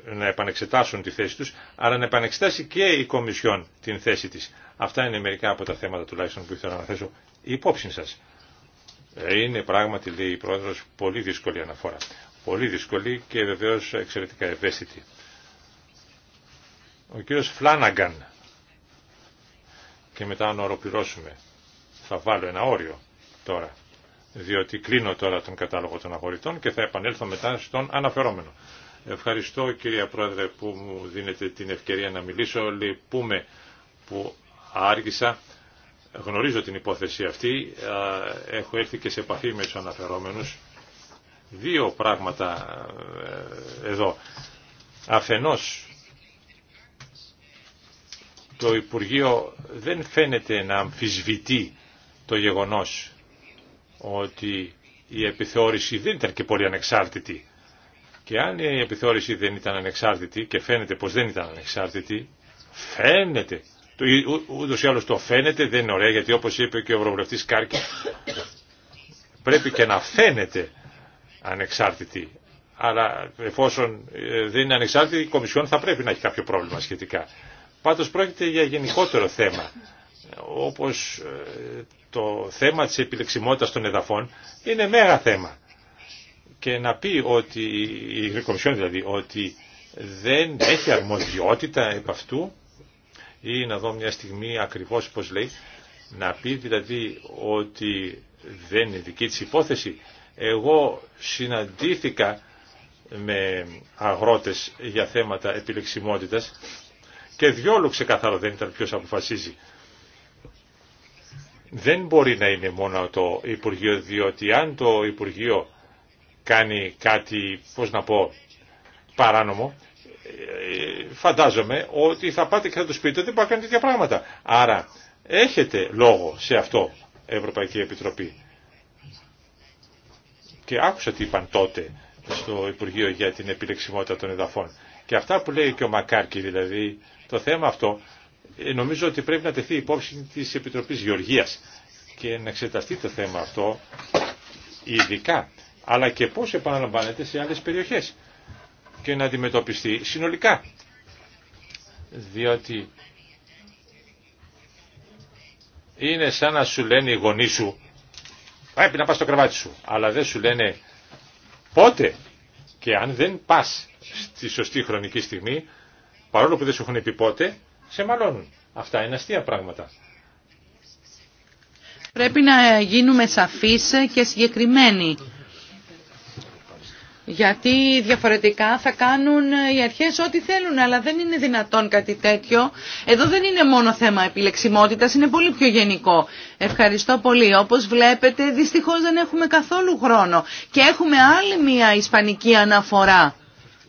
να επανεξετάσουν τη θέση του, αλλά να επανεξετάσει και η Κομισιόν την θέση τη. Αυτά είναι μερικά από τα θέματα τουλάχιστον που ήθελα να θέσω υπόψη σα. Είναι πράγματι, λέει η Πρόεδρος, πολύ δύσκολη αναφορά. Πολύ δύσκολη και βεβαίως εξαιρετικά ευαίσθητη. Ο κύριος Φλάναγκαν και μετά να οροπληρώσουμε. Θα βάλω ένα όριο τώρα, διότι κλείνω τώρα τον κατάλογο των αγορητών και θα επανέλθω μετά στον αναφερόμενο. Ευχαριστώ κυρία Πρόεδρε που μου δίνετε την ευκαιρία να μιλήσω. Λυπούμε που άργησα γνωρίζω την υπόθεση αυτή, έχω έρθει και σε επαφή με τους αναφερόμενους. Δύο πράγματα ε, εδώ. Αφενός, το Υπουργείο δεν φαίνεται να αμφισβητεί το γεγονός ότι η επιθεώρηση δεν ήταν και πολύ ανεξάρτητη. Και αν η επιθεώρηση δεν ήταν ανεξάρτητη και φαίνεται πως δεν ήταν ανεξάρτητη, φαίνεται Ούτως ή άλλως το φαίνεται, δεν είναι ωραία γιατί όπως είπε και ο ευρωβουλευτή Κάρκη πρέπει και να φαίνεται ανεξάρτητη. Αλλά εφόσον ε, δεν είναι ανεξάρτητη η Κομισιόν θα πρέπει να έχει κάποιο πρόβλημα σχετικά. Πάντω πρόκειται για γενικότερο θέμα όπως ε, το θέμα της επιλεξιμότητας των εδαφών είναι μέγα θέμα. Και να πει ότι η Κομισιόν δηλαδή ότι δεν έχει αρμοδιότητα επ' αυτού ή να δω μια στιγμή ακριβώς πώς λέει, να πει δηλαδή ότι δεν είναι δική της υπόθεση. Εγώ συναντήθηκα με αγρότες για θέματα επιλεξιμότητας και διόλου ξεκαθαρό δεν ήταν ποιος αποφασίζει. Δεν μπορεί να είναι μόνο το Υπουργείο, διότι αν το Υπουργείο κάνει κάτι, πώς να πω, παράνομο, φαντάζομαι ότι θα πάτε και θα τους πείτε ότι μπορεί να κάνετε τέτοια πράγματα. Άρα έχετε λόγο σε αυτό Ευρωπαϊκή Επιτροπή. Και άκουσα τι είπαν τότε στο Υπουργείο για την επιλεξιμότητα των εδαφών. Και αυτά που λέει και ο Μακάρκη δηλαδή, το θέμα αυτό ε, νομίζω ότι πρέπει να τεθεί υπόψη της Επιτροπής Γεωργίας και να εξεταστεί το θέμα αυτό ειδικά αλλά και πώς επαναλαμβάνεται σε άλλες περιοχές και να αντιμετωπιστεί συνολικά. Διότι είναι σαν να σου λένε οι γονείς σου πρέπει να πας στο κρεβάτι σου, αλλά δεν σου λένε πότε και αν δεν πας στη σωστή χρονική στιγμή, παρόλο που δεν σου έχουν πει πότε, σε μαλώνουν. Αυτά είναι αστεία πράγματα. Πρέπει να γίνουμε σαφείς και συγκεκριμένοι γιατί διαφορετικά θα κάνουν οι αρχές ό,τι θέλουν, αλλά δεν είναι δυνατόν κάτι τέτοιο. Εδώ δεν είναι μόνο θέμα επιλεξιμότητας, είναι πολύ πιο γενικό. Ευχαριστώ πολύ. Όπως βλέπετε, δυστυχώς δεν έχουμε καθόλου χρόνο και έχουμε άλλη μια ισπανική αναφορά,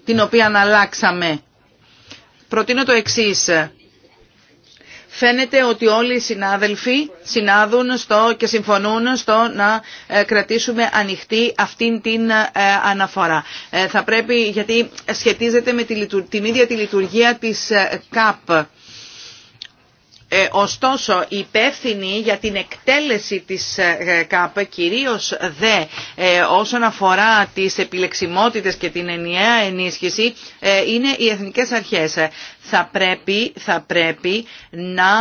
την οποία αναλάξαμε. Προτείνω το εξής φαίνεται ότι όλοι οι συνάδελφοι συνάδουν στο και συμφωνούν στο να ε, κρατήσουμε ανοιχτή αυτήν την ε, αναφορά. Ε, θα πρέπει, γιατί σχετίζεται με την ίδια τη λειτουργία της ΚΑΠ. ωστόσο, οι υπεύθυνοι για την εκτέλεση της ΚΑΠ, κυρίως δε ε, όσον αφορά τις επιλεξιμότητες και την ενιαία ενίσχυση, είναι οι εθνικές αρχές θα πρέπει, θα πρέπει να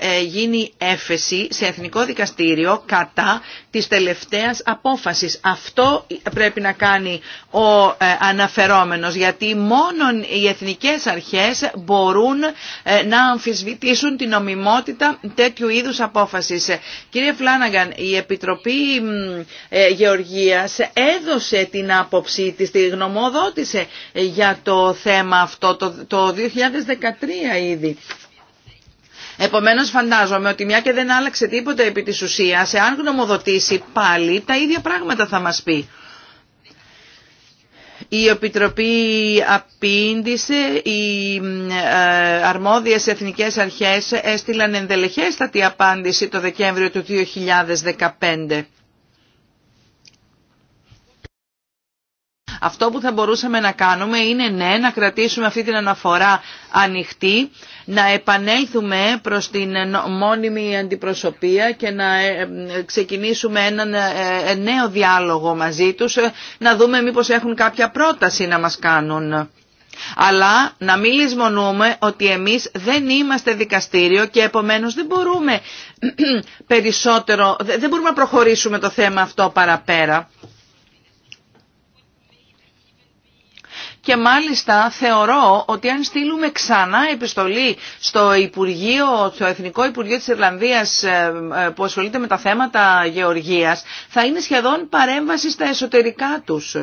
ε, γίνει έφεση σε εθνικό δικαστήριο κατά της τελευταίας απόφασης. Αυτό πρέπει να κάνει ο ε, αναφερόμενος γιατί μόνο οι εθνικές αρχές μπορούν ε, να αμφισβητήσουν την ομιμότητα τέτοιου είδους απόφασης. Κύριε Φλάναγκαν, η Επιτροπή Γεωργίας έδωσε την άποψή της, τη γνωμοδότησε για το θέμα αυτό το 2010. 13 ήδη. Επομένως φαντάζομαι ότι μια και δεν άλλαξε τίποτα επί της ουσίας, εάν γνωμοδοτήσει πάλι τα ίδια πράγματα θα μας πει. Η Επιτροπή απήντησε, οι ε, αρμόδιες εθνικές αρχές έστειλαν ενδελεχέστατη απάντηση το Δεκέμβριο του 2015. Αυτό που θα μπορούσαμε να κάνουμε είναι ναι, να κρατήσουμε αυτή την αναφορά ανοιχτή, να επανέλθουμε προς την μόνιμη αντιπροσωπεία και να ε, ε, ξεκινήσουμε έναν ε, νέο διάλογο μαζί τους, να δούμε μήπως έχουν κάποια πρόταση να μας κάνουν. Αλλά να μην λησμονούμε ότι εμείς δεν είμαστε δικαστήριο και επομένως δεν μπορούμε περισσότερο, δεν μπορούμε να προχωρήσουμε το θέμα αυτό παραπέρα. και μάλιστα θεωρώ ότι αν στείλουμε ξανά επιστολή στο, Υπουργείο, στο Εθνικό Υπουργείο της Ιρλανδίας ε, ε, που ασχολείται με τα θέματα γεωργίας θα είναι σχεδόν παρέμβαση στα εσωτερικά τους.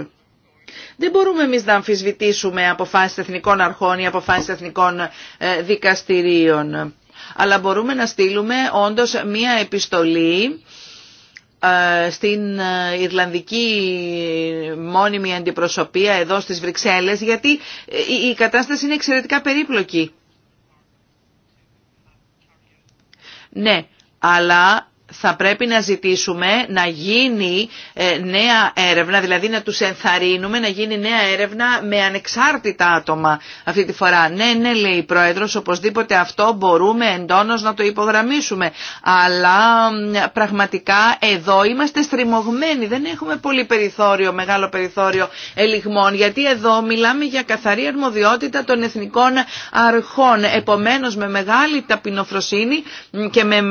Δεν μπορούμε εμείς να αμφισβητήσουμε αποφάσεις εθνικών αρχών ή αποφάσεις εθνικών ε, δικαστηρίων. Αλλά μπορούμε να στείλουμε όντως μία επιστολή ε, στην ε, Ιρλανδική μόνιμη αντιπροσωπεία εδώ στις Βρυξέλλες γιατί η κατάσταση είναι εξαιρετικά περίπλοκη. Ναι, αλλά θα πρέπει να ζητήσουμε να γίνει ε, νέα έρευνα, δηλαδή να τους ενθαρρύνουμε να γίνει νέα έρευνα με ανεξάρτητα άτομα αυτή τη φορά. Ναι, ναι, λέει η Πρόεδρος, οπωσδήποτε αυτό μπορούμε εντόνως να το υπογραμμίσουμε. Αλλά πραγματικά εδώ είμαστε στριμωγμένοι, δεν έχουμε πολύ περιθώριο, μεγάλο περιθώριο ελιγμών, γιατί εδώ μιλάμε για καθαρή αρμοδιότητα των εθνικών αρχών. Επομένως, με μεγάλη ταπεινοφροσύνη και με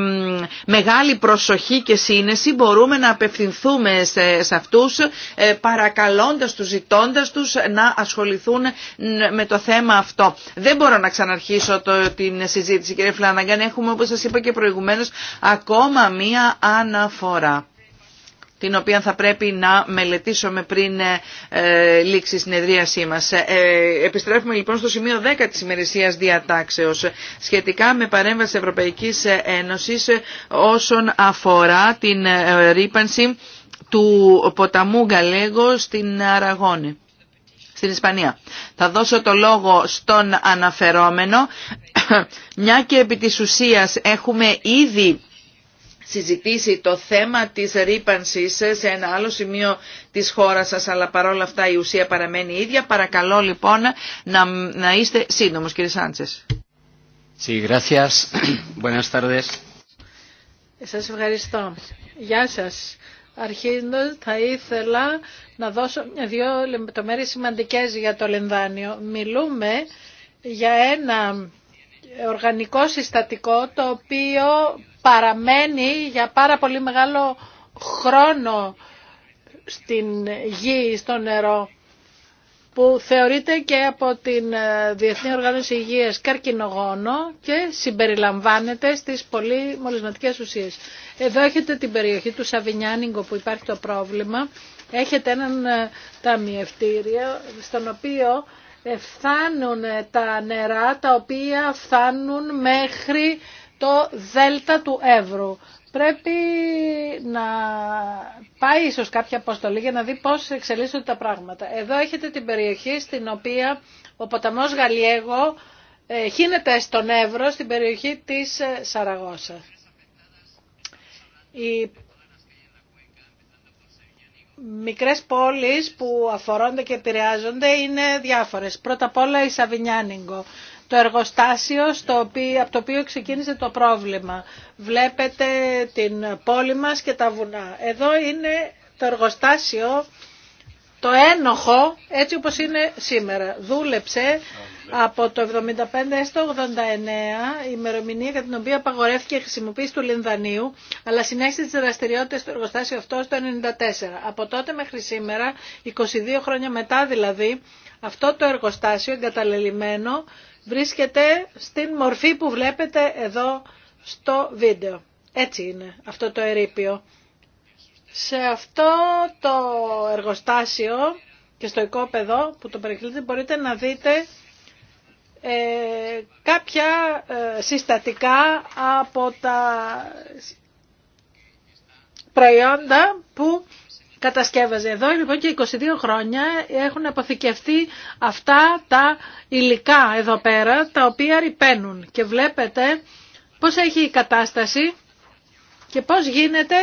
μεγάλη προ προσοχή και σύνεση μπορούμε να απευθυνθούμε σε αυτούς ε, παρακαλώντας τους, ζητώντας τους να ασχοληθούν με το θέμα αυτό. Δεν μπορώ να ξαναρχίσω την συζήτηση κύριε Φλάναγκαν. Έχουμε όπως σας είπα και προηγουμένως ακόμα μία αναφορά την οποία θα πρέπει να μελετήσουμε πριν ε, ε, λήξει η συνεδρίασή μας. Ε, επιστρέφουμε λοιπόν στο σημείο 10 της ημερησίας διατάξεως σχετικά με παρέμβαση Ευρωπαϊκής Ένωσης όσον αφορά την ρήπανση του ποταμού Γκαλέγο στην Αραγόνη. Στην Ισπανία. Θα δώσω το λόγο στον αναφερόμενο, μια και επί της ουσίας έχουμε ήδη συζητήσει το θέμα της ρήπανση σε ένα άλλο σημείο της χώρας σας, αλλά παρόλα αυτά η ουσία παραμένει ίδια. Παρακαλώ λοιπόν να, να είστε σύντομος κύριε Σάντσες. Sí, gracias. Buenas tardes. Σας ευχαριστώ. Γεια σας. Αρχίζοντας θα ήθελα να δώσω δύο λεπτομέρειες σημαντικές για το λενδάνιο. Μιλούμε για ένα οργανικό συστατικό το οποίο παραμένει για πάρα πολύ μεγάλο χρόνο στην γη, στο νερό που θεωρείται και από την ε, Διεθνή Οργάνωση Υγείας καρκινογόνο και συμπεριλαμβάνεται στις πολύ μολυσματικές ουσίες. Εδώ έχετε την περιοχή του Σαβινιάνιγκο που υπάρχει το πρόβλημα. Έχετε έναν ε, ταμιευτήριο στον οποίο φτάνουν τα νερά τα οποία φτάνουν μέχρι το δέλτα του Εύρου. Πρέπει να πάει ίσως κάποια αποστολή για να δει πώς εξελίσσονται τα πράγματα. Εδώ έχετε την περιοχή στην οποία ο ποταμός Γαλιέγο ε, χύνεται στον Εύρο στην περιοχή της ε, Σαραγώσα μικρές πόλεις που αφορώνται και επηρεάζονται είναι διάφορες. Πρώτα απ' όλα η Σαβινιάνιγκο, το εργοστάσιο στο οποίο, από το οποίο ξεκίνησε το πρόβλημα. Βλέπετε την πόλη μας και τα βουνά. Εδώ είναι το εργοστάσιο, το ένοχο, έτσι όπως είναι σήμερα. Δούλεψε από το 75 στο 89 η ημερομηνία για την οποία απαγορεύτηκε η χρησιμοποίηση του λινδανίου, αλλά συνέχισε τι δραστηριότητε του εργοστάσιο αυτό το 94. Από τότε μέχρι σήμερα, 22 χρόνια μετά δηλαδή, αυτό το εργοστάσιο εγκαταλελειμμένο βρίσκεται στην μορφή που βλέπετε εδώ στο βίντεο. Έτσι είναι αυτό το ερείπιο. Σε αυτό το εργοστάσιο και στο οικόπεδο που το περιχλείτε μπορείτε να δείτε ε, κάποια ε, συστατικά από τα προϊόντα που κατασκεύαζε. Εδώ λοιπόν και 22 χρόνια έχουν αποθηκευτεί αυτά τα υλικά εδώ πέρα τα οποία ρηπαίνουν και βλέπετε πώς έχει η κατάσταση και πώς γίνεται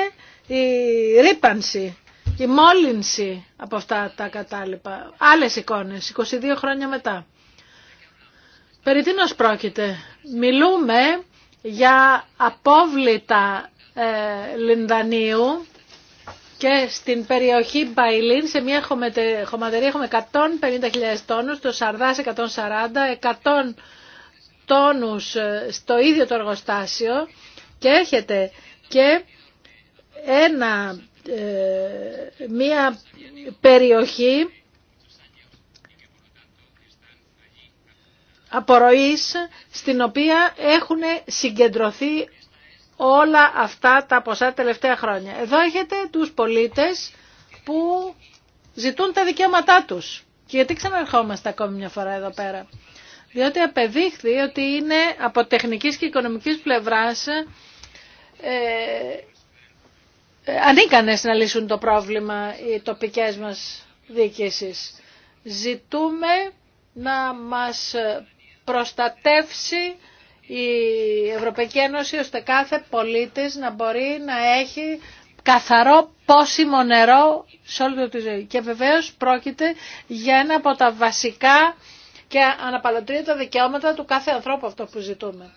η ρήπανση, η μόλυνση από αυτά τα κατάλοιπα. Άλλες εικόνες, 22 χρόνια μετά. Περί τίνος πρόκειται. Μιλούμε για απόβλητα ε, λινδανίου και στην περιοχή Μπαϊλίν, σε μια χωματερία έχουμε 150.000 τόνους, το Σαρδάς 140, 100 τόνους ε, στο ίδιο το εργοστάσιο και έρχεται και ένα, ε, μια περιοχή απορροής στην οποία έχουν συγκεντρωθεί όλα αυτά τα ποσά τελευταία χρόνια. Εδώ έχετε τους πολίτες που ζητούν τα δικαιώματά τους. Και γιατί ξαναρχόμαστε ακόμη μια φορά εδώ πέρα. Διότι απεδείχθη ότι είναι από τεχνικής και οικονομικής πλευράς ε, ανίκανες να λύσουν το πρόβλημα οι τοπικές μας διοικήσεις. Ζητούμε να μας προστατεύσει η Ευρωπαϊκή Ένωση ώστε κάθε πολίτης να μπορεί να έχει καθαρό πόσιμο νερό σε όλη τη ζωή. Και βεβαίως πρόκειται για ένα από τα βασικά και αναπαλωτρία τα δικαιώματα του κάθε ανθρώπου αυτό που ζητούμε.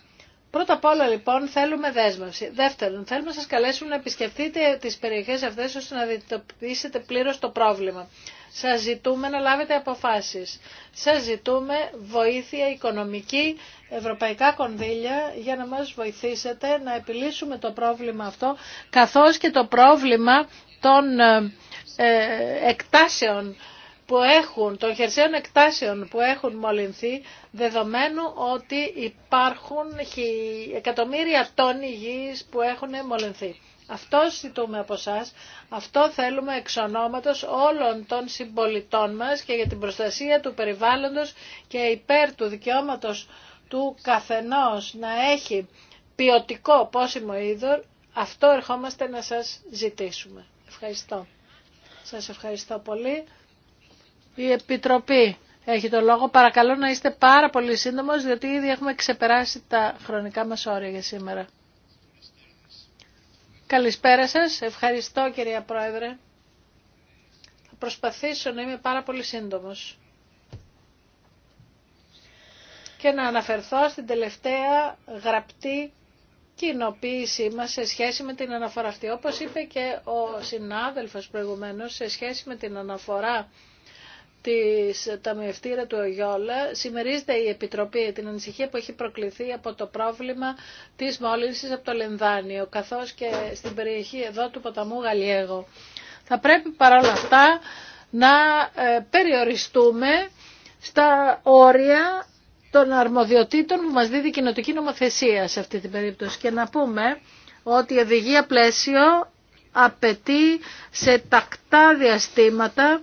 Πρώτα απ' όλα λοιπόν θέλουμε δέσμευση. Δεύτερον, θέλουμε να σας καλέσουμε να επισκεφτείτε τις περιοχές αυτές ώστε να διτοποιήσετε πλήρως το πρόβλημα. Σας ζητούμε να λάβετε αποφάσεις. Σας ζητούμε βοήθεια οικονομική, ευρωπαϊκά κονδύλια για να μας βοηθήσετε να επιλύσουμε το πρόβλημα αυτό καθώς και το πρόβλημα των ε, ε, εκτάσεων που έχουν, των χερσαίων εκτάσεων που έχουν μολυνθεί, δεδομένου ότι υπάρχουν εκατομμύρια τόνοι γης που έχουν μολυνθεί. Αυτό ζητούμε από εσά, αυτό θέλουμε εξ όλων των συμπολιτών μας και για την προστασία του περιβάλλοντος και υπέρ του δικαιώματος του καθενός να έχει ποιοτικό πόσιμο είδωρ, αυτό ερχόμαστε να σας ζητήσουμε. Ευχαριστώ. Σας ευχαριστώ πολύ. Η Επιτροπή έχει το λόγο. Παρακαλώ να είστε πάρα πολύ σύντομος, διότι ήδη έχουμε ξεπεράσει τα χρονικά μας όρια για σήμερα. Καλησπέρα σας. Ευχαριστώ κυρία Πρόεδρε. Θα προσπαθήσω να είμαι πάρα πολύ σύντομος. Και να αναφερθώ στην τελευταία γραπτή κοινοποίησή μας σε σχέση με την αναφορά αυτή. Όπως είπε και ο συνάδελφος προηγουμένως, σε σχέση με την αναφορά της ταμιευτήρα του Ογιόλα συμμερίζεται η Επιτροπή την ανησυχία που έχει προκληθεί από το πρόβλημα της μόλυνσης από το Λενδάνιο καθώς και στην περιοχή εδώ του ποταμού Γαλιέγο. Θα πρέπει παρόλα αυτά να ε, περιοριστούμε στα όρια των αρμοδιοτήτων που μας δίδει η κοινοτική νομοθεσία σε αυτή την περίπτωση και να πούμε ότι η οδηγία πλαίσιο απαιτεί σε τακτά διαστήματα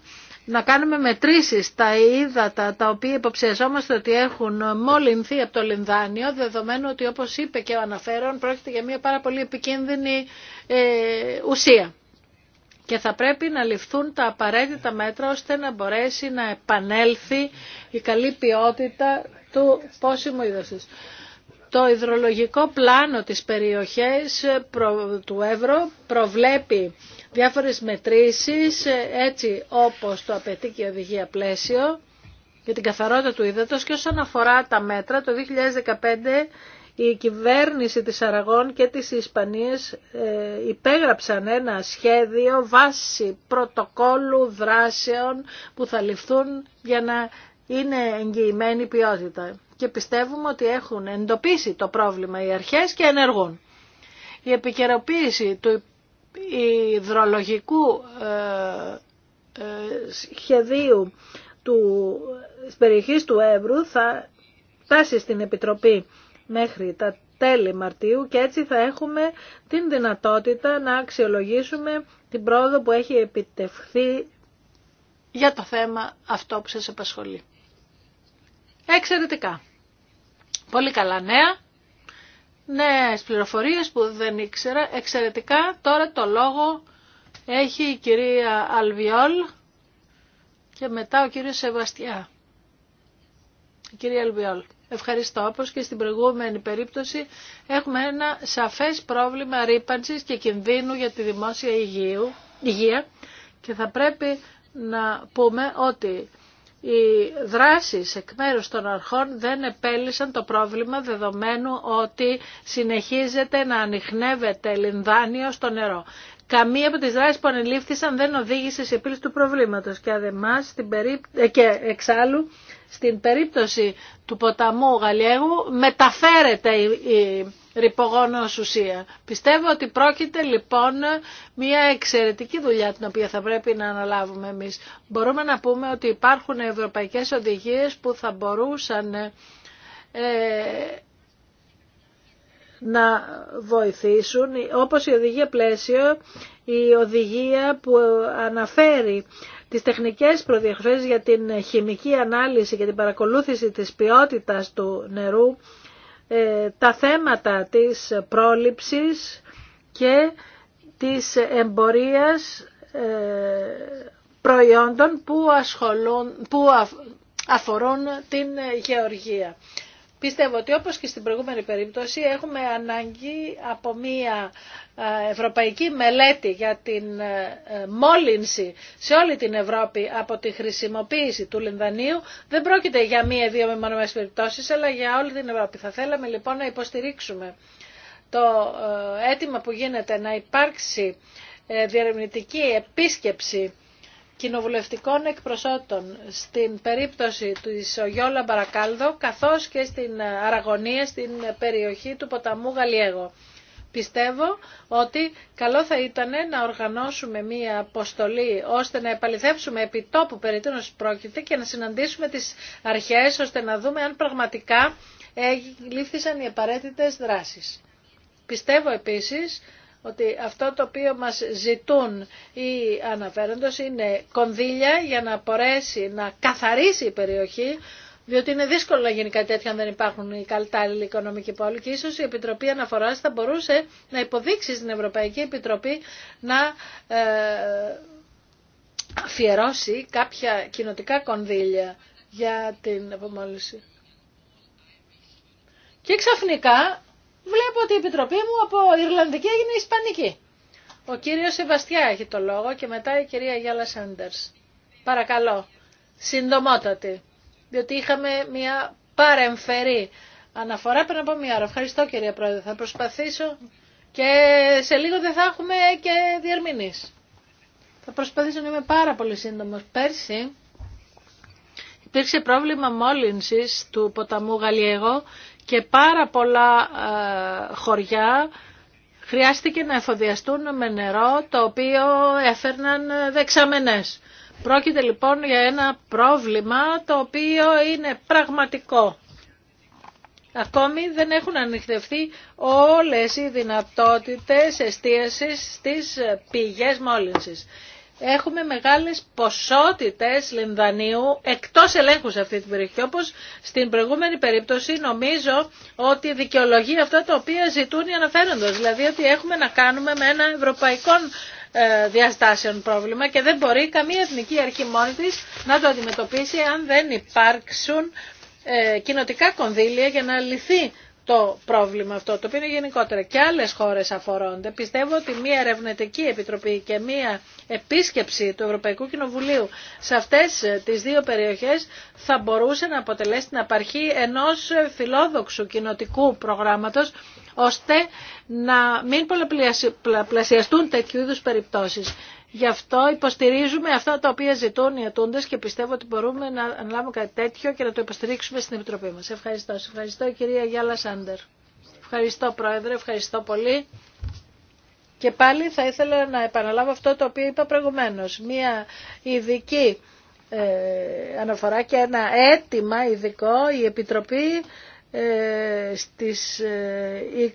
να κάνουμε μετρήσεις τα ύδατα τα οποία υποψιαζόμαστε ότι έχουν μολυνθεί από το λινδάνιο, δεδομένου ότι όπως είπε και ο αναφέρον πρόκειται για μια πάρα πολύ επικίνδυνη ε, ουσία. Και θα πρέπει να ληφθούν τα απαραίτητα μέτρα ώστε να μπορέσει να επανέλθει η καλή ποιότητα του πόσιμου είδου Το υδρολογικό πλάνο της περιοχής ε, του Εύρω προβλέπει διάφορες μετρήσεις ε, έτσι όπως το απαιτεί και η οδηγία πλαίσιο για την καθαρότητα του ύδατος και όσον αφορά τα μέτρα το 2015 η κυβέρνηση της Αραγών και της Ισπανίας ε, υπέγραψαν ένα σχέδιο βάση πρωτοκόλου δράσεων που θα ληφθούν για να είναι εγγυημένη ποιότητα. Και πιστεύουμε ότι έχουν εντοπίσει το πρόβλημα οι αρχές και ενεργούν. Η επικαιροποίηση του υδρολογικού ε, ε, σχεδίου του της του Εύρου θα φτάσει στην Επιτροπή μέχρι τα τέλη Μαρτίου και έτσι θα έχουμε την δυνατότητα να αξιολογήσουμε την πρόοδο που έχει επιτευχθεί για το θέμα αυτό που σας απασχολεί. Εξαιρετικά. Πολύ καλά νέα νέες πληροφορίες που δεν ήξερα. Εξαιρετικά τώρα το λόγο έχει η κυρία Αλβιόλ και μετά ο κύριος Σεβαστιά. κυρία Αλβιόλ. Ευχαριστώ. Όπως και στην προηγούμενη περίπτωση έχουμε ένα σαφές πρόβλημα ρήπανσης και κινδύνου για τη δημόσια υγεία και θα πρέπει να πούμε ότι οι δράσεις εκ μέρους των αρχών δεν επέλυσαν το πρόβλημα δεδομένου ότι συνεχίζεται να ανοιχνεύεται λινδάνιο στο νερό. Καμία από τις δράσεις που ανελήφθησαν δεν οδήγησε σε επίλυση του προβλήματος και, αδεμάς, ε, και εξάλλου στην περίπτωση του ποταμού Γαλλιέγου μεταφέρεται η ρηπογόνο ουσία. Πιστεύω ότι πρόκειται λοιπόν μια εξαιρετική δουλειά την οποία θα πρέπει να αναλάβουμε εμείς. Μπορούμε να πούμε ότι υπάρχουν ευρωπαϊκές οδηγίες που θα μπορούσαν ε, να βοηθήσουν, όπως η οδηγία πλαίσιο, η οδηγία που αναφέρει τις τεχνικές προδιαγραφές για την χημική ανάλυση και την παρακολούθηση της ποιότητας του νερού ε, τα θέματα της πρόληψης και της εμπορίας ε, προϊόντων που, που αφορούν την γεωργία. Πιστεύω ότι όπως και στην προηγούμενη περίπτωση έχουμε ανάγκη από μία ε, ευρωπαϊκή μελέτη για την ε, ε, μόλυνση σε όλη την Ευρώπη από τη χρησιμοποίηση του λινδανίου. Δεν πρόκειται για μία-δύο μεμονωμένες περιπτώσεις, αλλά για όλη την Ευρώπη. Θα θέλαμε λοιπόν να υποστηρίξουμε το αίτημα που γίνεται να υπάρξει διερευνητική επίσκεψη κοινοβουλευτικών εκπροσώτων στην περίπτωση του Ογιόλα Μπαρακάλδο καθώς και στην Αραγωνία στην περιοχή του ποταμού Γαλιέγο. Πιστεύω ότι καλό θα ήταν να οργανώσουμε μία αποστολή ώστε να επαληθεύσουμε επί τόπου περί τίνος πρόκειται και να συναντήσουμε τις αρχές ώστε να δούμε αν πραγματικά λήφθησαν οι απαραίτητε δράσεις. Πιστεύω επίσης ότι αυτό το οποίο μας ζητούν οι αναφέροντος είναι κονδύλια για να μπορέσει να καθαρίσει η περιοχή, διότι είναι δύσκολο να γίνει κάτι τέτοιο αν δεν υπάρχουν οι καλτάλληλοι οικονομικοί πόλοι και ίσως η Επιτροπή Αναφοράς θα μπορούσε να υποδείξει στην Ευρωπαϊκή Επιτροπή να ε, αφιερώσει κάποια κοινοτικά κονδύλια για την απομόλυση. Και ξαφνικά βλέπω ότι η Επιτροπή μου από Ιρλανδική έγινε Ισπανική. Ο κύριος Σεβαστιά έχει το λόγο και μετά η κυρία Γιάλα Σάντερς. Παρακαλώ, συντομότατη, διότι είχαμε μια παρεμφερή αναφορά πριν από μια ώρα. Ευχαριστώ κυρία Πρόεδρε, θα προσπαθήσω και σε λίγο δεν θα έχουμε και διερμηνείς. Θα προσπαθήσω να είμαι πάρα πολύ σύντομος. Πέρσι υπήρξε πρόβλημα μόλυνσης του ποταμού Γαλλιέγω και πάρα πολλά ε, χωριά χρειάστηκε να εφοδιαστούν με νερό το οποίο έφερναν ε, δεξαμενές. Πρόκειται λοιπόν για ένα πρόβλημα το οποίο είναι πραγματικό. Ακόμη δεν έχουν ανοιχτευτεί όλες οι δυνατότητες εστίασης στις ε, πηγές μόλυνσης έχουμε μεγάλες ποσότητες λινδανίου εκτός ελέγχου σε αυτή την περιοχή. Όπως στην προηγούμενη περίπτωση νομίζω ότι δικαιολογεί αυτά τα οποία ζητούν οι αναφέροντες. Δηλαδή ότι έχουμε να κάνουμε με ένα ευρωπαϊκό ε, διαστάσεων πρόβλημα και δεν μπορεί καμία εθνική αρχή μόνη της να το αντιμετωπίσει αν δεν υπάρξουν ε, κοινοτικά κονδύλια για να λυθεί το πρόβλημα αυτό, το οποίο είναι γενικότερα και άλλες χώρες αφορώνται. Πιστεύω ότι μια ερευνητική επιτροπή και μια επίσκεψη του Ευρωπαϊκού Κοινοβουλίου σε αυτές τις δύο περιοχές θα μπορούσε να αποτελέσει την απαρχή ενός φιλόδοξου κοινοτικού προγράμματος ώστε να μην πολλαπλασιαστούν τέτοιου είδους περιπτώσεις. Γι' αυτό υποστηρίζουμε αυτά τα οποία ζητούν οι ατούντες και πιστεύω ότι μπορούμε να αναλάβουμε κάτι τέτοιο και να το υποστηρίξουμε στην Επιτροπή μας. Ευχαριστώ. Σας ευχαριστώ κυρία Γιάλα Σάντερ. Ευχαριστώ Πρόεδρε, ευχαριστώ πολύ. Και πάλι θα ήθελα να επαναλάβω αυτό το οποίο είπα προηγουμένως. Μία ειδική ε, αναφορά και ένα αίτημα ειδικό η Επιτροπή ε, στις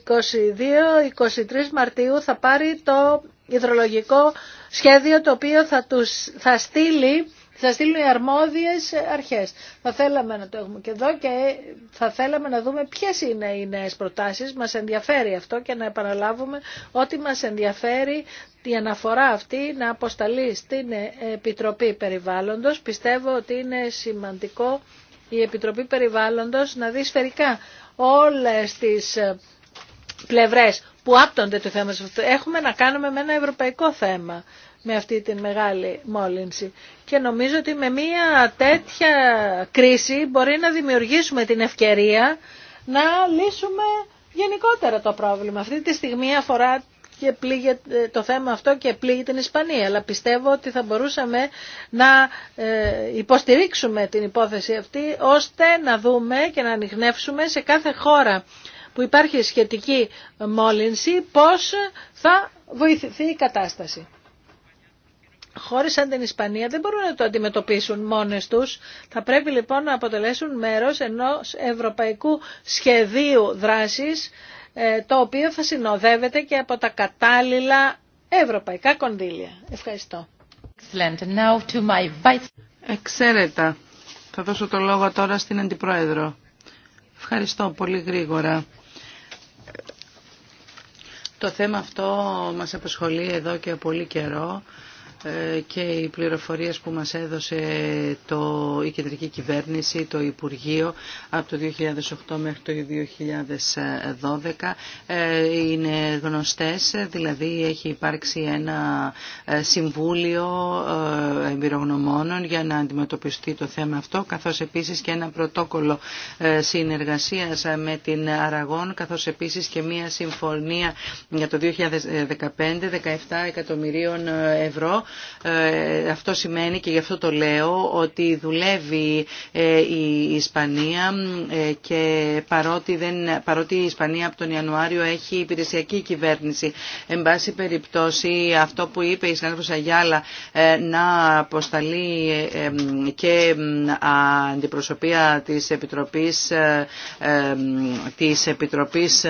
22-23 ε, Μαρτίου θα πάρει το υδρολογικό σχέδιο το οποίο θα, τους, θα στείλει θα στείλουν οι αρμόδιες αρχές. Θα θέλαμε να το έχουμε και εδώ και θα θέλαμε να δούμε ποιες είναι οι νέες προτάσεις. Μας ενδιαφέρει αυτό και να επαναλάβουμε ότι μας ενδιαφέρει η αναφορά αυτή να αποσταλεί στην Επιτροπή Περιβάλλοντος. Πιστεύω ότι είναι σημαντικό η Επιτροπή Περιβάλλοντος να δει σφαιρικά όλες τις ε, πλευρές που άπτονται του θέμα αυτό Έχουμε να κάνουμε με ένα ευρωπαϊκό θέμα με αυτή τη μεγάλη μόλυνση. Και νομίζω ότι με μια τέτοια κρίση μπορεί να δημιουργήσουμε την ευκαιρία να λύσουμε γενικότερα το πρόβλημα. Αυτή τη στιγμή αφορά και το θέμα αυτό και πλήγει την Ισπανία. Αλλά πιστεύω ότι θα μπορούσαμε να ε, υποστηρίξουμε την υπόθεση αυτή ώστε να δούμε και να ανοιχνεύσουμε σε κάθε χώρα που υπάρχει σχετική μόλυνση πώς θα βοηθηθεί η κατάσταση. Χώρες σαν την Ισπανία δεν μπορούν να το αντιμετωπίσουν μόνε τους. Θα πρέπει λοιπόν να αποτελέσουν μέρος ενό ευρωπαϊκού σχεδίου δράση. Ε, το οποίο θα συνοδεύεται και από τα κατάλληλα ευρωπαϊκά κονδύλια. Ευχαριστώ. Now to my vice... Εξαίρετα. Θα δώσω το λόγο τώρα στην Αντιπρόεδρο. Ευχαριστώ πολύ γρήγορα. Το θέμα αυτό μας απασχολεί εδώ και πολύ καιρό. Ε, και οι πληροφορίες που μας έδωσε το, η κεντρική κυβέρνηση, το Υπουργείο από το 2008 μέχρι το 2012 ε, είναι γνωστές, δηλαδή έχει υπάρξει ένα ε, συμβούλιο εμπειρογνωμόνων για να αντιμετωπιστεί το θέμα αυτό, καθώς επίσης και ένα πρωτόκολλο συνεργασίας με την Αραγών, καθώς επίσης και μια συμφωνία για το 2015 17 εκατομμυρίων ευρώ ε, αυτό σημαίνει και γι' αυτό το λέω ότι δουλεύει ε, η Ισπανία ε, και παρότι, δεν, παρότι η Ισπανία από τον Ιανουάριο έχει υπηρεσιακή κυβέρνηση. Εν πάση περιπτώσει αυτό που είπε η συνάδελφος Αγιάλα να αποσταλεί και αντιπροσωπεία της Επιτροπής, της Επιτροπής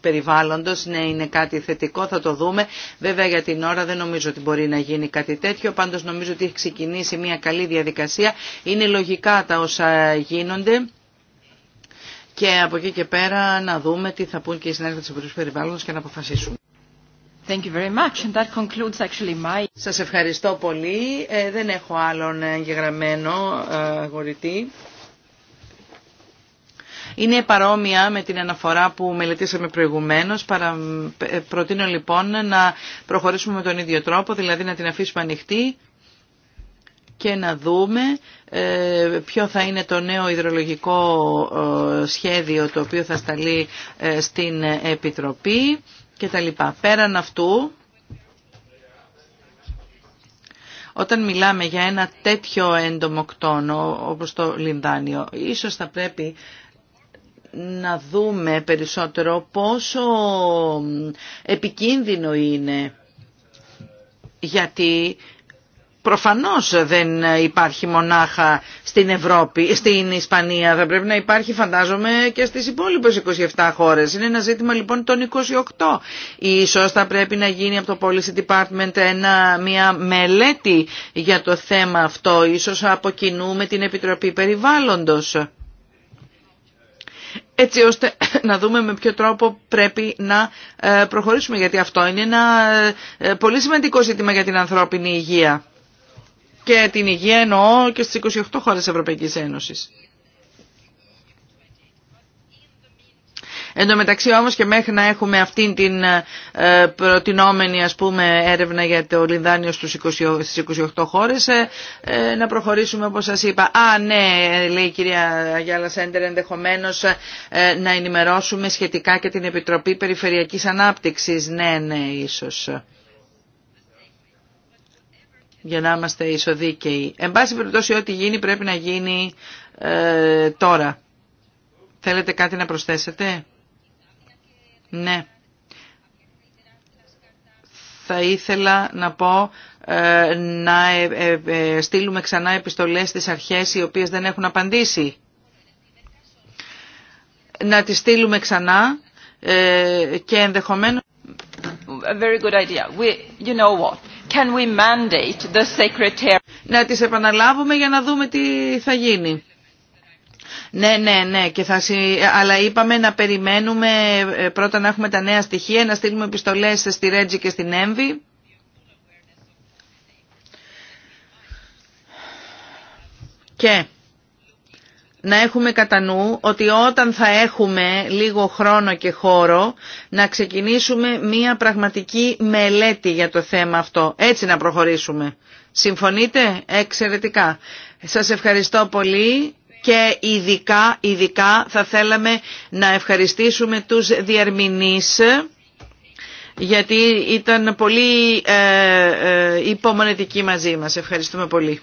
Περιβάλλοντος ναι, είναι κάτι θετικό, θα το δούμε. Βέβαια για την ώρα δεν νομίζω ότι μπορεί να γίνει κάτι τέτοιο. Πάντως νομίζω ότι έχει ξεκινήσει μια καλή διαδικασία. Είναι λογικά τα όσα γίνονται. Και από εκεί και πέρα να δούμε τι θα πούν και οι συνάδελφοι της Επιτροπής Περιβάλλοντος και να αποφασίσουν. Thank you very much. And that concludes actually my... Σας ευχαριστώ πολύ. Ε, δεν έχω άλλον εγγεγραμμένο ε, αγορητή. Είναι παρόμοια με την αναφορά που μελετήσαμε προηγουμένως. Ε, προτείνω λοιπόν να προχωρήσουμε με τον ίδιο τρόπο, δηλαδή να την αφήσουμε ανοιχτή και να δούμε ε, ποιο θα είναι το νέο υδρολογικό ε, σχέδιο το οποίο θα σταλεί στην Επιτροπή και τα λοιπά. Πέραν αυτού, όταν μιλάμε για ένα τέτοιο εντομοκτόνο όπως το λινδάνιο, ίσως θα πρέπει να δούμε περισσότερο πόσο επικίνδυνο είναι. Γιατί προφανώς δεν υπάρχει μονάχα στην Ευρώπη, στην Ισπανία. Θα πρέπει να υπάρχει φαντάζομαι και στις υπόλοιπες 27 χώρες. Είναι ένα ζήτημα λοιπόν των 28. Ίσως θα πρέπει να γίνει από το Policy Department ένα, μια μελέτη για το θέμα αυτό. Ίσως από με την Επιτροπή Περιβάλλοντος έτσι ώστε να δούμε με ποιο τρόπο πρέπει να ε, προχωρήσουμε γιατί αυτό είναι ένα ε, πολύ σημαντικό ζήτημα για την ανθρώπινη υγεία και την υγεία εννοώ και στις 28 χώρες Ευρωπαϊκής Ένωσης. Εν τω μεταξύ όμως και μέχρι να έχουμε αυτήν την ε, ε, προτινόμενη ας πούμε έρευνα για το λιδάνιο στους 20, στις 28 χώρες ε, να προχωρήσουμε όπως σας είπα. Α, ναι, λέει η κυρία Γιάλα Σέντερ, ενδεχομένως να ενημερώσουμε σχετικά και την Επιτροπή Περιφερειακής Ανάπτυξης. Ναι, ναι, ίσως για να είμαστε ισοδίκαιοι. Εν πάση περιπτώσει ό,τι γίνει πρέπει να γίνει ε, τώρα. Θέλετε κάτι να προσθέσετε. Ναι. Θα ήθελα να πω ε, να ε, ε, στείλουμε ξανά επιστολές στις αρχές οι οποίες δεν έχουν απαντήσει. Να τις στείλουμε ξανά και ενδεχομένως... We, know Can we mandate the secretary? Να τις επαναλάβουμε για να δούμε τι θα γίνει. Ναι, ναι, ναι, και θα αλλά είπαμε να περιμένουμε ε, πρώτα να έχουμε τα νέα στοιχεία, να στείλουμε επιστολές στη Ρέτζη και στην Έμβη. Και να έχουμε κατά νου ότι όταν θα έχουμε λίγο χρόνο και χώρο να ξεκινήσουμε μία πραγματική μελέτη για το θέμα αυτό. Έτσι να προχωρήσουμε. Συμφωνείτε? Εξαιρετικά. Σας ευχαριστώ πολύ και ειδικά, ειδικά θα θέλαμε να ευχαριστήσουμε τους διερμηνείς γιατί ήταν πολύ ε, ε υπομονετικοί μαζί μας. Ευχαριστούμε πολύ.